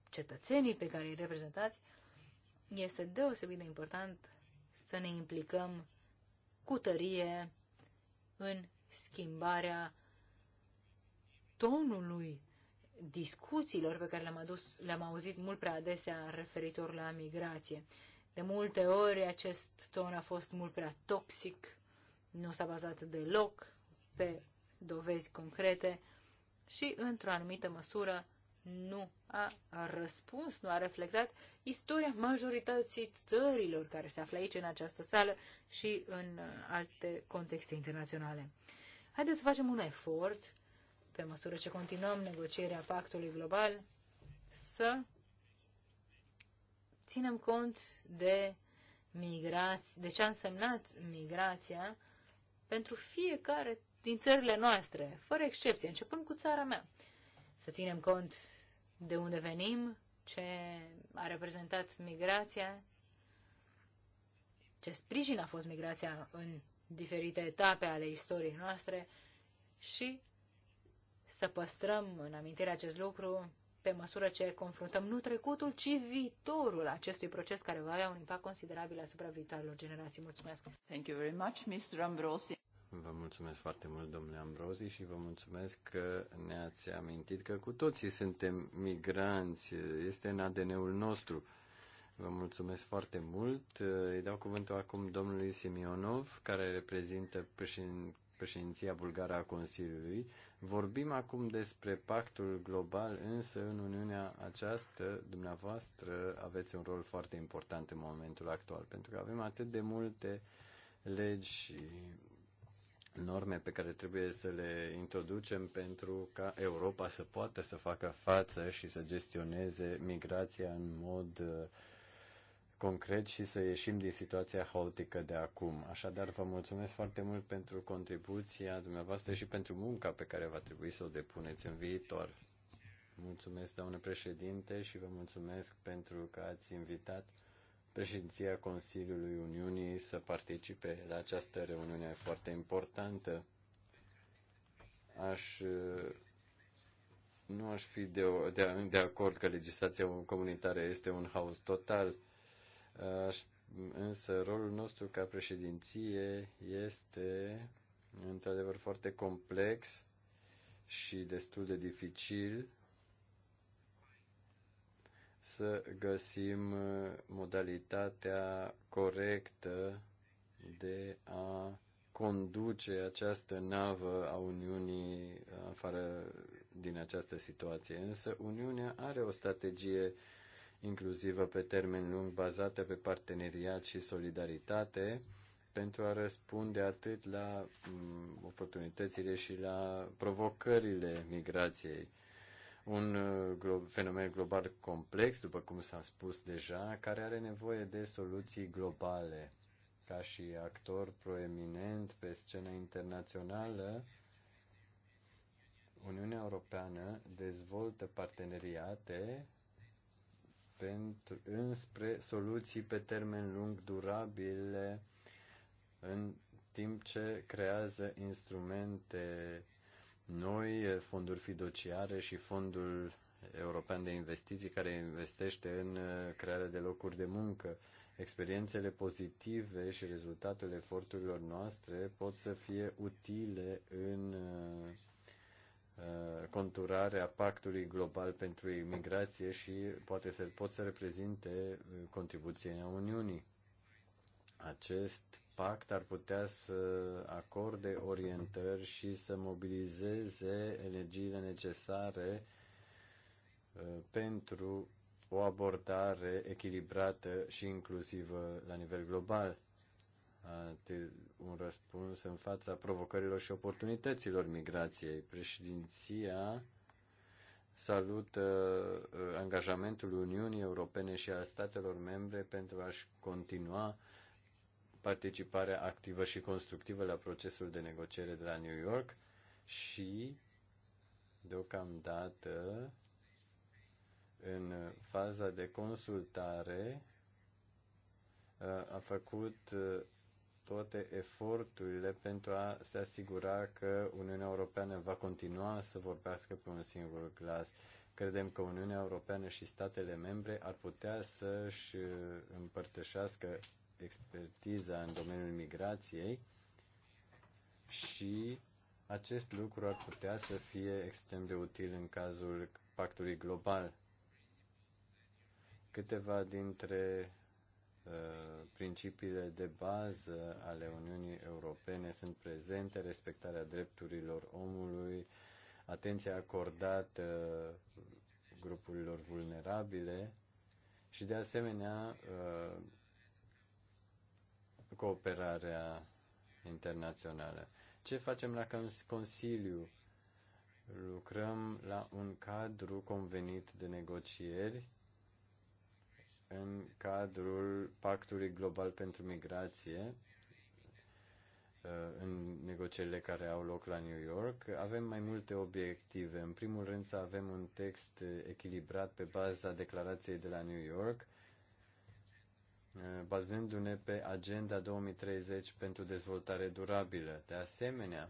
cetățenii pe care îi reprezentați, este deosebit de important să ne implicăm cu tărie în schimbarea tonului discuțiilor pe care le-am, adus, le-am auzit mult prea adesea referitor la migrație. De multe ori acest ton a fost mult prea toxic, nu s-a bazat deloc pe dovezi concrete și, într-o anumită măsură, nu a răspuns, nu a reflectat istoria majorității țărilor care se află aici, în această sală și în alte contexte internaționale. Haideți să facem un efort, pe măsură ce continuăm negocierea pactului global, să ținem cont de migrați, de ce a însemnat migrația pentru fiecare din țările noastre, fără excepție, începând cu țara mea. Să ținem cont de unde venim, ce a reprezentat migrația, ce sprijin a fost migrația în diferite etape ale istoriei noastre și să păstrăm în amintire acest lucru pe măsură ce confruntăm nu trecutul, ci viitorul acestui proces care va avea un impact considerabil asupra viitoarelor generații. Mulțumesc! Thank you very much, Mr. Ambrosi. Vă mulțumesc foarte mult, domnule Ambrozi, și vă mulțumesc că ne-ați amintit că cu toții suntem migranți, este în ADN-ul nostru. Vă mulțumesc foarte mult. Îi dau cuvântul acum domnului Simionov, care reprezintă președin, președinția bulgară a Consiliului. Vorbim acum despre pactul global, însă în Uniunea aceasta, dumneavoastră, aveți un rol foarte important în momentul actual, pentru că avem atât de multe legi și norme pe care trebuie să le introducem pentru ca Europa să poată să facă față și să gestioneze migrația în mod uh, concret și să ieșim din situația haotică de acum. Așadar, vă mulțumesc foarte mult pentru contribuția dumneavoastră și pentru munca pe care va trebui să o depuneți în viitor. Mulțumesc, doamnă președinte, și vă mulțumesc pentru că ați invitat președinția Consiliului Uniunii să participe la această reuniune foarte importantă. Aș nu aș fi de, de, de acord că legislația comunitară este un haos total. Însă rolul nostru ca președinție este într-adevăr foarte complex și destul de dificil să găsim uh, modalitatea corectă de a conduce această navă a Uniunii afară din această situație. Însă Uniunea are o strategie inclusivă pe termen lung, bazată pe parteneriat și solidaritate, pentru a răspunde atât la mm, oportunitățile și la provocările migrației. Un uh, fenomen global complex, după cum s-a spus deja, care are nevoie de soluții globale. Ca și actor proeminent pe scena internațională, Uniunea Europeană dezvoltă parteneriate pentru, înspre soluții pe termen lung durabile, în timp ce creează instrumente noi, fonduri fiduciare și fondul european de investiții care investește în uh, crearea de locuri de muncă. Experiențele pozitive și rezultatele eforturilor noastre pot să fie utile în uh, Uh, conturarea pactului global pentru imigrație și poate să pot să reprezinte uh, contribuția Uniunii. Acest pact ar putea să acorde orientări și să mobilizeze energiile necesare uh, pentru o abordare echilibrată și inclusivă la nivel global un răspuns în fața provocărilor și oportunităților migrației. Președinția salută uh, angajamentul Uniunii Europene și a statelor membre pentru a-și continua participarea activă și constructivă la procesul de negociere de la New York și, deocamdată, în faza de consultare, uh, a făcut uh, toate eforturile pentru a se asigura că Uniunea Europeană va continua să vorbească pe un singur glas. Credem că Uniunea Europeană și statele membre ar putea să-și uh, împărtășească expertiza în domeniul migrației și acest lucru ar putea să fie extrem de util în cazul pactului global. Câteva dintre Uh, principiile de bază ale Uniunii Europene sunt prezente, respectarea drepturilor omului, atenția acordată grupurilor vulnerabile și, de asemenea, uh, cooperarea internațională. Ce facem la Consiliu? Lucrăm la un cadru convenit de negocieri în cadrul Pactului Global pentru Migrație, uh, în negocierile care au loc la New York. Avem mai multe obiective. În primul rând să avem un text echilibrat pe baza declarației de la New York, uh, bazându-ne pe Agenda 2030 pentru dezvoltare durabilă. De asemenea,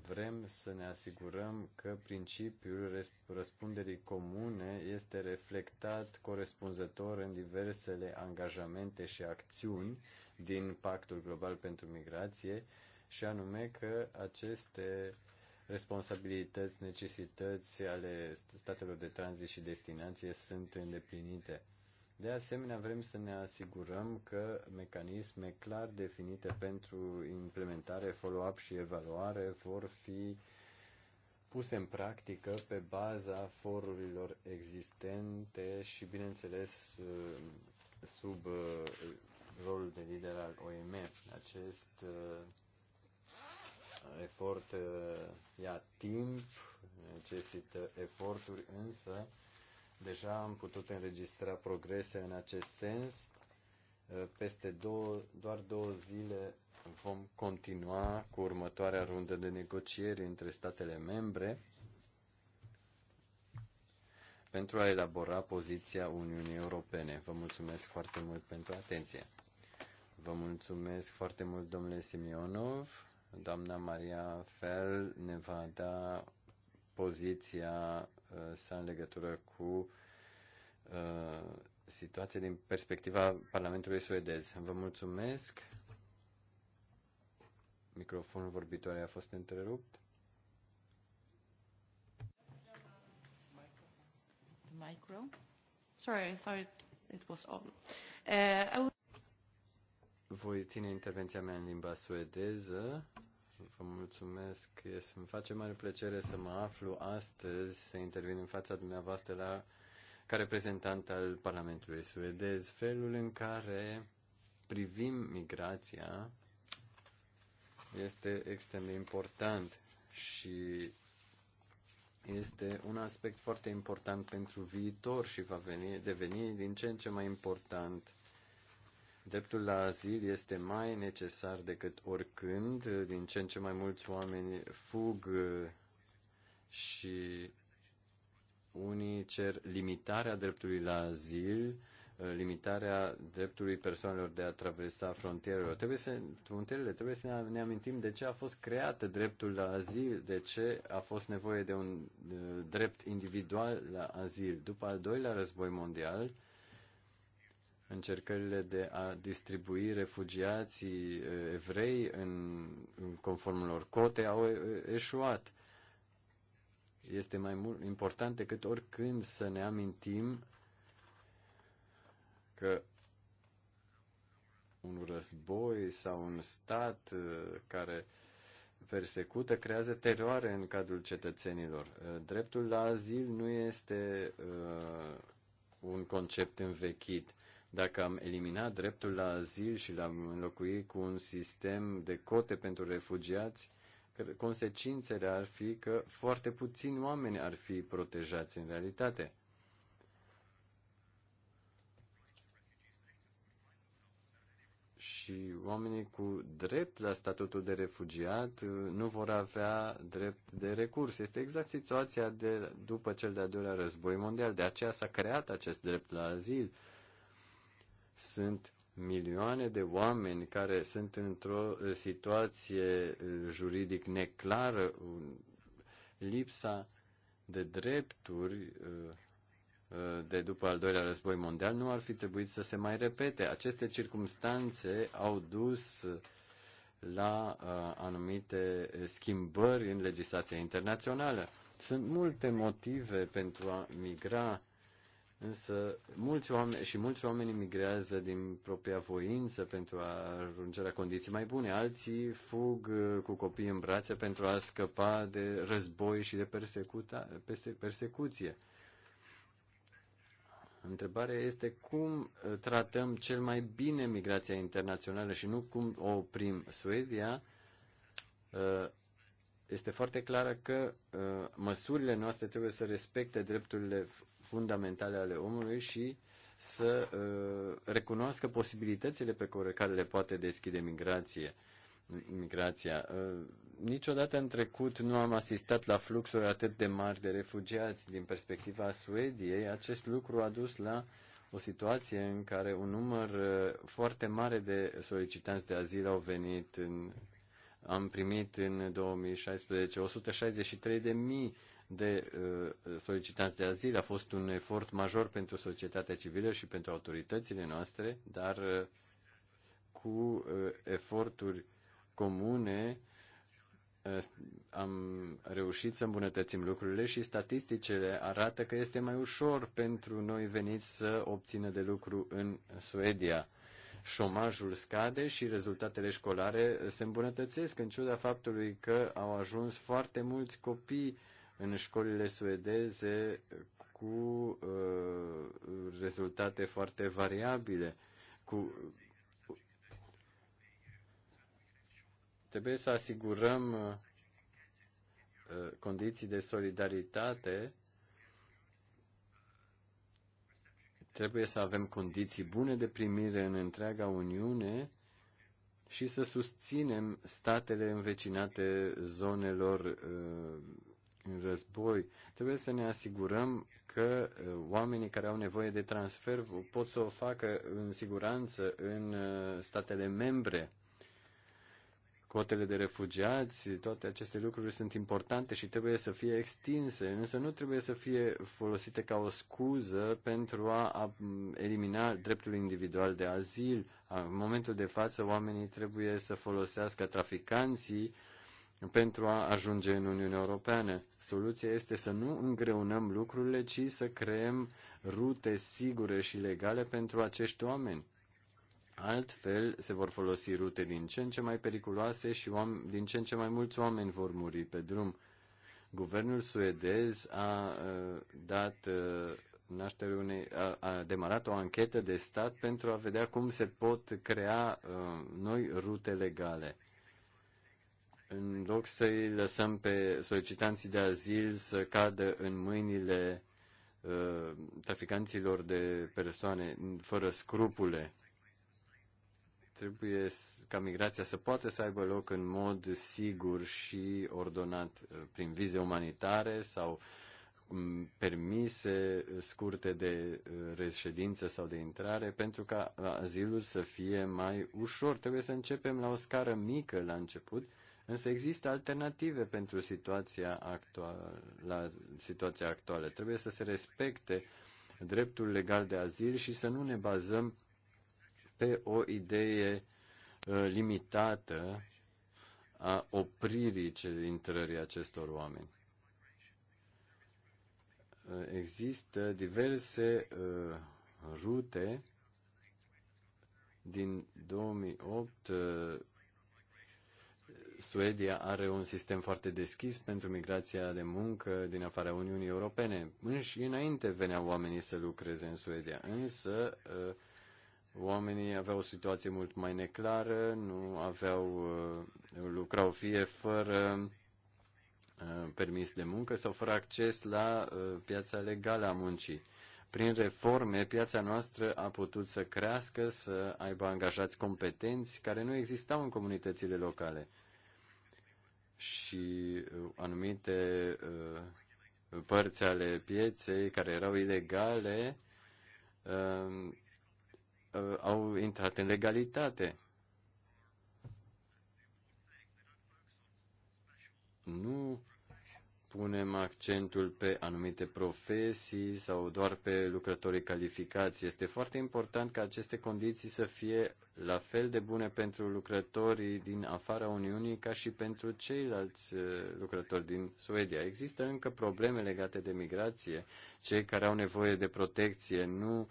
Vrem să ne asigurăm că principiul răspunderii comune este reflectat corespunzător în diversele angajamente și acțiuni din Pactul Global pentru Migrație, și anume că aceste responsabilități, necesități ale statelor de tranzit și destinație sunt îndeplinite. De asemenea, vrem să ne asigurăm că mecanisme clar definite pentru implementare, follow-up și evaluare vor fi puse în practică pe baza forurilor existente și, bineînțeles, sub uh, rolul de lider al OIM. Acest uh, efort uh, ia timp, necesită eforturi, însă Deja am putut înregistra progrese în acest sens. Uh, peste două, doar două zile vom continua cu următoarea rundă de negocieri între statele membre pentru a elabora poziția Uniunii Europene. Vă mulțumesc foarte mult pentru atenție. Vă mulțumesc foarte mult, domnule Simionov. Doamna Maria Fel ne va da poziția Uh, sa în legătură cu uh, situația din perspectiva Parlamentului suedez. Vă mulțumesc. Microfonul vorbitoare a fost întrerupt. micro. Sorry, I thought it was on. Uh, I Voi ține intervenția mea în limba suedeză. Vă mulțumesc. Este, îmi face mare plăcere să mă aflu astăzi, să intervin în fața dumneavoastră la, ca reprezentant al Parlamentului suedez. Felul în care privim migrația este extrem de important și este un aspect foarte important pentru viitor și va veni, deveni din ce în ce mai important Dreptul la azil este mai necesar decât oricând. Din ce în ce mai mulți oameni fug uh, și unii cer limitarea dreptului la azil, uh, limitarea dreptului persoanelor de a traversa frontierele. Trebuie să, frontierele trebuie să ne amintim de ce a fost creat dreptul la azil, de ce a fost nevoie de un uh, drept individual la azil. După al doilea război mondial, încercările de a distribui refugiații evrei în, în conform lor cote au eșuat. Este mai mult important decât oricând să ne amintim că un război sau un stat care persecută creează teroare în cadrul cetățenilor. Dreptul la azil nu este uh, un concept învechit. Dacă am eliminat dreptul la azil și l-am înlocuit cu un sistem de cote pentru refugiați, consecințele ar fi că foarte puțini oameni ar fi protejați în realitate. și oamenii cu drept la statutul de refugiat uh, nu vor avea drept de recurs. Este exact situația de, după cel de-al doilea război mondial. De aceea s-a creat acest drept la azil sunt milioane de oameni care sunt într-o uh, situație uh, juridic neclară, lipsa de drepturi uh, de după al doilea război mondial nu ar fi trebuit să se mai repete. Aceste circumstanțe au dus la anumite schimbări în legislația internațională. Sunt multe motive pentru a migra Însă mulți oameni, și mulți oameni migrează din propria voință pentru a ajunge la condiții mai bune. Alții fug uh, cu copii în brațe pentru a scăpa de război și de persecuta, persecuție. Întrebarea este cum uh, tratăm cel mai bine migrația internațională și nu cum o oprim. Suedia uh, este foarte clară că măsurile noastre trebuie să respecte drepturile fundamentale ale omului și să uh, recunoască posibilitățile pe care le poate deschide migrație migrația. Uh, niciodată în trecut nu am asistat la fluxuri atât de mari de refugiați. Din perspectiva Suediei, acest lucru a dus la o situație în care un număr uh, foarte mare de solicitanți de azil au venit în, am primit în 2016 163 de mii de uh, solicitanți de azil a fost un efort major pentru societatea civilă și pentru autoritățile noastre, dar uh, cu uh, eforturi comune am reușit să îmbunătățim lucrurile și statisticele arată că este mai ușor pentru noi veniți să obțină de lucru în Suedia. Șomajul scade și rezultatele școlare se îmbunătățesc în ciuda faptului că au ajuns foarte mulți copii în școlile suedeze cu uh, rezultate foarte variabile, cu trebuie să asigurăm uh, condiții de solidaritate, trebuie să avem condiții bune de primire în întreaga Uniune și să susținem statele învecinate zonelor uh, în război. Trebuie să ne asigurăm că uh, oamenii care au nevoie de transfer pot să o facă în siguranță în uh, statele membre. Cotele de refugiați, toate aceste lucruri sunt importante și trebuie să fie extinse, însă nu trebuie să fie folosite ca o scuză pentru a elimina dreptul individual de azil. În momentul de față, oamenii trebuie să folosească traficanții pentru a ajunge în Uniunea Europeană. Soluția este să nu îngreunăm lucrurile, ci să creăm rute sigure și legale pentru acești oameni. Altfel, se vor folosi rute din ce în ce mai periculoase și din ce în ce mai mulți oameni vor muri pe drum. Guvernul suedez a uh, dat uh, naștere unei, a, a demarat o anchetă de stat pentru a vedea cum se pot crea uh, noi rute legale în loc să-i lăsăm pe solicitanții de azil să cadă în mâinile uh, traficanților de persoane fără scrupule. Trebuie ca migrația să poată să aibă loc în mod sigur și ordonat uh, prin vize umanitare sau um, permise scurte de uh, reședință sau de intrare pentru ca uh, azilul să fie mai ușor. Trebuie să începem la o scară mică la început Însă există alternative pentru situația actuală, la situația actuală. Trebuie să se respecte dreptul legal de azil și să nu ne bazăm pe o idee uh, limitată a opririi intrării acestor oameni. Uh, există diverse uh, rute din 2008 Suedia are un sistem foarte deschis pentru migrația de muncă din afara Uniunii Europene. Și înainte veneau oamenii să lucreze în Suedia, însă uh, oamenii aveau o situație mult mai neclară, nu aveau, uh, lucrau fie fără uh, permis de muncă sau fără acces la piața legală a muncii. Prin reforme, piața noastră a putut să crească, să aibă angajați competenți care nu existau în comunitățile locale și uh, anumite uh, părți ale pieței care erau ilegale um, uh, au intrat în legalitate. Nu punem accentul pe anumite profesii sau doar pe lucrătorii calificați. Este foarte important ca aceste condiții să fie la fel de bune pentru lucrătorii din afara Uniunii ca și pentru ceilalți uh, lucrători din Suedia. Există încă probleme legate de migrație. Cei care au nevoie de protecție nu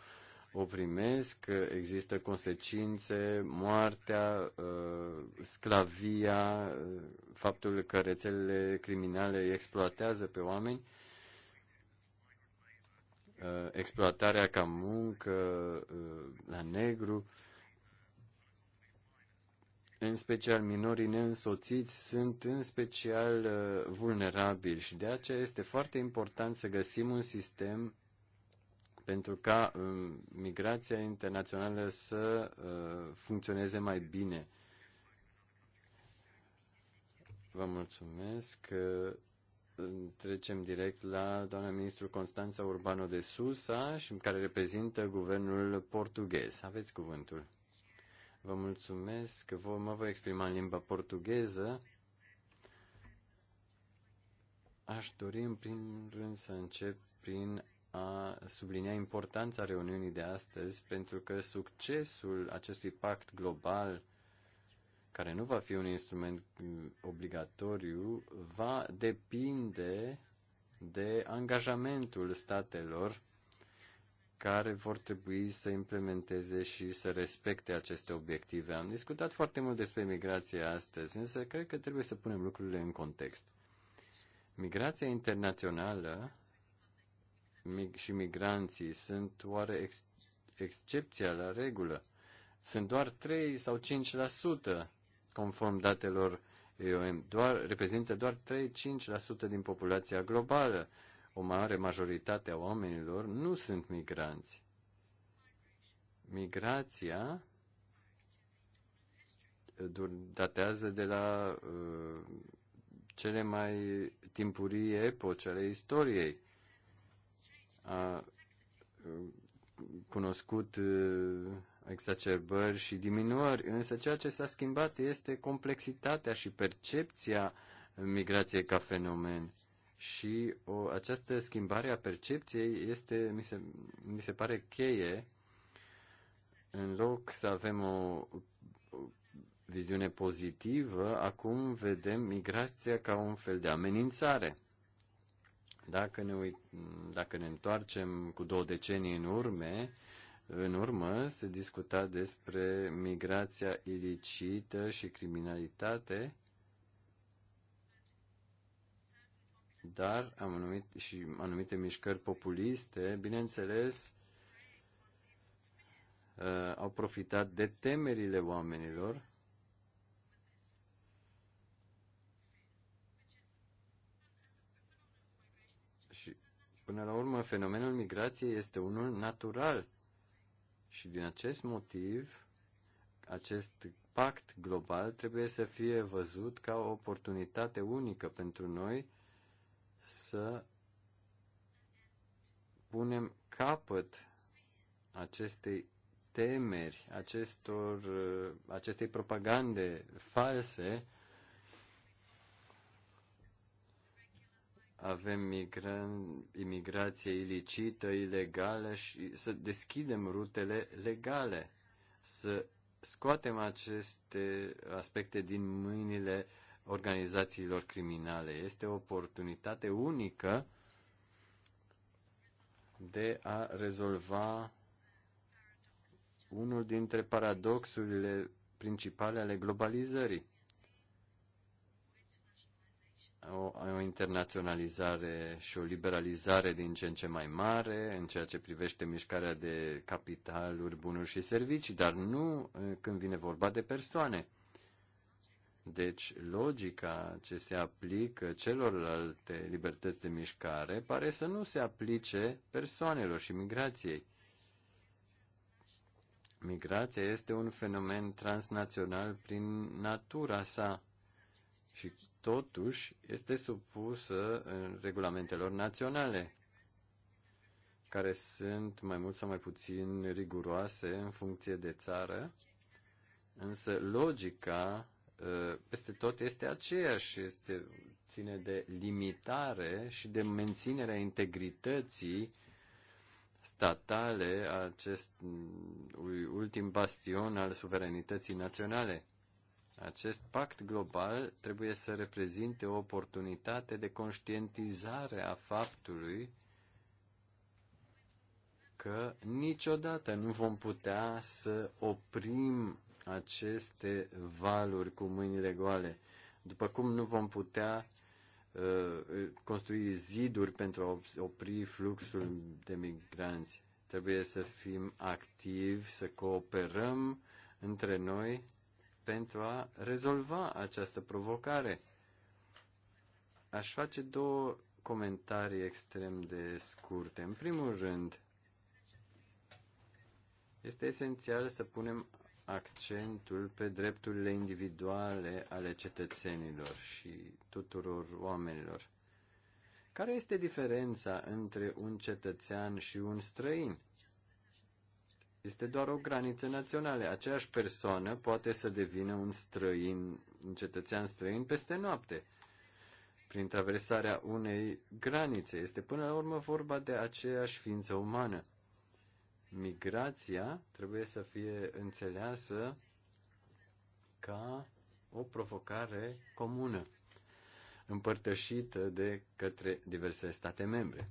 o primesc, există consecințe, moartea, uh, sclavia, uh, faptul că rețelele criminale îi exploatează pe oameni, uh, exploatarea ca muncă la negru, în special minorii neînsoțiți, sunt în special vulnerabili și de aceea este foarte important să găsim un sistem pentru ca um, migrația internațională să uh, funcționeze mai bine. Vă mulțumesc. Uh, trecem direct la doamna ministru Constanța Urbano de Susa, care reprezintă guvernul portughez. Aveți cuvântul. Vă mulțumesc. Vă, mă voi exprima în limba portugheză. Aș dori în primul rând să încep prin a sublinia importanța reuniunii de astăzi, pentru că succesul acestui pact global, care nu va fi un instrument obligatoriu, va depinde de angajamentul statelor care vor trebui să implementeze și să respecte aceste obiective. Am discutat foarte mult despre migrație astăzi, însă cred că trebuie să punem lucrurile în context. Migrația internațională și migranții sunt oare ex- excepția la regulă? Sunt doar 3 sau 5% conform datelor EOM, doar, reprezintă doar 3-5% din populația globală. O mare majoritate a oamenilor nu sunt migranți. Migrația uh, datează de la uh, cele mai timpurii epoci ale istoriei a cunoscut exacerbări și diminuări, însă ceea ce s-a schimbat este complexitatea și percepția migrației ca fenomen. Și o, această schimbare a percepției este, mi se, mi se pare, cheie. În loc să avem o, o viziune pozitivă, acum vedem migrația ca un fel de amenințare. Dacă ne, uit, dacă ne întoarcem cu două decenii în urme, în urmă se discuta despre migrația ilicită și criminalitate, dar am anumit, și anumite mișcări populiste, bineînțeles, uh, au profitat de temerile oamenilor Până la urmă, fenomenul migrației este unul natural și din acest motiv, acest pact global trebuie să fie văzut ca o oportunitate unică pentru noi să punem capăt acestei temeri, acestor, acestei propagande false avem migran, imigrație ilicită, ilegală și să deschidem rutele legale, să scoatem aceste aspecte din mâinile organizațiilor criminale. Este o oportunitate unică de a rezolva unul dintre paradoxurile principale ale globalizării o, o internaționalizare și o liberalizare din ce în ce mai mare în ceea ce privește mișcarea de capitaluri, bunuri și servicii, dar nu când vine vorba de persoane. Deci, logica ce se aplică celorlalte libertăți de mișcare pare să nu se aplice persoanelor și migrației. Migrația este un fenomen transnațional prin natura sa și totuși este supusă în regulamentelor naționale, care sunt mai mult sau mai puțin riguroase în funcție de țară, însă logica ă, peste tot este aceeași, este, ține de limitare și de menținerea integrității statale a acestui ultim bastion al suveranității naționale. Acest pact global trebuie să reprezinte o oportunitate de conștientizare a faptului că niciodată nu vom putea să oprim aceste valuri cu mâinile goale. După cum nu vom putea uh, construi ziduri pentru a opri fluxul de migranți. Trebuie să fim activi, să cooperăm între noi pentru a rezolva această provocare. Aș face două comentarii extrem de scurte. În primul rând, este esențial să punem accentul pe drepturile individuale ale cetățenilor și tuturor oamenilor. Care este diferența între un cetățean și un străin? este doar o graniță națională. Aceeași persoană poate să devină un străin, un cetățean străin peste noapte, prin traversarea unei granițe. Este până la urmă vorba de aceeași ființă umană. Migrația trebuie să fie înțeleasă ca o provocare comună împărtășită de către diverse state membre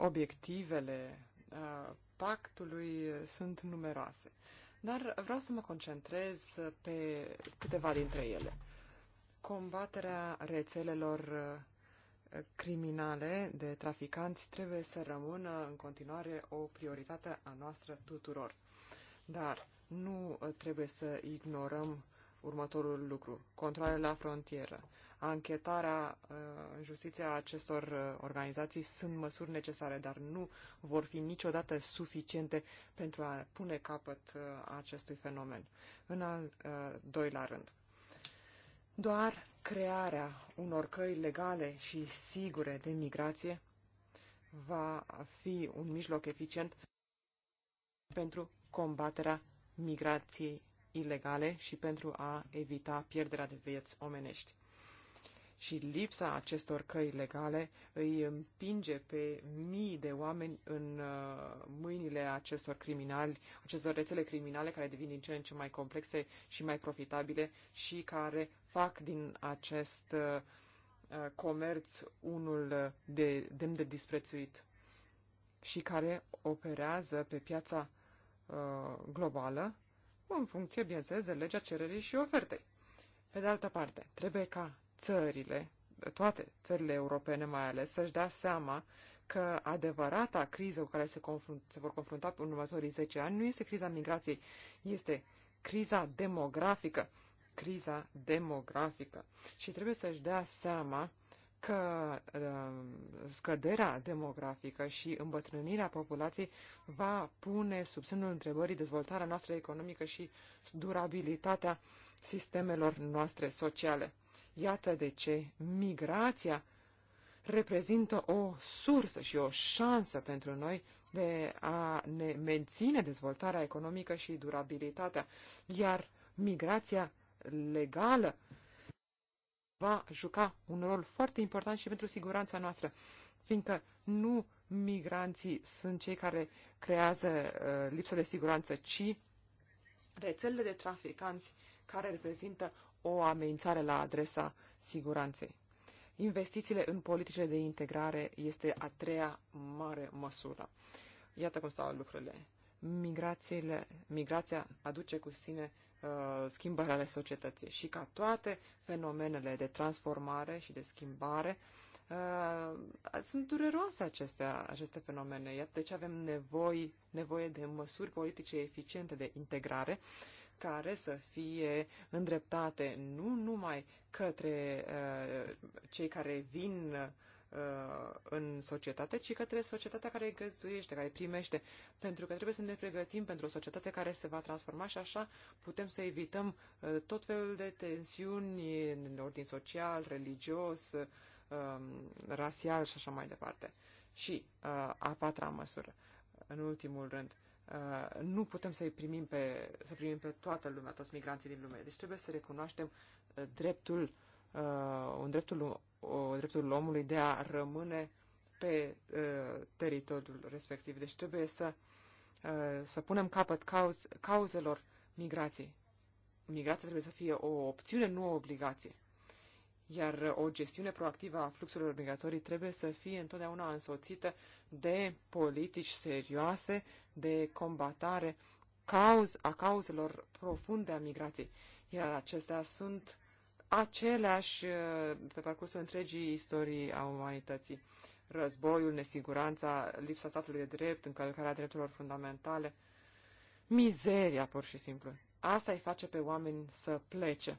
obiectivele uh, pactului sunt numeroase, dar vreau să mă concentrez pe câteva dintre ele. Combaterea rețelelor uh, criminale de traficanți trebuie să rămână în continuare o prioritate a noastră tuturor. Dar nu uh, trebuie să ignorăm următorul lucru. Controlele la frontieră, anchetarea uh, în justiția acestor uh, organizații sunt măsuri necesare, dar nu vor fi niciodată suficiente pentru a pune capăt uh, acestui fenomen. În al doilea rând, doar crearea unor căi legale și sigure de migrație va fi un mijloc eficient pentru combaterea migrației ilegale și pentru a evita pierderea de vieți omenești și lipsa acestor căi legale îi împinge pe mii de oameni în uh, mâinile acestor criminali, acestor rețele criminale care devin din ce în ce mai complexe și mai profitabile și care fac din acest uh, uh, comerț unul de demn de disprețuit și care operează pe piața globală în funcție, bineînțeles, de legea cererii și ofertei. Pe de altă parte, trebuie ca țările, toate țările europene mai ales, să-și dea seama că adevărata criză cu care se, confrunt, se vor confrunta în următorii 10 ani nu este criza migrației, este criza demografică. Criza demografică. Și trebuie să-și dea seama că uh, scăderea demografică și îmbătrânirea populației va pune sub semnul întrebării dezvoltarea noastră economică și durabilitatea sistemelor noastre sociale. Iată de ce migrația reprezintă o sursă și o șansă pentru noi de a ne menține dezvoltarea economică și durabilitatea, iar migrația legală va juca un rol foarte important și pentru siguranța noastră, fiindcă nu migranții sunt cei care creează uh, lipsa de siguranță, ci rețelele de traficanți care reprezintă o amenințare la adresa siguranței. Investițiile în politicile de integrare este a treia mare măsură. Iată cum stau lucrurile. Migrațiile, migrația aduce cu sine uh, schimbări ale societății și ca toate fenomenele de transformare și de schimbare, uh, sunt dureroase acestea, aceste fenomene. Iată de deci ce avem nevoi, nevoie de măsuri politice eficiente de integrare uh, care să fie îndreptate nu numai către uh, cei care vin uh, în societate, ci către societatea care găzduiește, care primește, pentru că trebuie să ne pregătim pentru o societate care se va transforma și așa putem să evităm uh, tot felul de tensiuni în ordin social, religios, um, rasial și așa mai departe. Și uh, a patra măsură, în ultimul rând, Uh, nu putem să-i primim pe, să primim pe toată lumea, toți migranții din lume. Deci trebuie să recunoaștem uh, dreptul, uh, un dreptul, uh, dreptul omului de a rămâne pe uh, teritoriul respectiv. Deci trebuie să, uh, să punem capăt cauz, cauzelor migrației. Migrația trebuie să fie o opțiune, nu o obligație iar uh, o gestiune proactivă a fluxurilor migratorii trebuie să fie întotdeauna însoțită de politici serioase de combatare cauz, a cauzelor profunde a migrației. Iar acestea sunt aceleași uh, pe parcursul întregii istorii a umanității. Războiul, nesiguranța, lipsa statului de drept, încălcarea drepturilor fundamentale, mizeria pur și simplu. Asta îi face pe oameni să plece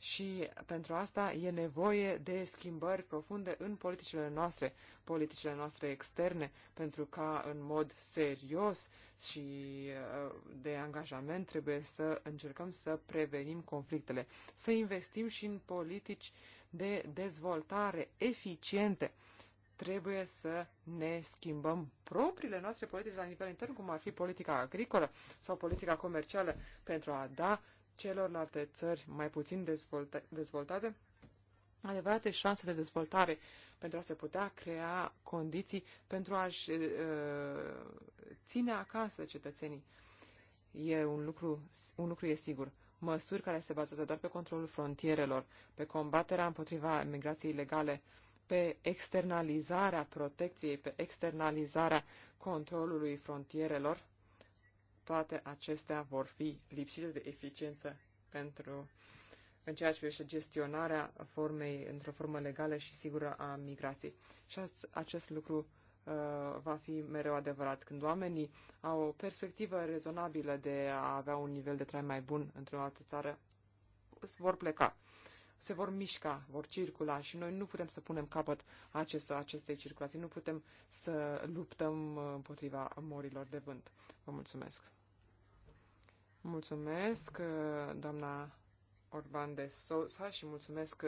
și pentru asta e nevoie de schimbări profunde în politicile noastre, politicile noastre externe, pentru ca în mod serios și uh, de angajament trebuie să încercăm să prevenim conflictele, să investim și în politici de dezvoltare eficiente. Trebuie să ne schimbăm propriile noastre politici la nivel intern, cum ar fi politica agricolă sau politica comercială, pentru a da celorlalte țări mai puțin dezvolta dezvoltate adevărate șanse de dezvoltare pentru a se putea crea condiții pentru a-și uh, ține acasă cetățenii. E un lucru, un lucru e sigur. Măsuri care se bazează doar pe controlul frontierelor, pe combaterea împotriva migrației ilegale, pe externalizarea protecției, pe externalizarea controlului frontierelor, toate acestea vor fi lipsite de eficiență pentru în ceea ce privește gestionarea formei într-o formă legală și sigură a migrației. Și acest lucru uh, va fi mereu adevărat. Când oamenii au o perspectivă rezonabilă de a avea un nivel de trai mai bun într-o altă țară, vor pleca se vor mișca, vor circula și noi nu putem să punem capăt acestor acestei circulații, nu putem să luptăm uh, împotriva morilor de vânt. Vă mulțumesc! Mulțumesc, uh, doamna Orban de Sousa și mulțumesc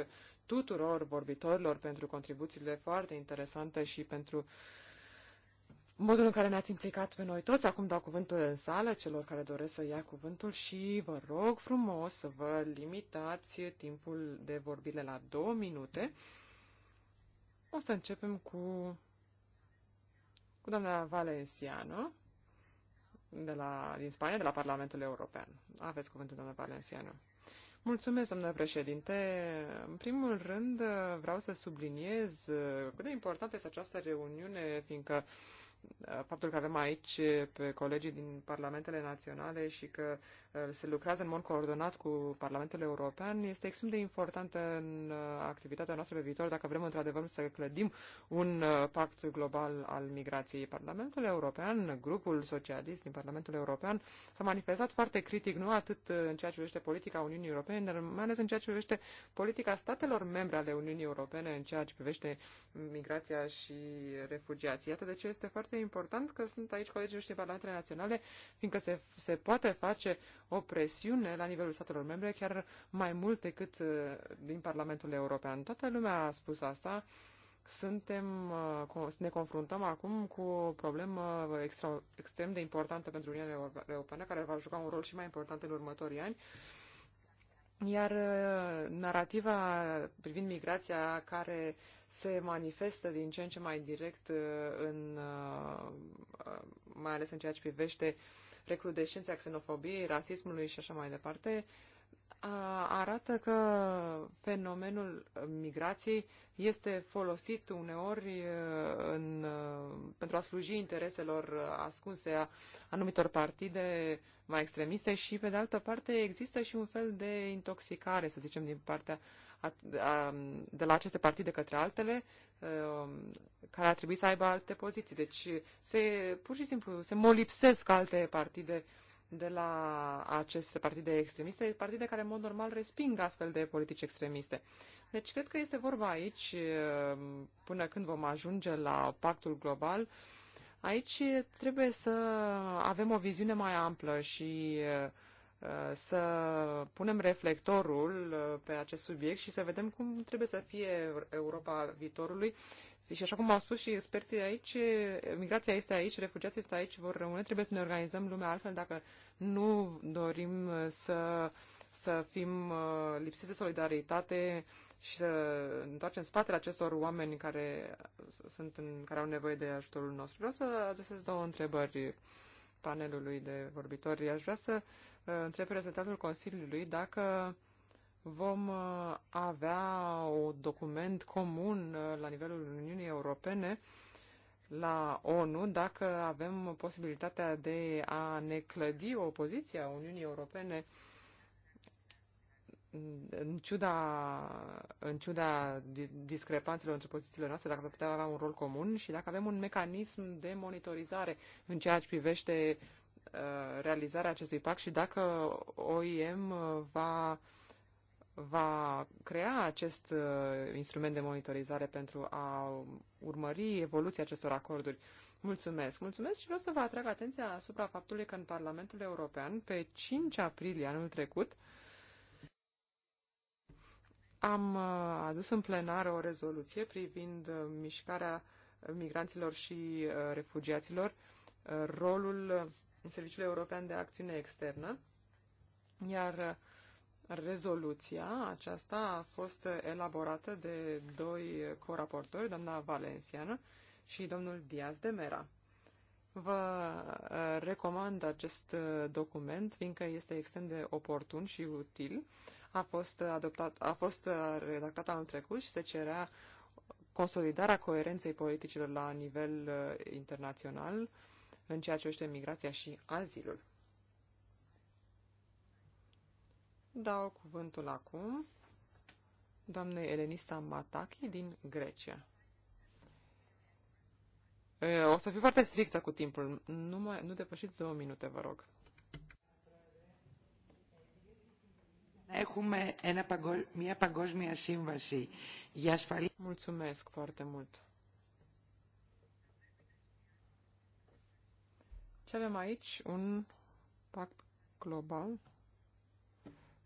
tuturor vorbitorilor pentru contribuțiile foarte interesante și pentru modul în care ne-ați implicat pe noi toți. Acum dau cuvântul în sală celor care doresc să ia cuvântul și vă rog frumos să vă limitați timpul de vorbire la două minute. O să începem cu, cu doamna Valenciano de la, din Spania, de la Parlamentul European. Aveți cuvântul, domnule Valencianu. Mulțumesc, domnule președinte. În primul rând, vreau să subliniez uh, cât de importantă este această reuniune, fiindcă uh, faptul că avem aici uh, pe colegii din parlamentele naționale și că se lucrează în mod coordonat cu Parlamentul European este extrem de importantă în uh, activitatea noastră pe viitor dacă vrem într-adevăr să clădim un uh, pact global al migrației. Parlamentul European, grupul socialist din Parlamentul European s-a manifestat foarte critic, nu atât în ceea ce privește politica Uniunii Europene, dar mai ales în ceea ce privește politica statelor membre ale Uniunii Europene în ceea ce privește migrația și refugiații. Iată de ce este foarte important că sunt aici colegii noștri parlamentele naționale, fiindcă se, se poate face o presiune la nivelul statelor membre, chiar mai mult decât uh, din Parlamentul European. Toată lumea a spus asta. Suntem, uh, ne confruntăm acum cu o problemă extra, extrem de importantă pentru Uniunea Europeană, care va juca un rol și mai important în următorii ani. Iar uh, narativa privind migrația care se manifestă din ce în ce mai direct în, mai ales în ceea ce privește recrudescenței xenofobiei, rasismului și așa mai departe, arată că fenomenul migrației este folosit uneori în, pentru a sluji intereselor ascunse a anumitor partide mai extremiste și, pe de altă parte, există și un fel de intoxicare, să zicem, din partea a, a, de la aceste partide către altele, Um, care ar trebui să aibă alte poziții. Deci se, pur și simplu se molipsesc alte partide de la aceste partide extremiste, partide care în mod normal resping astfel de politici extremiste. Deci cred că este vorba aici, um, până când vom ajunge la pactul global, aici trebuie să avem o viziune mai amplă și uh, Uh, să punem reflectorul uh, pe acest subiect și să vedem cum trebuie să fie Europa viitorului. Și așa cum au spus și experții aici, migrația este aici, refugiații este aici, vor rămâne, trebuie să ne organizăm lumea altfel dacă nu dorim să, să fim uh, lipsiți de solidaritate și să întoarcem spatele acestor oameni care, sunt în, care au nevoie de ajutorul nostru. Vreau să adresez două întrebări panelului de vorbitori. Aș vrea să uh, Uh, întreb reprezentantul Consiliului dacă vom uh, avea un document comun uh, la nivelul Uniunii Europene la ONU dacă avem posibilitatea de a ne clădi o poziție a Uniunii Europene în ciuda, în ciuda discrepanțelor între pozițiile noastre, dacă putea avea un rol comun și dacă avem un mecanism de monitorizare în ceea ce privește Uh, realizarea acestui pact și dacă OIM uh, va, va crea acest uh, instrument de monitorizare pentru a urmări evoluția acestor acorduri. Mulțumesc. Mulțumesc și vreau să vă atrag atenția asupra faptului că în Parlamentul European, pe 5 aprilie anul trecut, am adus în plenară o rezoluție privind mișcarea migranților și refugiaților, rolul în Serviciul European de Acțiune Externă, iar uh, rezoluția aceasta a fost elaborată de doi coraportori, doamna Valenciană și domnul Diaz de Mera. Vă uh, recomand acest uh, document, fiindcă este extrem de oportun și util. A fost, adoptat, a fost redactat anul trecut și se cerea consolidarea coerenței politicilor la nivel internațional, în ceea ce privește migrația și azilul. Dau cuvântul acum doamnei Elenista Mataki din Grecia. O să fiu foarte strictă cu timpul. Nu, mai, nu depășiți două minute, vă rog. Mulțumesc foarte mult. Și deci avem aici un pact global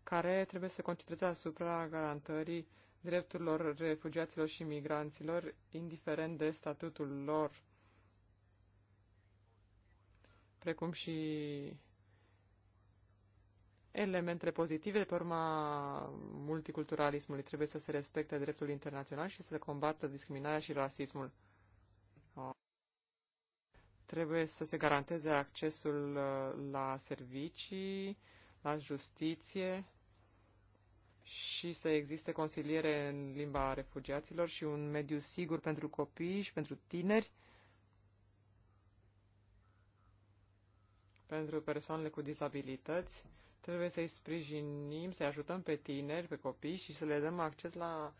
care trebuie să se concentreze asupra garantării drepturilor refugiaților și migranților, indiferent de statutul lor, precum și elementele pozitive, pe urma multiculturalismului. Trebuie să se respecte dreptul internațional și să se combată discriminarea și rasismul. Trebuie să se garanteze accesul uh, la servicii, la justiție și să existe consiliere în limba refugiaților și un mediu sigur pentru copii și pentru tineri, pentru persoanele cu dizabilități trebuie să-i sprijinim, să-i ajutăm pe tineri, pe copii și să le dăm acces la,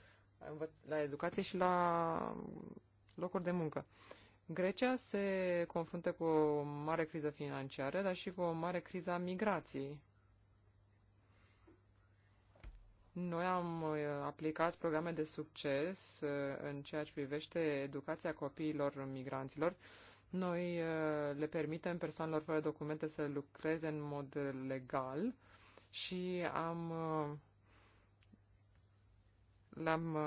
la educație și la locuri de muncă. Grecia se confruntă cu o mare criză financiară, dar și cu o mare criză a migrației. Noi am uh, aplicat programe de succes uh, în ceea ce privește educația copiilor migranților. Noi uh, le permitem persoanelor fără documente să lucreze în mod legal și am le-am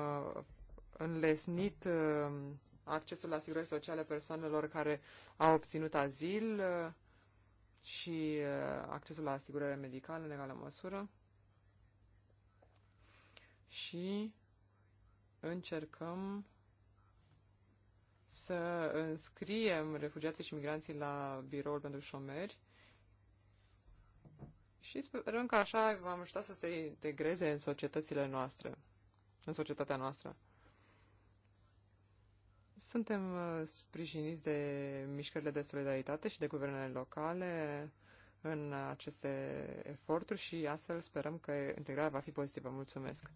înlesnit accesul la asigurări sociale persoanelor care au obținut azil uh, și uh, accesul la asigurare medicală în egală măsură. Și încercăm să înscriem refugiații și migranții la biroul pentru șomeri și sperăm că așa v-am ajutat să se integreze în societățile noastre, în societatea noastră. Suntem uh, sprijiniți de mișcările de solidaritate și de guvernele locale în aceste eforturi și astfel sperăm că integrarea va fi pozitivă. Mulțumesc!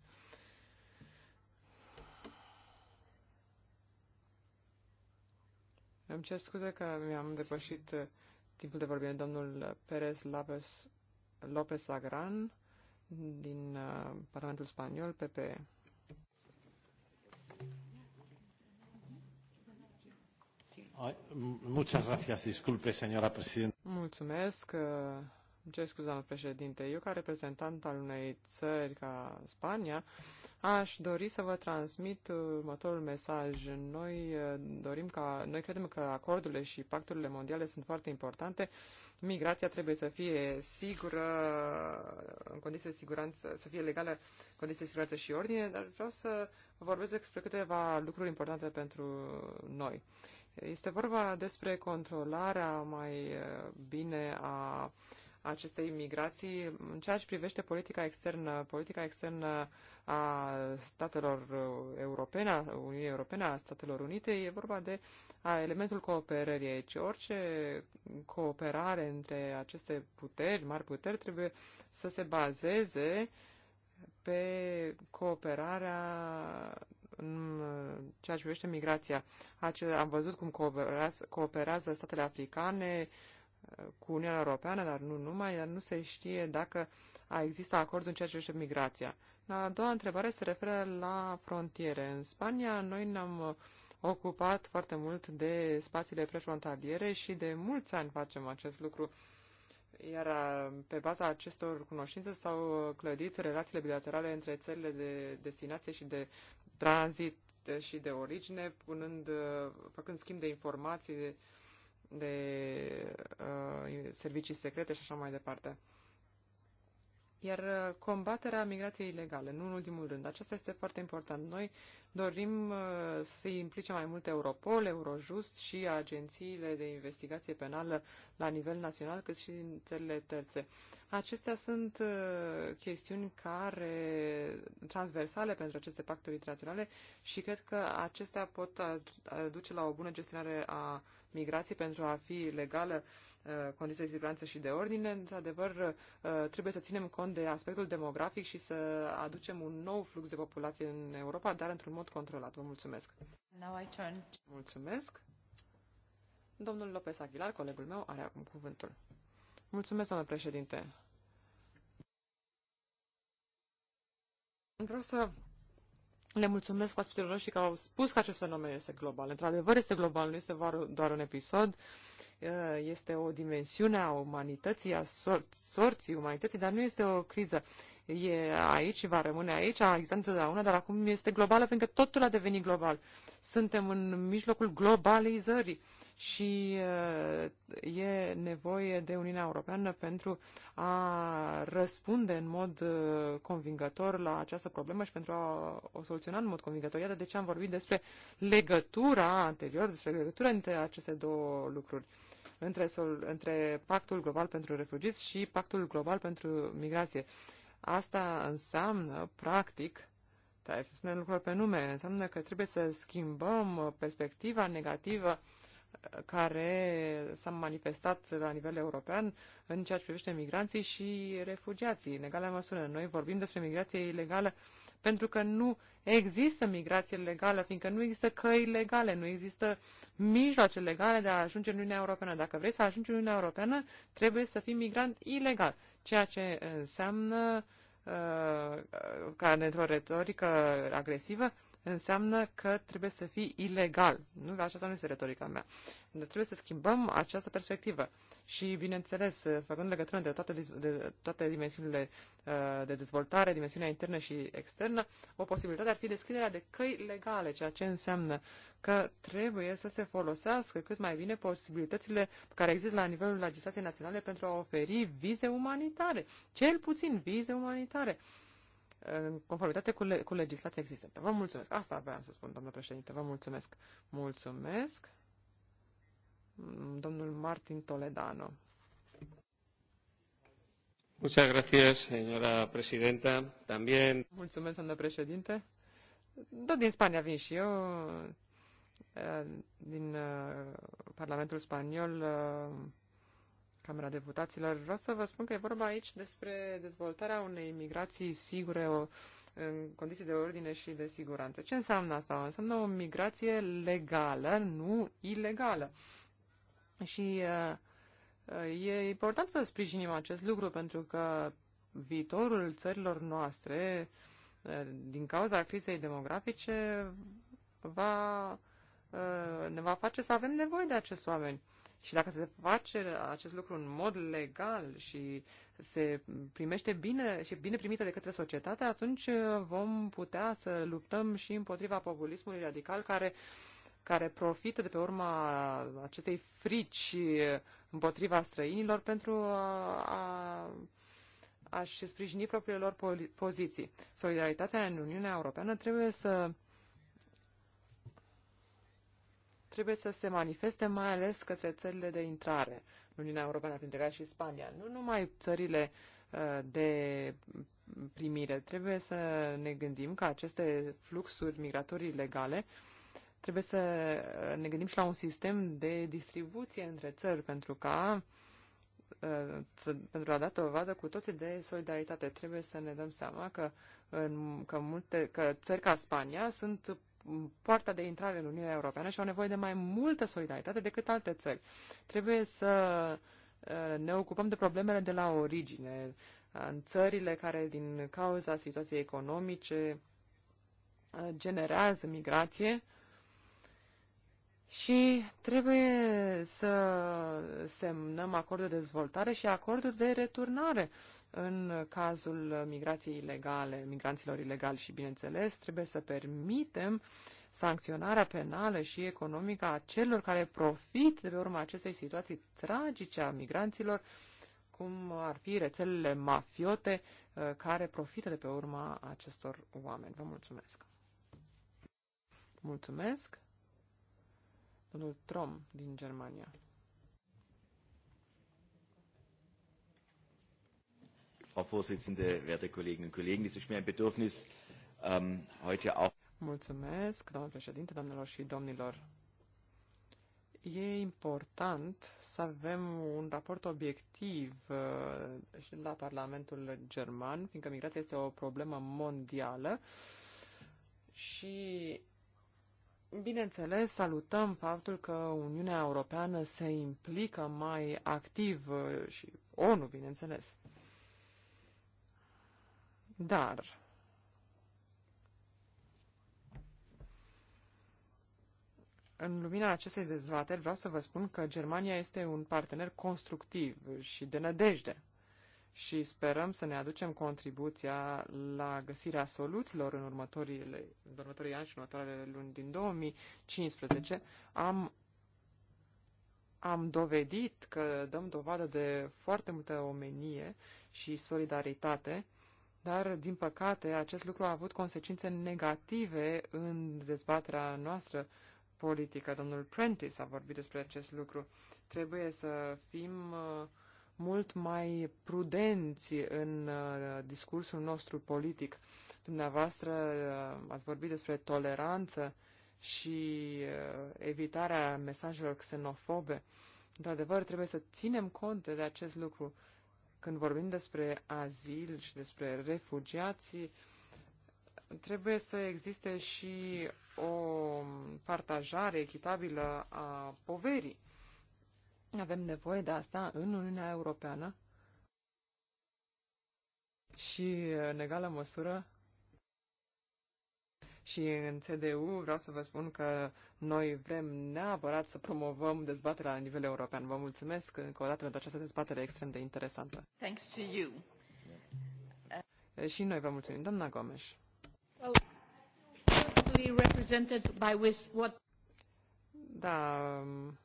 Îmi cer scuze că mi-am depășit uh, timpul de vorbire. Domnul Perez Lopez, Lopez Agran din uh, Parlamentul Spaniol, PPE. disculpe, señora Mulțumesc, uh, îmi cer scuze, președinte. Eu, ca reprezentant al unei țări ca Spania, aș dori să vă transmit următorul mesaj. Noi uh, dorim ca, noi credem că acordurile și pacturile mondiale sunt foarte importante. Migrația trebuie să fie sigură, uh, în condiții de siguranță, să fie legală în condiții de siguranță și ordine, dar vreau să vorbesc despre câteva lucruri importante pentru noi. Este vorba despre controlarea mai eh, bine a acestei migrații în ceea ce privește politica externă, politica externă a statelor eh, europene, a Uniunii Europene, a Statelor Unite, e vorba de a elementul cooperării aici. Orice cooperare între aceste puteri, mari puteri, trebuie să se bazeze pe cooperarea în uh, ceea ce privește migrația. Am văzut cum cooperează, cooperează statele africane uh, cu Uniunea Europeană, dar nu numai, dar nu se știe dacă a existat acord în ceea ce privește migrația. La a doua întrebare se referă la frontiere. În Spania noi ne-am uh, ocupat foarte mult de spațiile prefrontaliere și de mulți ani facem acest lucru. Iar pe baza acestor cunoștințe s-au clădit relațiile bilaterale între țările de destinație și de tranzit și de origine, punând, făcând schimb de informații, de, de uh, servicii secrete și așa mai departe. Iar uh, combaterea migrației ilegale, nu în ultimul rând, aceasta este foarte important. Noi dorim uh, să se implice mai mult Europol, Eurojust și agențiile de investigație penală la nivel național, cât și în țările terțe. Acestea sunt uh, chestiuni care, transversale pentru aceste pacturi internaționale și cred că acestea pot aduce la o bună gestionare a migrației pentru a fi legală Uh, condiții de siguranță și de ordine. Într-adevăr, uh, trebuie să ținem cont de aspectul demografic și să aducem un nou flux de populație în Europa, dar într-un mod controlat. Vă mulțumesc! Now I turn. Mulțumesc! Domnul Lopez Aguilar, colegul meu, are acum cuvântul. Mulțumesc, doamnă președinte! Vreau să le mulțumesc oaspeților noștri că au spus că acest fenomen este global. Într-adevăr, este global, nu este doar un episod. Uh, este o dimensiune a umanității, a sor- sorții umanității, dar nu este o criză. E aici și va rămâne aici, a existat întotdeauna, dar acum este globală pentru că totul a devenit global. Suntem în mijlocul globalizării și uh, e nevoie de Uniunea Europeană pentru a răspunde în mod uh, convingător la această problemă și pentru a o soluționa în mod convingător. Iată de ce am vorbit despre legătura anterior, despre legătura între aceste două lucruri între, sol, între Pactul Global pentru Refugiați și Pactul Global pentru Migrație. Asta înseamnă, practic, dar să spunem lucrurile pe nume, înseamnă că trebuie să schimbăm uh, perspectiva negativă uh, care s-a manifestat la nivel european în ceea ce privește migranții și refugiații, în egală măsură. Noi vorbim despre migrație ilegală pentru că nu există migrație legală, fiindcă nu există căi legale, nu există mijloace legale de a ajunge în Uniunea Europeană. Dacă vrei să ajungi în Uniunea Europeană, trebuie să fii migrant ilegal, ceea ce înseamnă uh, ca într-o retorică agresivă, înseamnă că trebuie să fii ilegal. Nu, aceasta nu este retorica mea. Dar trebuie să schimbăm această perspectivă. Și, bineînțeles, făcând legătură de toate, de, toate dimensiunile uh, de dezvoltare, dimensiunea internă și externă, o posibilitate ar fi deschiderea de căi legale, ceea ce înseamnă că trebuie să se folosească cât mai bine posibilitățile care există la nivelul legislației naționale pentru a oferi vize umanitare, cel puțin vize umanitare în conformitate cu, le- cu legislația existentă. Vă mulțumesc. Asta aveam să spun, doamnă președinte. Vă mulțumesc. Mulțumesc. Domnul Martin Toledano. Muchas gracias, señora presidenta. También. Mulțumesc, doamnă președinte. Tot din Spania vin și eu, eh, din eh, Parlamentul Spaniol eh, Camera Deputaților. Vreau să vă spun că e vorba aici despre dezvoltarea unei migrații sigure o, în condiții de ordine și de siguranță. Ce înseamnă asta? Înseamnă o migrație legală, nu ilegală. Și uh, e important să sprijinim acest lucru pentru că viitorul țărilor noastre, uh, din cauza crizei demografice, va, uh, ne va face să avem nevoie de acești oameni. Și dacă se face acest lucru în mod legal și se primește bine și bine primită de către societate, atunci uh, vom putea să luptăm și împotriva populismului radical care, care profită de pe urma acestei frici împotriva străinilor pentru a, a a-și sprijini propriile lor poziții. Solidaritatea în Uniunea Europeană trebuie să trebuie să se manifeste mai ales către țările de intrare în Uniunea Europeană, printre care și Spania. Nu numai țările uh, de primire. Trebuie să ne gândim că aceste fluxuri migratorii legale trebuie să uh, ne gândim și la un sistem de distribuție între țări pentru ca uh, pentru a da dovadă cu toții de solidaritate. Trebuie să ne dăm seama că, în, că, multe, că țări ca Spania sunt poarta de intrare în Uniunea Europeană și au nevoie de mai multă solidaritate decât alte țări. Trebuie să uh, ne ocupăm de problemele de la origine, uh, în țările care, din cauza situației economice, uh, generează migrație, și trebuie să semnăm acordul de dezvoltare și acordul de returnare în cazul migrației ilegale, migranților ilegali și, bineînțeles, trebuie să permitem sancționarea penală și economică a celor care profit de pe urma acestei situații tragice a migranților, cum ar fi rețelele mafiote uh, care profită de pe urma acestor oameni. Vă mulțumesc! Mulțumesc! domnul Trom din Germania. Frau Vorsitzende, werte Kolleginnen und Kollegen, es ist mir ein Bedürfnis, ähm, heute auch. Mulțumesc, doamnă președinte, doamnelor și domnilor. E important să avem un raport obiectiv uh, la Parlamentul German, fiindcă migrația este o problemă mondială și Bineînțeles, salutăm faptul că Uniunea Europeană se implică mai activ uh, și ONU, bineînțeles. Dar în lumina acestei dezbateri vreau să vă spun că Germania este un partener constructiv și de nădejde și sperăm să ne aducem contribuția la găsirea soluțiilor în, următorile, în următorii ani și în următoarele luni din 2015. Am, am dovedit că dăm dovadă de foarte multă omenie și solidaritate, dar, din păcate, acest lucru a avut consecințe negative în dezbaterea noastră politică. Domnul Prentice a vorbit despre acest lucru. Trebuie să fim uh, mult mai prudenți în uh, discursul nostru politic. Dumneavoastră uh, ați vorbit despre toleranță și uh, evitarea mesajelor xenofobe. Într-adevăr, trebuie să ținem cont de acest lucru. Când vorbim despre azil și despre refugiații, trebuie să existe și o partajare echitabilă a poverii. Avem nevoie de asta în Uniunea Europeană și, în egală măsură, și în CDU vreau să vă spun că noi vrem neapărat să promovăm dezbaterea la nivel european. Vă mulțumesc încă o dată pentru această dezbatere extrem de interesantă. Thanks to you. Și noi vă mulțumim, doamna Gomes. Well, Da, um,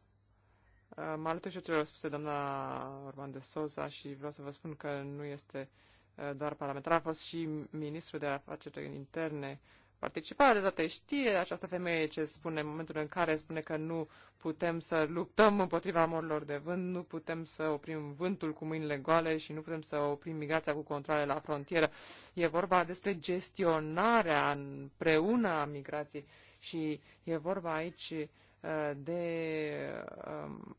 Mă alătur și eu celor spuse doamna Orban de Sosa și vreau să vă spun că nu este uh, doar parlamentar, a fost și ministru de afaceri interne participat de toate știe această femeie ce spune în momentul în care spune că nu putem să luptăm împotriva morilor de vânt, nu putem să oprim vântul cu mâinile goale și nu putem să oprim migrația cu controle la frontieră. E vorba despre gestionarea împreună a migrației și e vorba aici uh, de um,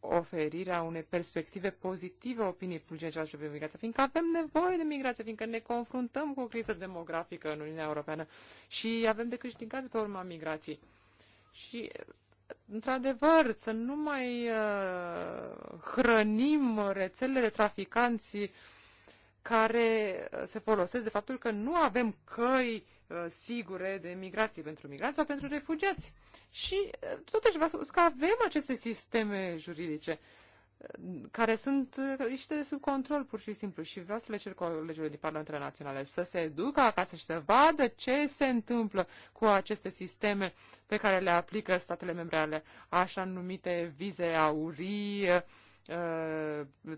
oferirea unei perspective pozitive opiniei publice în ceea ce privește migrația, fiindcă avem nevoie de migrație, fiindcă ne confruntăm cu o criză demografică în Uniunea Europeană și avem de câștigat pe urma migrației. Și, într-adevăr, să nu mai uh, hrănim rețelele de traficanți care se folosesc de faptul că nu avem căi uh, Uh, sigure de migrație pentru migranți sau pentru refugiați. Și uh, totuși vă spus că avem aceste sisteme juridice uh, care sunt ieșite de sub control pur și simplu și vreau să le cer colegilor din Parlamentele Naționale să se ducă acasă și să vadă ce se întâmplă cu aceste sisteme pe care le aplică statele membre ale așa numite vize aurii,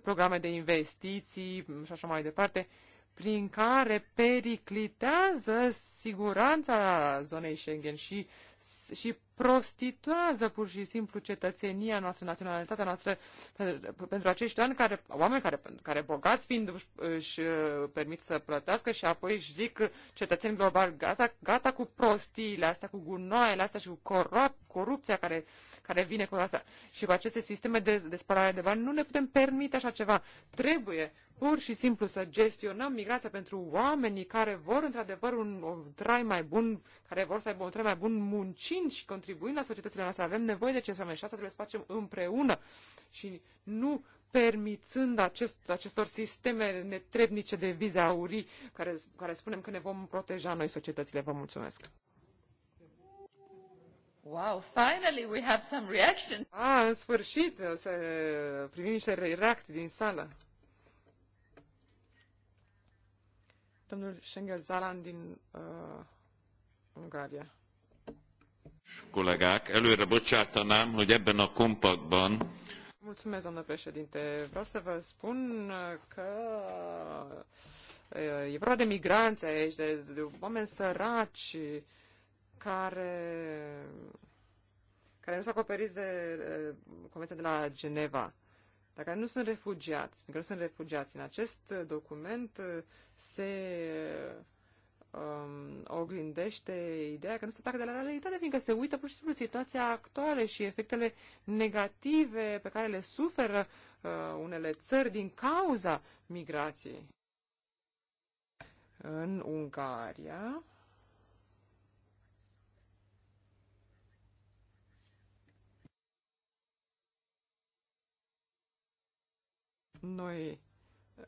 programe de investiții și așa mai departe prin care periclitează siguranța zonei Schengen și, și prostituează pur și simplu cetățenia noastră, naționalitatea noastră pentru, pentru acești oameni care, oameni care, care bogați fiind își uh, permit să plătească și apoi își zic cetățeni global gata, gata cu prostiile astea, cu gunoaiele astea și cu corup, corupția care, care vine cu asta. Și cu aceste sisteme de, de spălare de bani nu ne putem permite așa ceva. Trebuie pur și simplu să gestionăm migrația pentru oamenii care vor într-adevăr un, un trai mai bun, care vor să aibă un trai mai bun muncind și contribuind la societățile noastre. Avem nevoie de ce înseamnă și asta trebuie să facem împreună și nu permițând acest, acestor sisteme netrebnice de vize aurii care, care spunem că ne vom proteja noi societățile. Vă mulțumesc! Wow, finally we have some reaction. Ah, în sfârșit, să primim niște reacții din sală. Domnul Schengel Zalan din uh, Kollégák, előre bocsátanám, hogy ebben a kompaktban Mulțumesc, doamnă președinte. Vreau să vă spun că uh, e vorba de migranți aici, de, de oameni săraci care, care nu s-au acoperit de uh, Convenția de la Geneva dar care nu sunt refugiați, pentru că nu sunt refugiați. În acest document se um, oglindește ideea că nu se pleacă de la realitate, fiindcă se uită pur și simplu situația actuală și efectele negative pe care le suferă uh, unele țări din cauza migrației. În Ungaria, Noi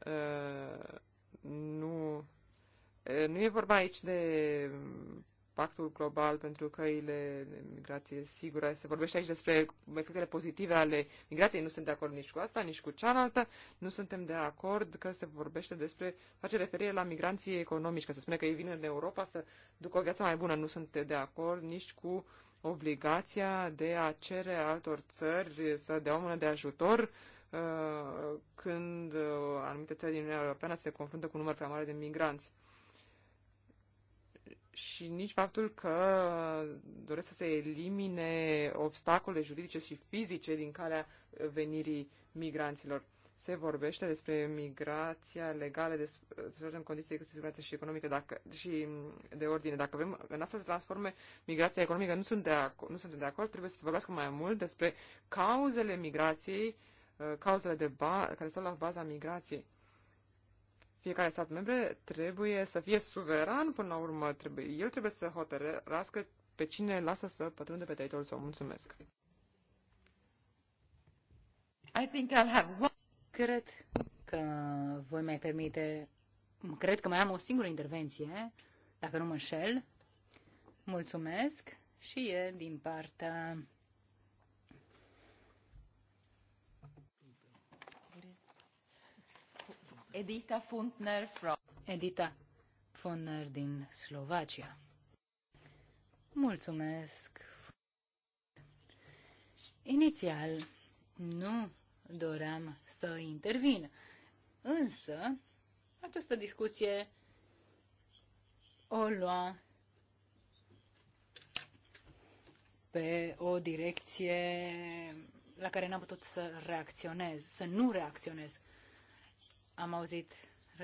uh, nu, ă, nu e vorba aici de pactul global pentru căile de migrație sigură. Se vorbește aici despre efectele pozitive ale migrației. Nu sunt de acord nici cu asta, nici cu cealaltă. Nu suntem de acord că se vorbește despre, face referire la migranții economici, că se spune că ei vin în Europa să ducă o viață mai bună. Nu sunt de acord nici cu obligația de a cere altor țări să dea o mână de ajutor Uh, când uh, anumite țări din Uniunea Europeană se confruntă cu un număr prea mare de migranți. Și nici faptul că doresc să se elimine obstacole juridice și fizice din calea venirii migranților. Se vorbește despre migrația legală, despre în condiții de siguranță și economică dacă, și de ordine. Dacă vrem în asta se transforme migrația economică, nu sunt, de acord, nu sunt de acord, trebuie să se vorbească mai mult despre cauzele migrației uh, Uh, cauzele de ba- care stau la baza migrației. Fiecare stat membre trebuie să fie suveran până la urmă. Trebuie, el trebuie să hotărască pe cine lasă să pătrunde pe teritoriul său. Mulțumesc. I think I'll have one. Cred că voi mai permite, cred că mai am o singură intervenție, dacă nu mă înșel. Mulțumesc și e din partea Edita Funtner from... Edita Funtner din Slovacia. Mulțumesc. Inițial, nu doream să intervin, însă această discuție o lua pe o direcție la care n-am putut să reacționez, să nu reacționez. Am auzit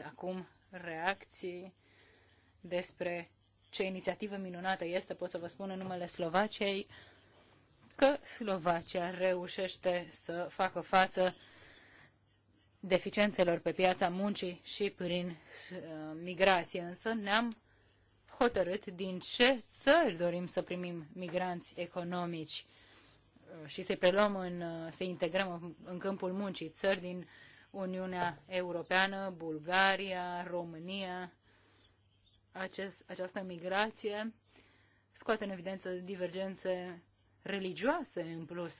acum reacții despre ce inițiativă minunată este, pot să vă spun în numele Slovaciei, că Slovacia reușește să facă față deficiențelor pe piața muncii și prin uh, migrație. Însă ne-am hotărât din ce țări dorim să primim migranți economici uh, și să-i preluăm, în, uh, să integrăm în câmpul muncii, țări din Uniunea Europeană, Bulgaria, România. Acest, această migrație scoate în evidență divergențe religioase în plus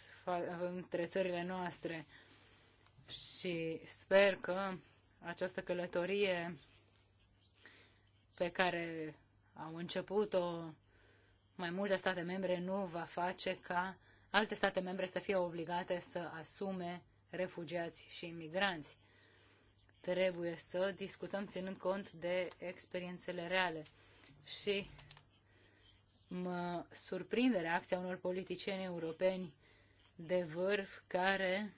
între țările noastre și sper că această călătorie pe care au început-o mai multe state membre nu va face ca alte state membre să fie obligate să asume refugiați și imigranți. Trebuie să discutăm ținând cont de experiențele reale. Și mă surprinde reacția unor politicieni europeni de vârf care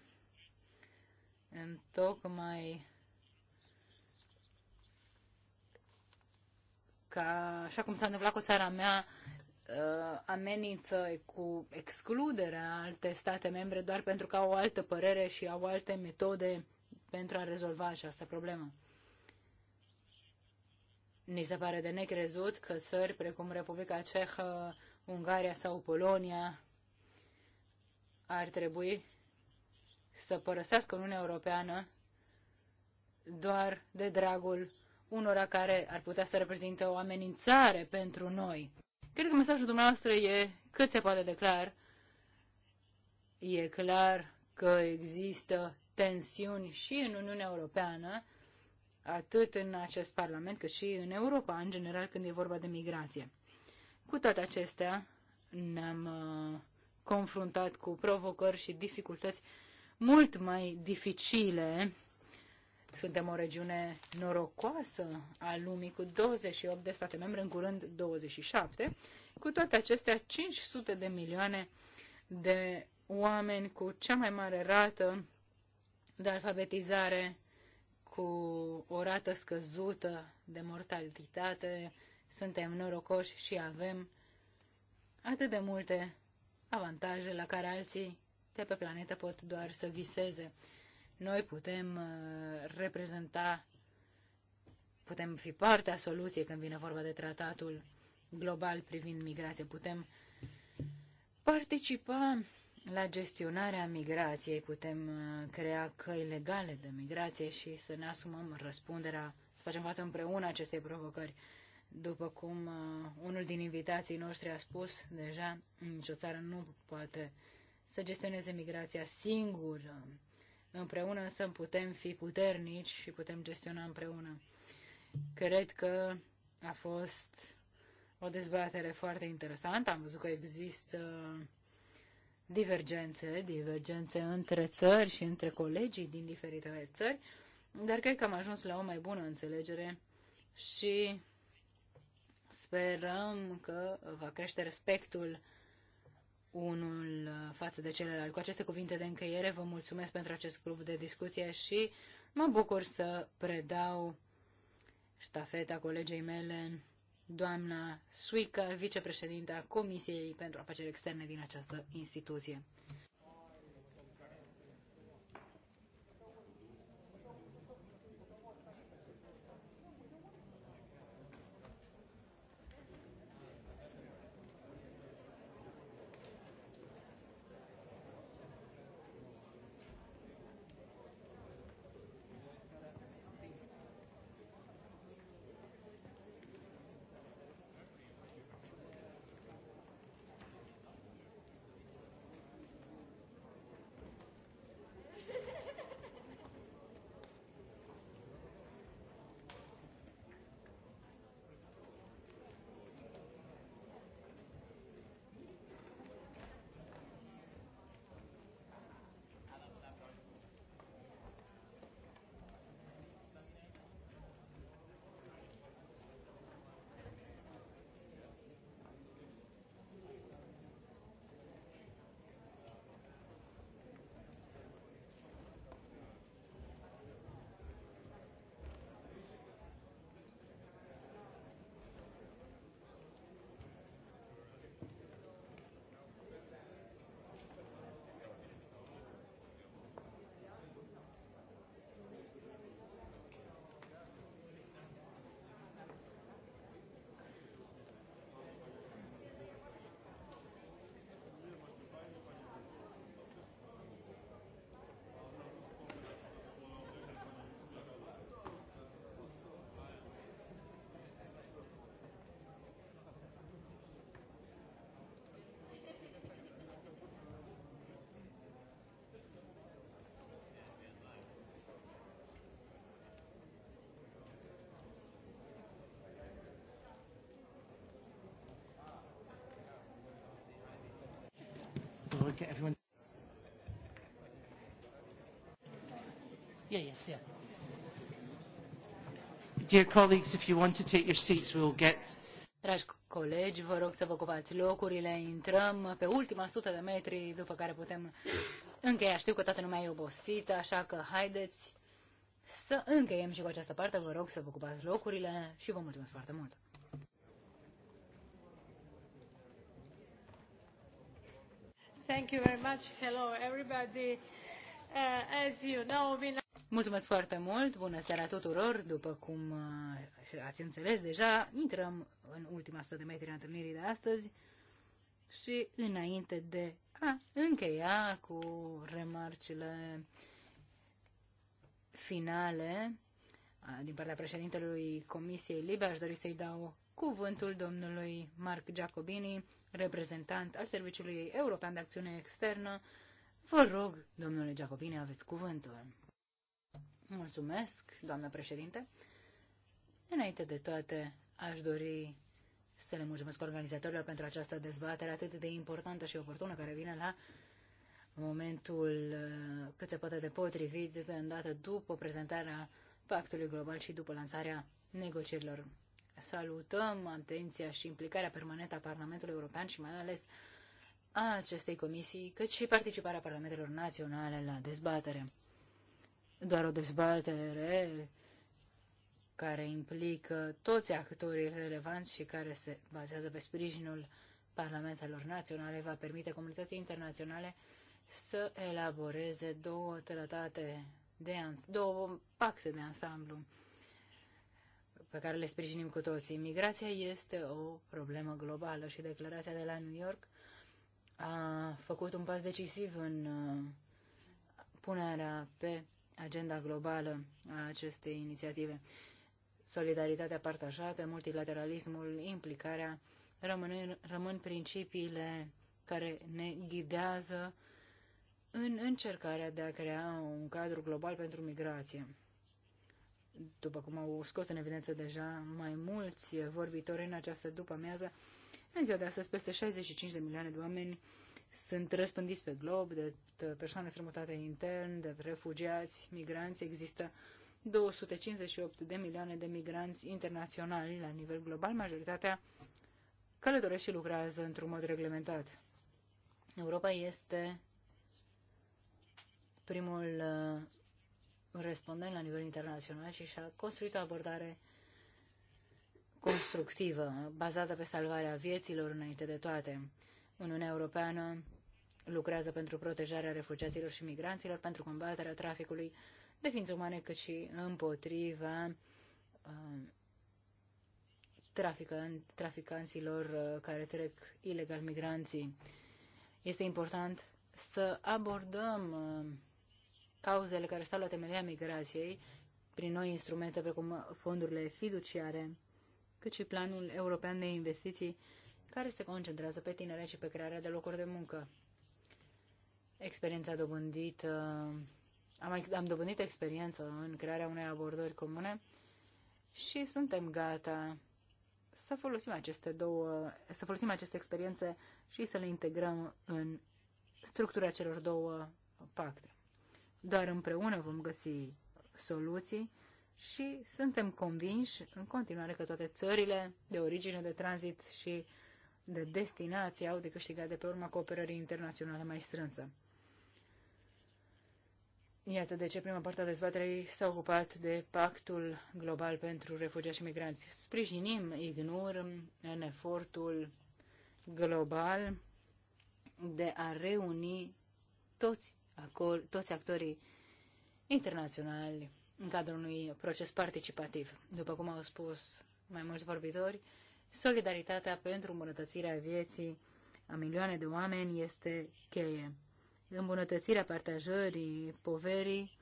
întocmai ca așa cum s-a întâmplat cu țara mea, Uh, amenință cu excluderea alte state membre doar pentru că au o altă părere și au alte metode pentru a rezolva această problemă. Ni se pare de necrezut că țări precum Republica Cehă, Ungaria sau Polonia ar trebui să părăsească Uniunea Europeană doar de dragul unora care ar putea să reprezinte o amenințare pentru noi. Cred că mesajul dumneavoastră e cât se poate de clar. E clar că există tensiuni și în Uniunea Europeană, atât în acest Parlament cât și în Europa, în general, când e vorba de migrație. Cu toate acestea, ne-am uh, confruntat cu provocări și dificultăți mult mai dificile suntem o regiune norocoasă a lumii cu 28 de state membre, în curând 27. Cu toate acestea, 500 de milioane de oameni cu cea mai mare rată de alfabetizare, cu o rată scăzută de mortalitate, suntem norocoși și avem atât de multe avantaje la care alții de pe planetă pot doar să viseze. Noi putem uh, reprezenta, putem fi partea soluției când vine vorba de tratatul global privind migrație, Putem participa la gestionarea migrației, putem uh, crea căi legale de migrație și să ne asumăm răspunderea, să facem față împreună acestei provocări. După cum uh, unul din invitații noștri a spus deja, nicio țară nu poate să gestioneze migrația singură împreună să putem fi puternici și putem gestiona împreună. Cred că a fost o dezbatere foarte interesantă. Am văzut că există divergențe, divergențe între țări și între colegii din diferite țări, dar cred că am ajuns la o mai bună înțelegere și sperăm că va crește respectul unul uh, față de celălalt. Cu aceste cuvinte de încăiere vă mulțumesc pentru acest grup de discuție și mă bucur să predau ștafeta colegei mele, doamna Suica, vicepreședinta Comisiei pentru Afaceri Externe din această instituție. Ulrike, everyone. Yeah, yes, yeah. Dear colleagues, if you want to take your seats, we'll get... Dragi colegi, vă rog să vă ocupați locurile. Intrăm pe ultima sută de metri, după care putem încheia. Știu că toată lumea e obosită, așa că haideți să încheiem și cu această parte. Vă rog să vă ocupați locurile și vă mulțumesc foarte mult. Mulțumesc foarte mult, bună seara tuturor, după cum uh, ați înțeles deja, intrăm în ultima 100 de metri a întâlnirii de astăzi și înainte de a încheia cu remarcile finale uh, din partea președintelui Comisiei Libe, aș dori să-i dau cuvântul domnului Marc Giacobini, reprezentant al Serviciului European de Acțiune Externă. Vă rog, domnule Giacobine, aveți cuvântul. Mulțumesc, doamnă președinte. Înainte de toate, aș dori să le mulțumesc organizatorilor pentru această dezbatere atât de importantă și oportună care vine la momentul uh, cât se poate de potrivit, de îndată după prezentarea pactului global și după lansarea negocierilor salutăm atenția și implicarea permanentă a Parlamentului European și mai ales a acestei comisii, cât și participarea Parlamentelor Naționale la dezbatere. Doar o dezbatere care implică toți actorii relevanți și care se bazează pe sprijinul Parlamentelor Naționale va permite comunității internaționale să elaboreze două tratate de ans- două pacte de ansamblu pe care le sprijinim cu toții. Migrația este o problemă globală și declarația de la New York a făcut un pas decisiv în uh, punerea pe agenda globală a acestei inițiative. Solidaritatea partajată, multilateralismul, implicarea rămân, rămân principiile care ne ghidează în încercarea de a crea un cadru global pentru migrație după cum au scos în evidență deja mai mulți vorbitori în această după-amiază, în ziua de astăzi peste 65 de milioane de oameni sunt răspândiți pe glob de persoane strămutate intern, de refugiați, migranți. Există 258 de milioane de migranți internaționali la nivel global, majoritatea călătoresc și lucrează într-un mod reglementat. Europa este primul uh, respondent la nivel internațional și și-a construit o abordare constructivă, bazată pe salvarea vieților înainte de toate. Uniunea Europeană lucrează pentru protejarea refugiaților și migranților, pentru combaterea traficului de ființe umane, cât și împotriva uh, traficanților uh, care trec ilegal migranții. Este important să abordăm uh, cauzele care stau la temelia migrației, prin noi instrumente precum fondurile fiduciare, cât și planul european de investiții, care se concentrează pe tinere și pe crearea de locuri de muncă. Experiența dobândită, uh, am, am dobândit experiență în crearea unei abordări comune și suntem gata să folosim aceste două, să folosim aceste experiențe și să le integrăm în structura celor două pacte. Doar împreună vom găsi soluții și suntem convinși în continuare că toate țările de origine, de tranzit și de destinație au de câștigat de pe urma cooperării internaționale mai strânsă. Iată de ce prima parte a dezbaterei s-a ocupat de Pactul Global pentru Refugiați și Migranți. Sprijinim IGNUR în efortul global de a reuni toți acolo toți actorii internaționali în cadrul unui proces participativ. După cum au spus mai mulți vorbitori, solidaritatea pentru îmbunătățirea vieții a milioane de oameni este cheie. Îmbunătățirea partajării poverii,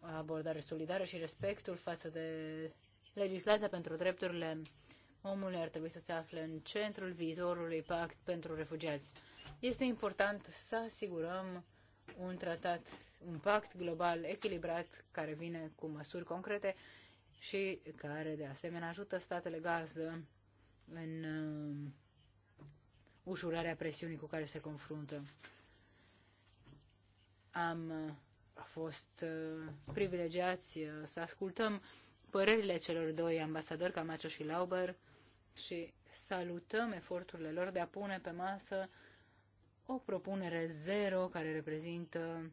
abordare solidară și respectul față de legislația pentru drepturile omului ar trebui să se afle în centrul viitorului pact pentru refugiați. Este important să asigurăm un tratat, un pact global echilibrat care vine cu măsuri concrete și care de asemenea ajută statele gazdă în uh, ușurarea presiunii cu care se confruntă. Am uh, fost uh, privilegiați să ascultăm părerile celor doi ambasadori, Camacho și Lauber, și salutăm eforturile lor de a pune pe masă o propunere zero care reprezintă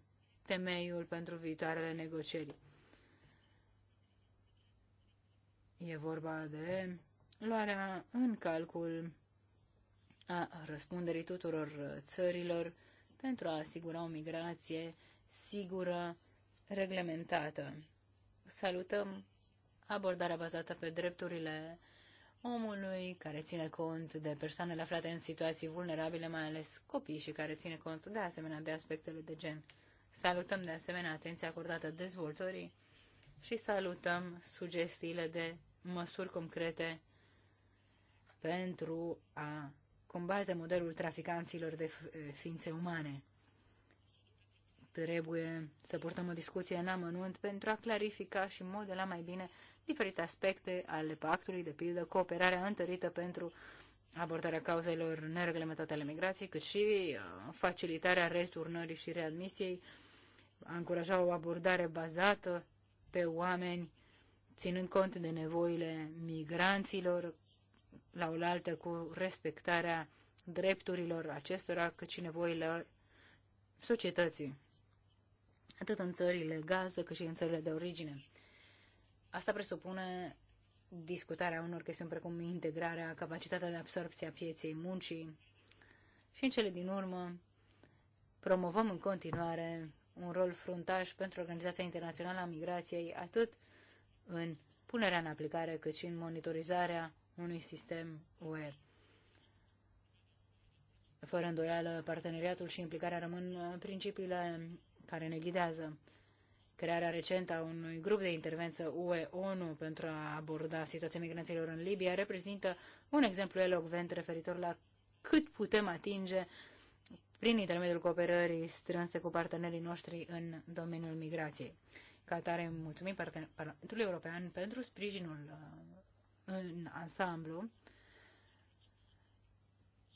temeiul pentru viitoarele negocieri. E vorba de luarea în calcul a răspunderii tuturor țărilor pentru a asigura o migrație sigură, reglementată. Salutăm abordarea bazată pe drepturile omului, care ține cont de persoanele aflate în situații vulnerabile, mai ales copii și care ține cont de asemenea de aspectele de gen. Salutăm de asemenea atenția acordată dezvoltării și salutăm sugestiile de măsuri concrete pentru a combate modelul traficanților de ființe umane. Trebuie să purtăm o discuție în amănunt pentru a clarifica și modela mai bine diferite aspecte ale pactului, de pildă cooperarea întărită pentru abordarea cauzelor nereglementate ale migrației, cât și uh, facilitarea returnării și readmisiei, a încuraja o abordare bazată pe oameni, ținând cont de nevoile migranților, la oaltă cu respectarea drepturilor acestora, cât și nevoile societății, atât în țările gază, cât și în țările de origine. Asta presupune discutarea unor chestiuni precum integrarea, capacitatea de absorpție a pieței muncii și, în cele din urmă, promovăm în continuare un rol fruntaș pentru Organizația Internațională a Migrației, atât în punerea în aplicare, cât și în monitorizarea unui sistem UE. Fără îndoială, parteneriatul și implicarea rămân uh, principiile care ne ghidează crearea recentă a unui grup de intervență UE-ONU pentru a aborda situația migranților în Libia reprezintă un exemplu elocvent referitor la cât putem atinge prin intermediul cooperării strânse cu partenerii noștri în domeniul migrației. Ca atare, mulțumim Parlamentului European pentru sprijinul uh, în ansamblu,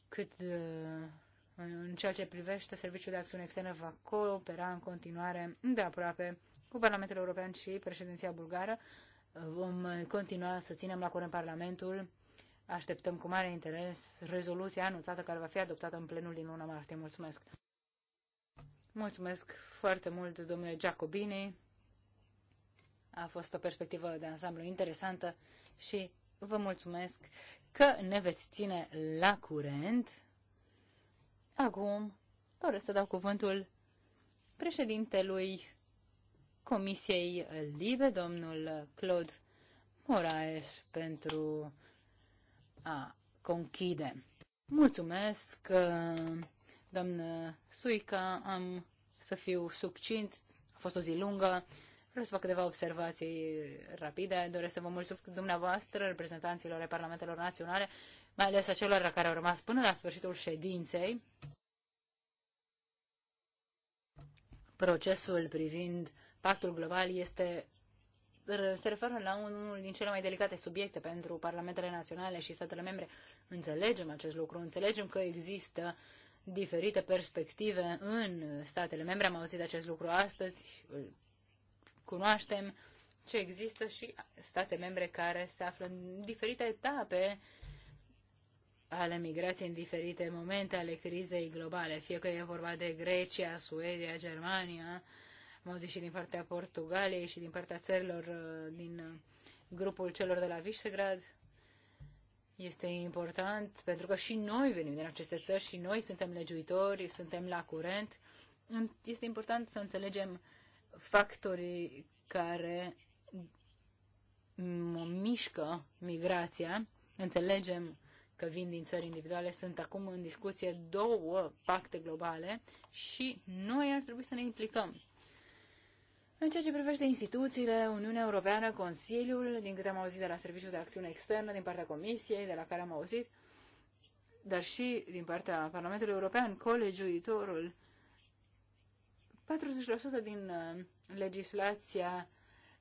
cât uh, în ceea ce privește Serviciul de Acțiune Externă va coopera în continuare de aproape cu Parlamentul European și președinția bulgară. Vom continua să ținem la curent Parlamentul. Așteptăm cu mare interes rezoluția anunțată care va fi adoptată în plenul din luna martie. Mulțumesc! Mulțumesc foarte mult, domnule Giacobini. A fost o perspectivă de ansamblu interesantă și vă mulțumesc că ne veți ține la curent. Acum doresc să dau cuvântul președintelui Comisiei Libe, domnul Claude Moraes, pentru a conchide. Mulțumesc, doamnă Suica, am să fiu succint, a fost o zi lungă, vreau să fac câteva observații rapide, doresc să vă mulțumesc dumneavoastră, reprezentanților ai Parlamentelor Naționale, mai ales acelor care au rămas până la sfârșitul ședinței. Procesul privind pactul global este se referă la unul din cele mai delicate subiecte pentru parlamentele naționale și statele membre. Înțelegem acest lucru, înțelegem că există diferite perspective în statele membre. Am auzit acest lucru astăzi, îl cunoaștem ce există și state membre care se află în diferite etape ale migrației în diferite momente ale crizei globale, fie că e vorba de Grecia, Suedia, Germania, muzici și din partea Portugaliei și din partea țărilor uh, din uh, grupul celor de la Visegrad. Este important pentru că și noi venim din aceste țări și noi suntem legiuitori, suntem la curent. Este important să înțelegem factorii care mișcă migrația. Înțelegem că vin din țări individuale, sunt acum în discuție două pacte globale și noi ar trebui să ne implicăm. În ceea ce privește instituțiile, Uniunea Europeană, Consiliul, din câte am auzit de la Serviciul de Acțiune Externă, din partea Comisiei, de la care am auzit, dar și din partea Parlamentului European, Colegiul colegiuitorul, 40% din uh, legislația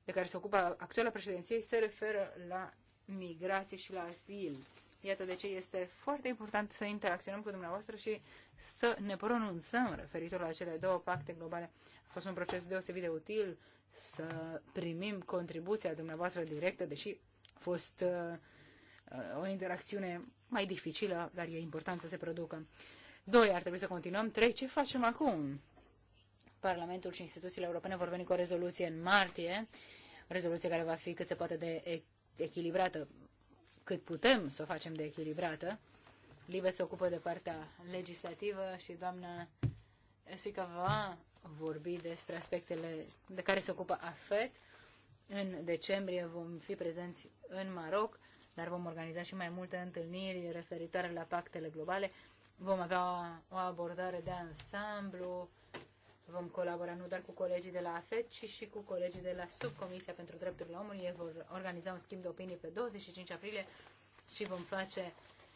de care se ocupă actuala președinție se referă la migrație și la azil. Iată de ce este foarte important să interacționăm cu dumneavoastră și să ne pronunțăm referitor la cele două pacte globale. A fost un proces deosebit de util să primim contribuția dumneavoastră directă, deși a fost uh, o interacțiune mai dificilă, dar e important să se producă. Doi, ar trebui să continuăm. Trei, ce facem acum? Parlamentul și instituțiile europene vor veni cu o rezoluție în martie, o rezoluție care va fi cât se poate de echilibrată cât putem să o facem de echilibrată. Libe se ocupă de partea legislativă și doamna Esica va vorbi despre aspectele de care se ocupă AFET. În decembrie vom fi prezenți în Maroc, dar vom organiza și mai multe întâlniri referitoare la pactele globale. Vom avea o abordare de ansamblu Vom colabora nu doar cu colegii de la AFET, ci și cu colegii de la Subcomisia pentru Drepturile Omului. Ei vor organiza un schimb de opinii pe 25 aprilie și vom face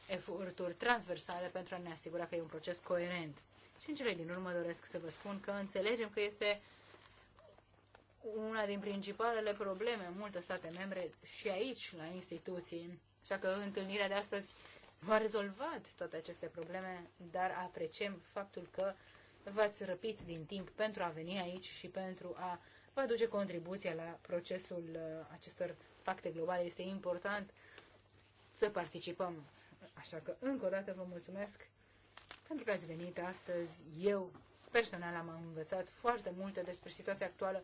eforturi transversale pentru a ne asigura că e un proces coerent. Și în cele din urmă doresc să vă spun că înțelegem că este una din principalele probleme în multe state membre și aici, la instituții. Așa că întâlnirea de astăzi va rezolvat toate aceste probleme, dar apreciem faptul că v-ați răpit din timp pentru a veni aici și pentru a vă aduce contribuția la procesul uh, acestor pacte globale. Este important să participăm. Așa că, încă o dată, vă mulțumesc pentru că ați venit astăzi. Eu, personal, am învățat foarte multe despre situația actuală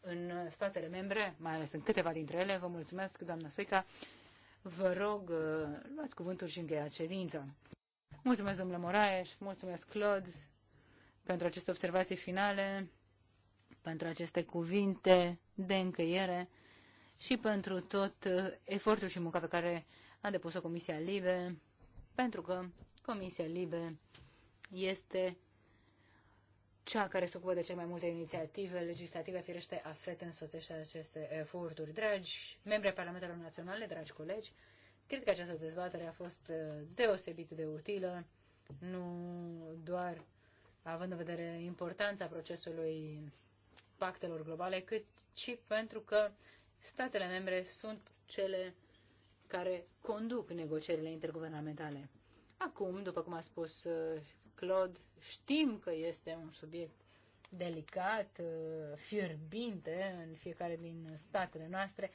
în statele membre, mai ales în câteva dintre ele. Vă mulțumesc, doamna Soica. Vă rog, uh, luați cuvântul și încheiați ședința. Mulțumesc, domnule Moraes, mulțumesc, Claude pentru aceste observații finale, pentru aceste cuvinte de încăiere și pentru tot uh, efortul și munca pe care a depus-o Comisia Libe, pentru că Comisia Libe este cea care se ocupă de cele mai multe inițiative legislative, firește, fete însoțește aceste eforturi. Dragi membri ai Parlamentelor Naționale, dragi colegi, cred că această dezbatere a fost uh, deosebit de utilă, nu doar având în vedere importanța procesului pactelor globale, cât și pentru că statele membre sunt cele care conduc negocierile interguvernamentale. Acum, după cum a spus uh, Claude, știm că este un subiect delicat, uh, fierbinte în fiecare din statele noastre.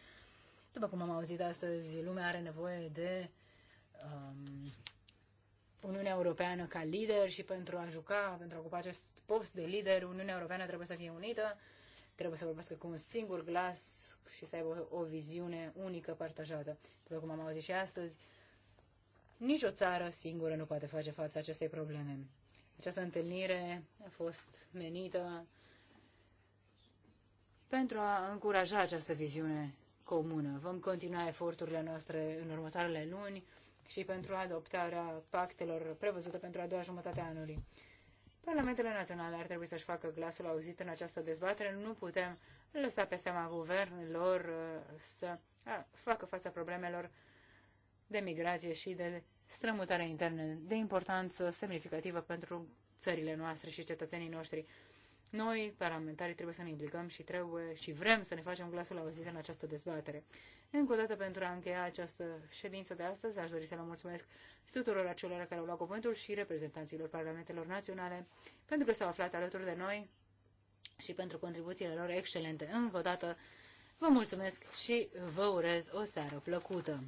După cum am auzit astăzi, lumea are nevoie de um, Uniunea Europeană ca lider și pentru a juca, pentru a ocupa acest post de lider, Uniunea Europeană trebuie să fie unită, trebuie să vorbească cu un singur glas și să aibă o, o viziune unică partajată. După cum am auzit și astăzi, nicio țară singură nu poate face față acestei probleme. Această întâlnire a fost menită pentru a încuraja această viziune comună. Vom continua eforturile noastre în următoarele luni și pentru adoptarea pactelor prevăzute pentru a doua jumătate a anului. Parlamentele naționale ar trebui să-și facă glasul auzit în această dezbatere. Nu putem lăsa pe seama guvernelor uh, să facă fața problemelor de migrație și de strămutare internă de importanță semnificativă pentru țările noastre și cetățenii noștri. Noi, parlamentarii, trebuie să ne implicăm și trebuie și vrem să ne facem glasul auzit în această dezbatere. Încă o dată, pentru a încheia această ședință de astăzi, aș dori să le mulțumesc și tuturor acelora care au luat cuvântul și reprezentanților parlamentelor naționale pentru că s-au aflat alături de noi și pentru contribuțiile lor excelente. Încă o dată, vă mulțumesc și vă urez o seară plăcută!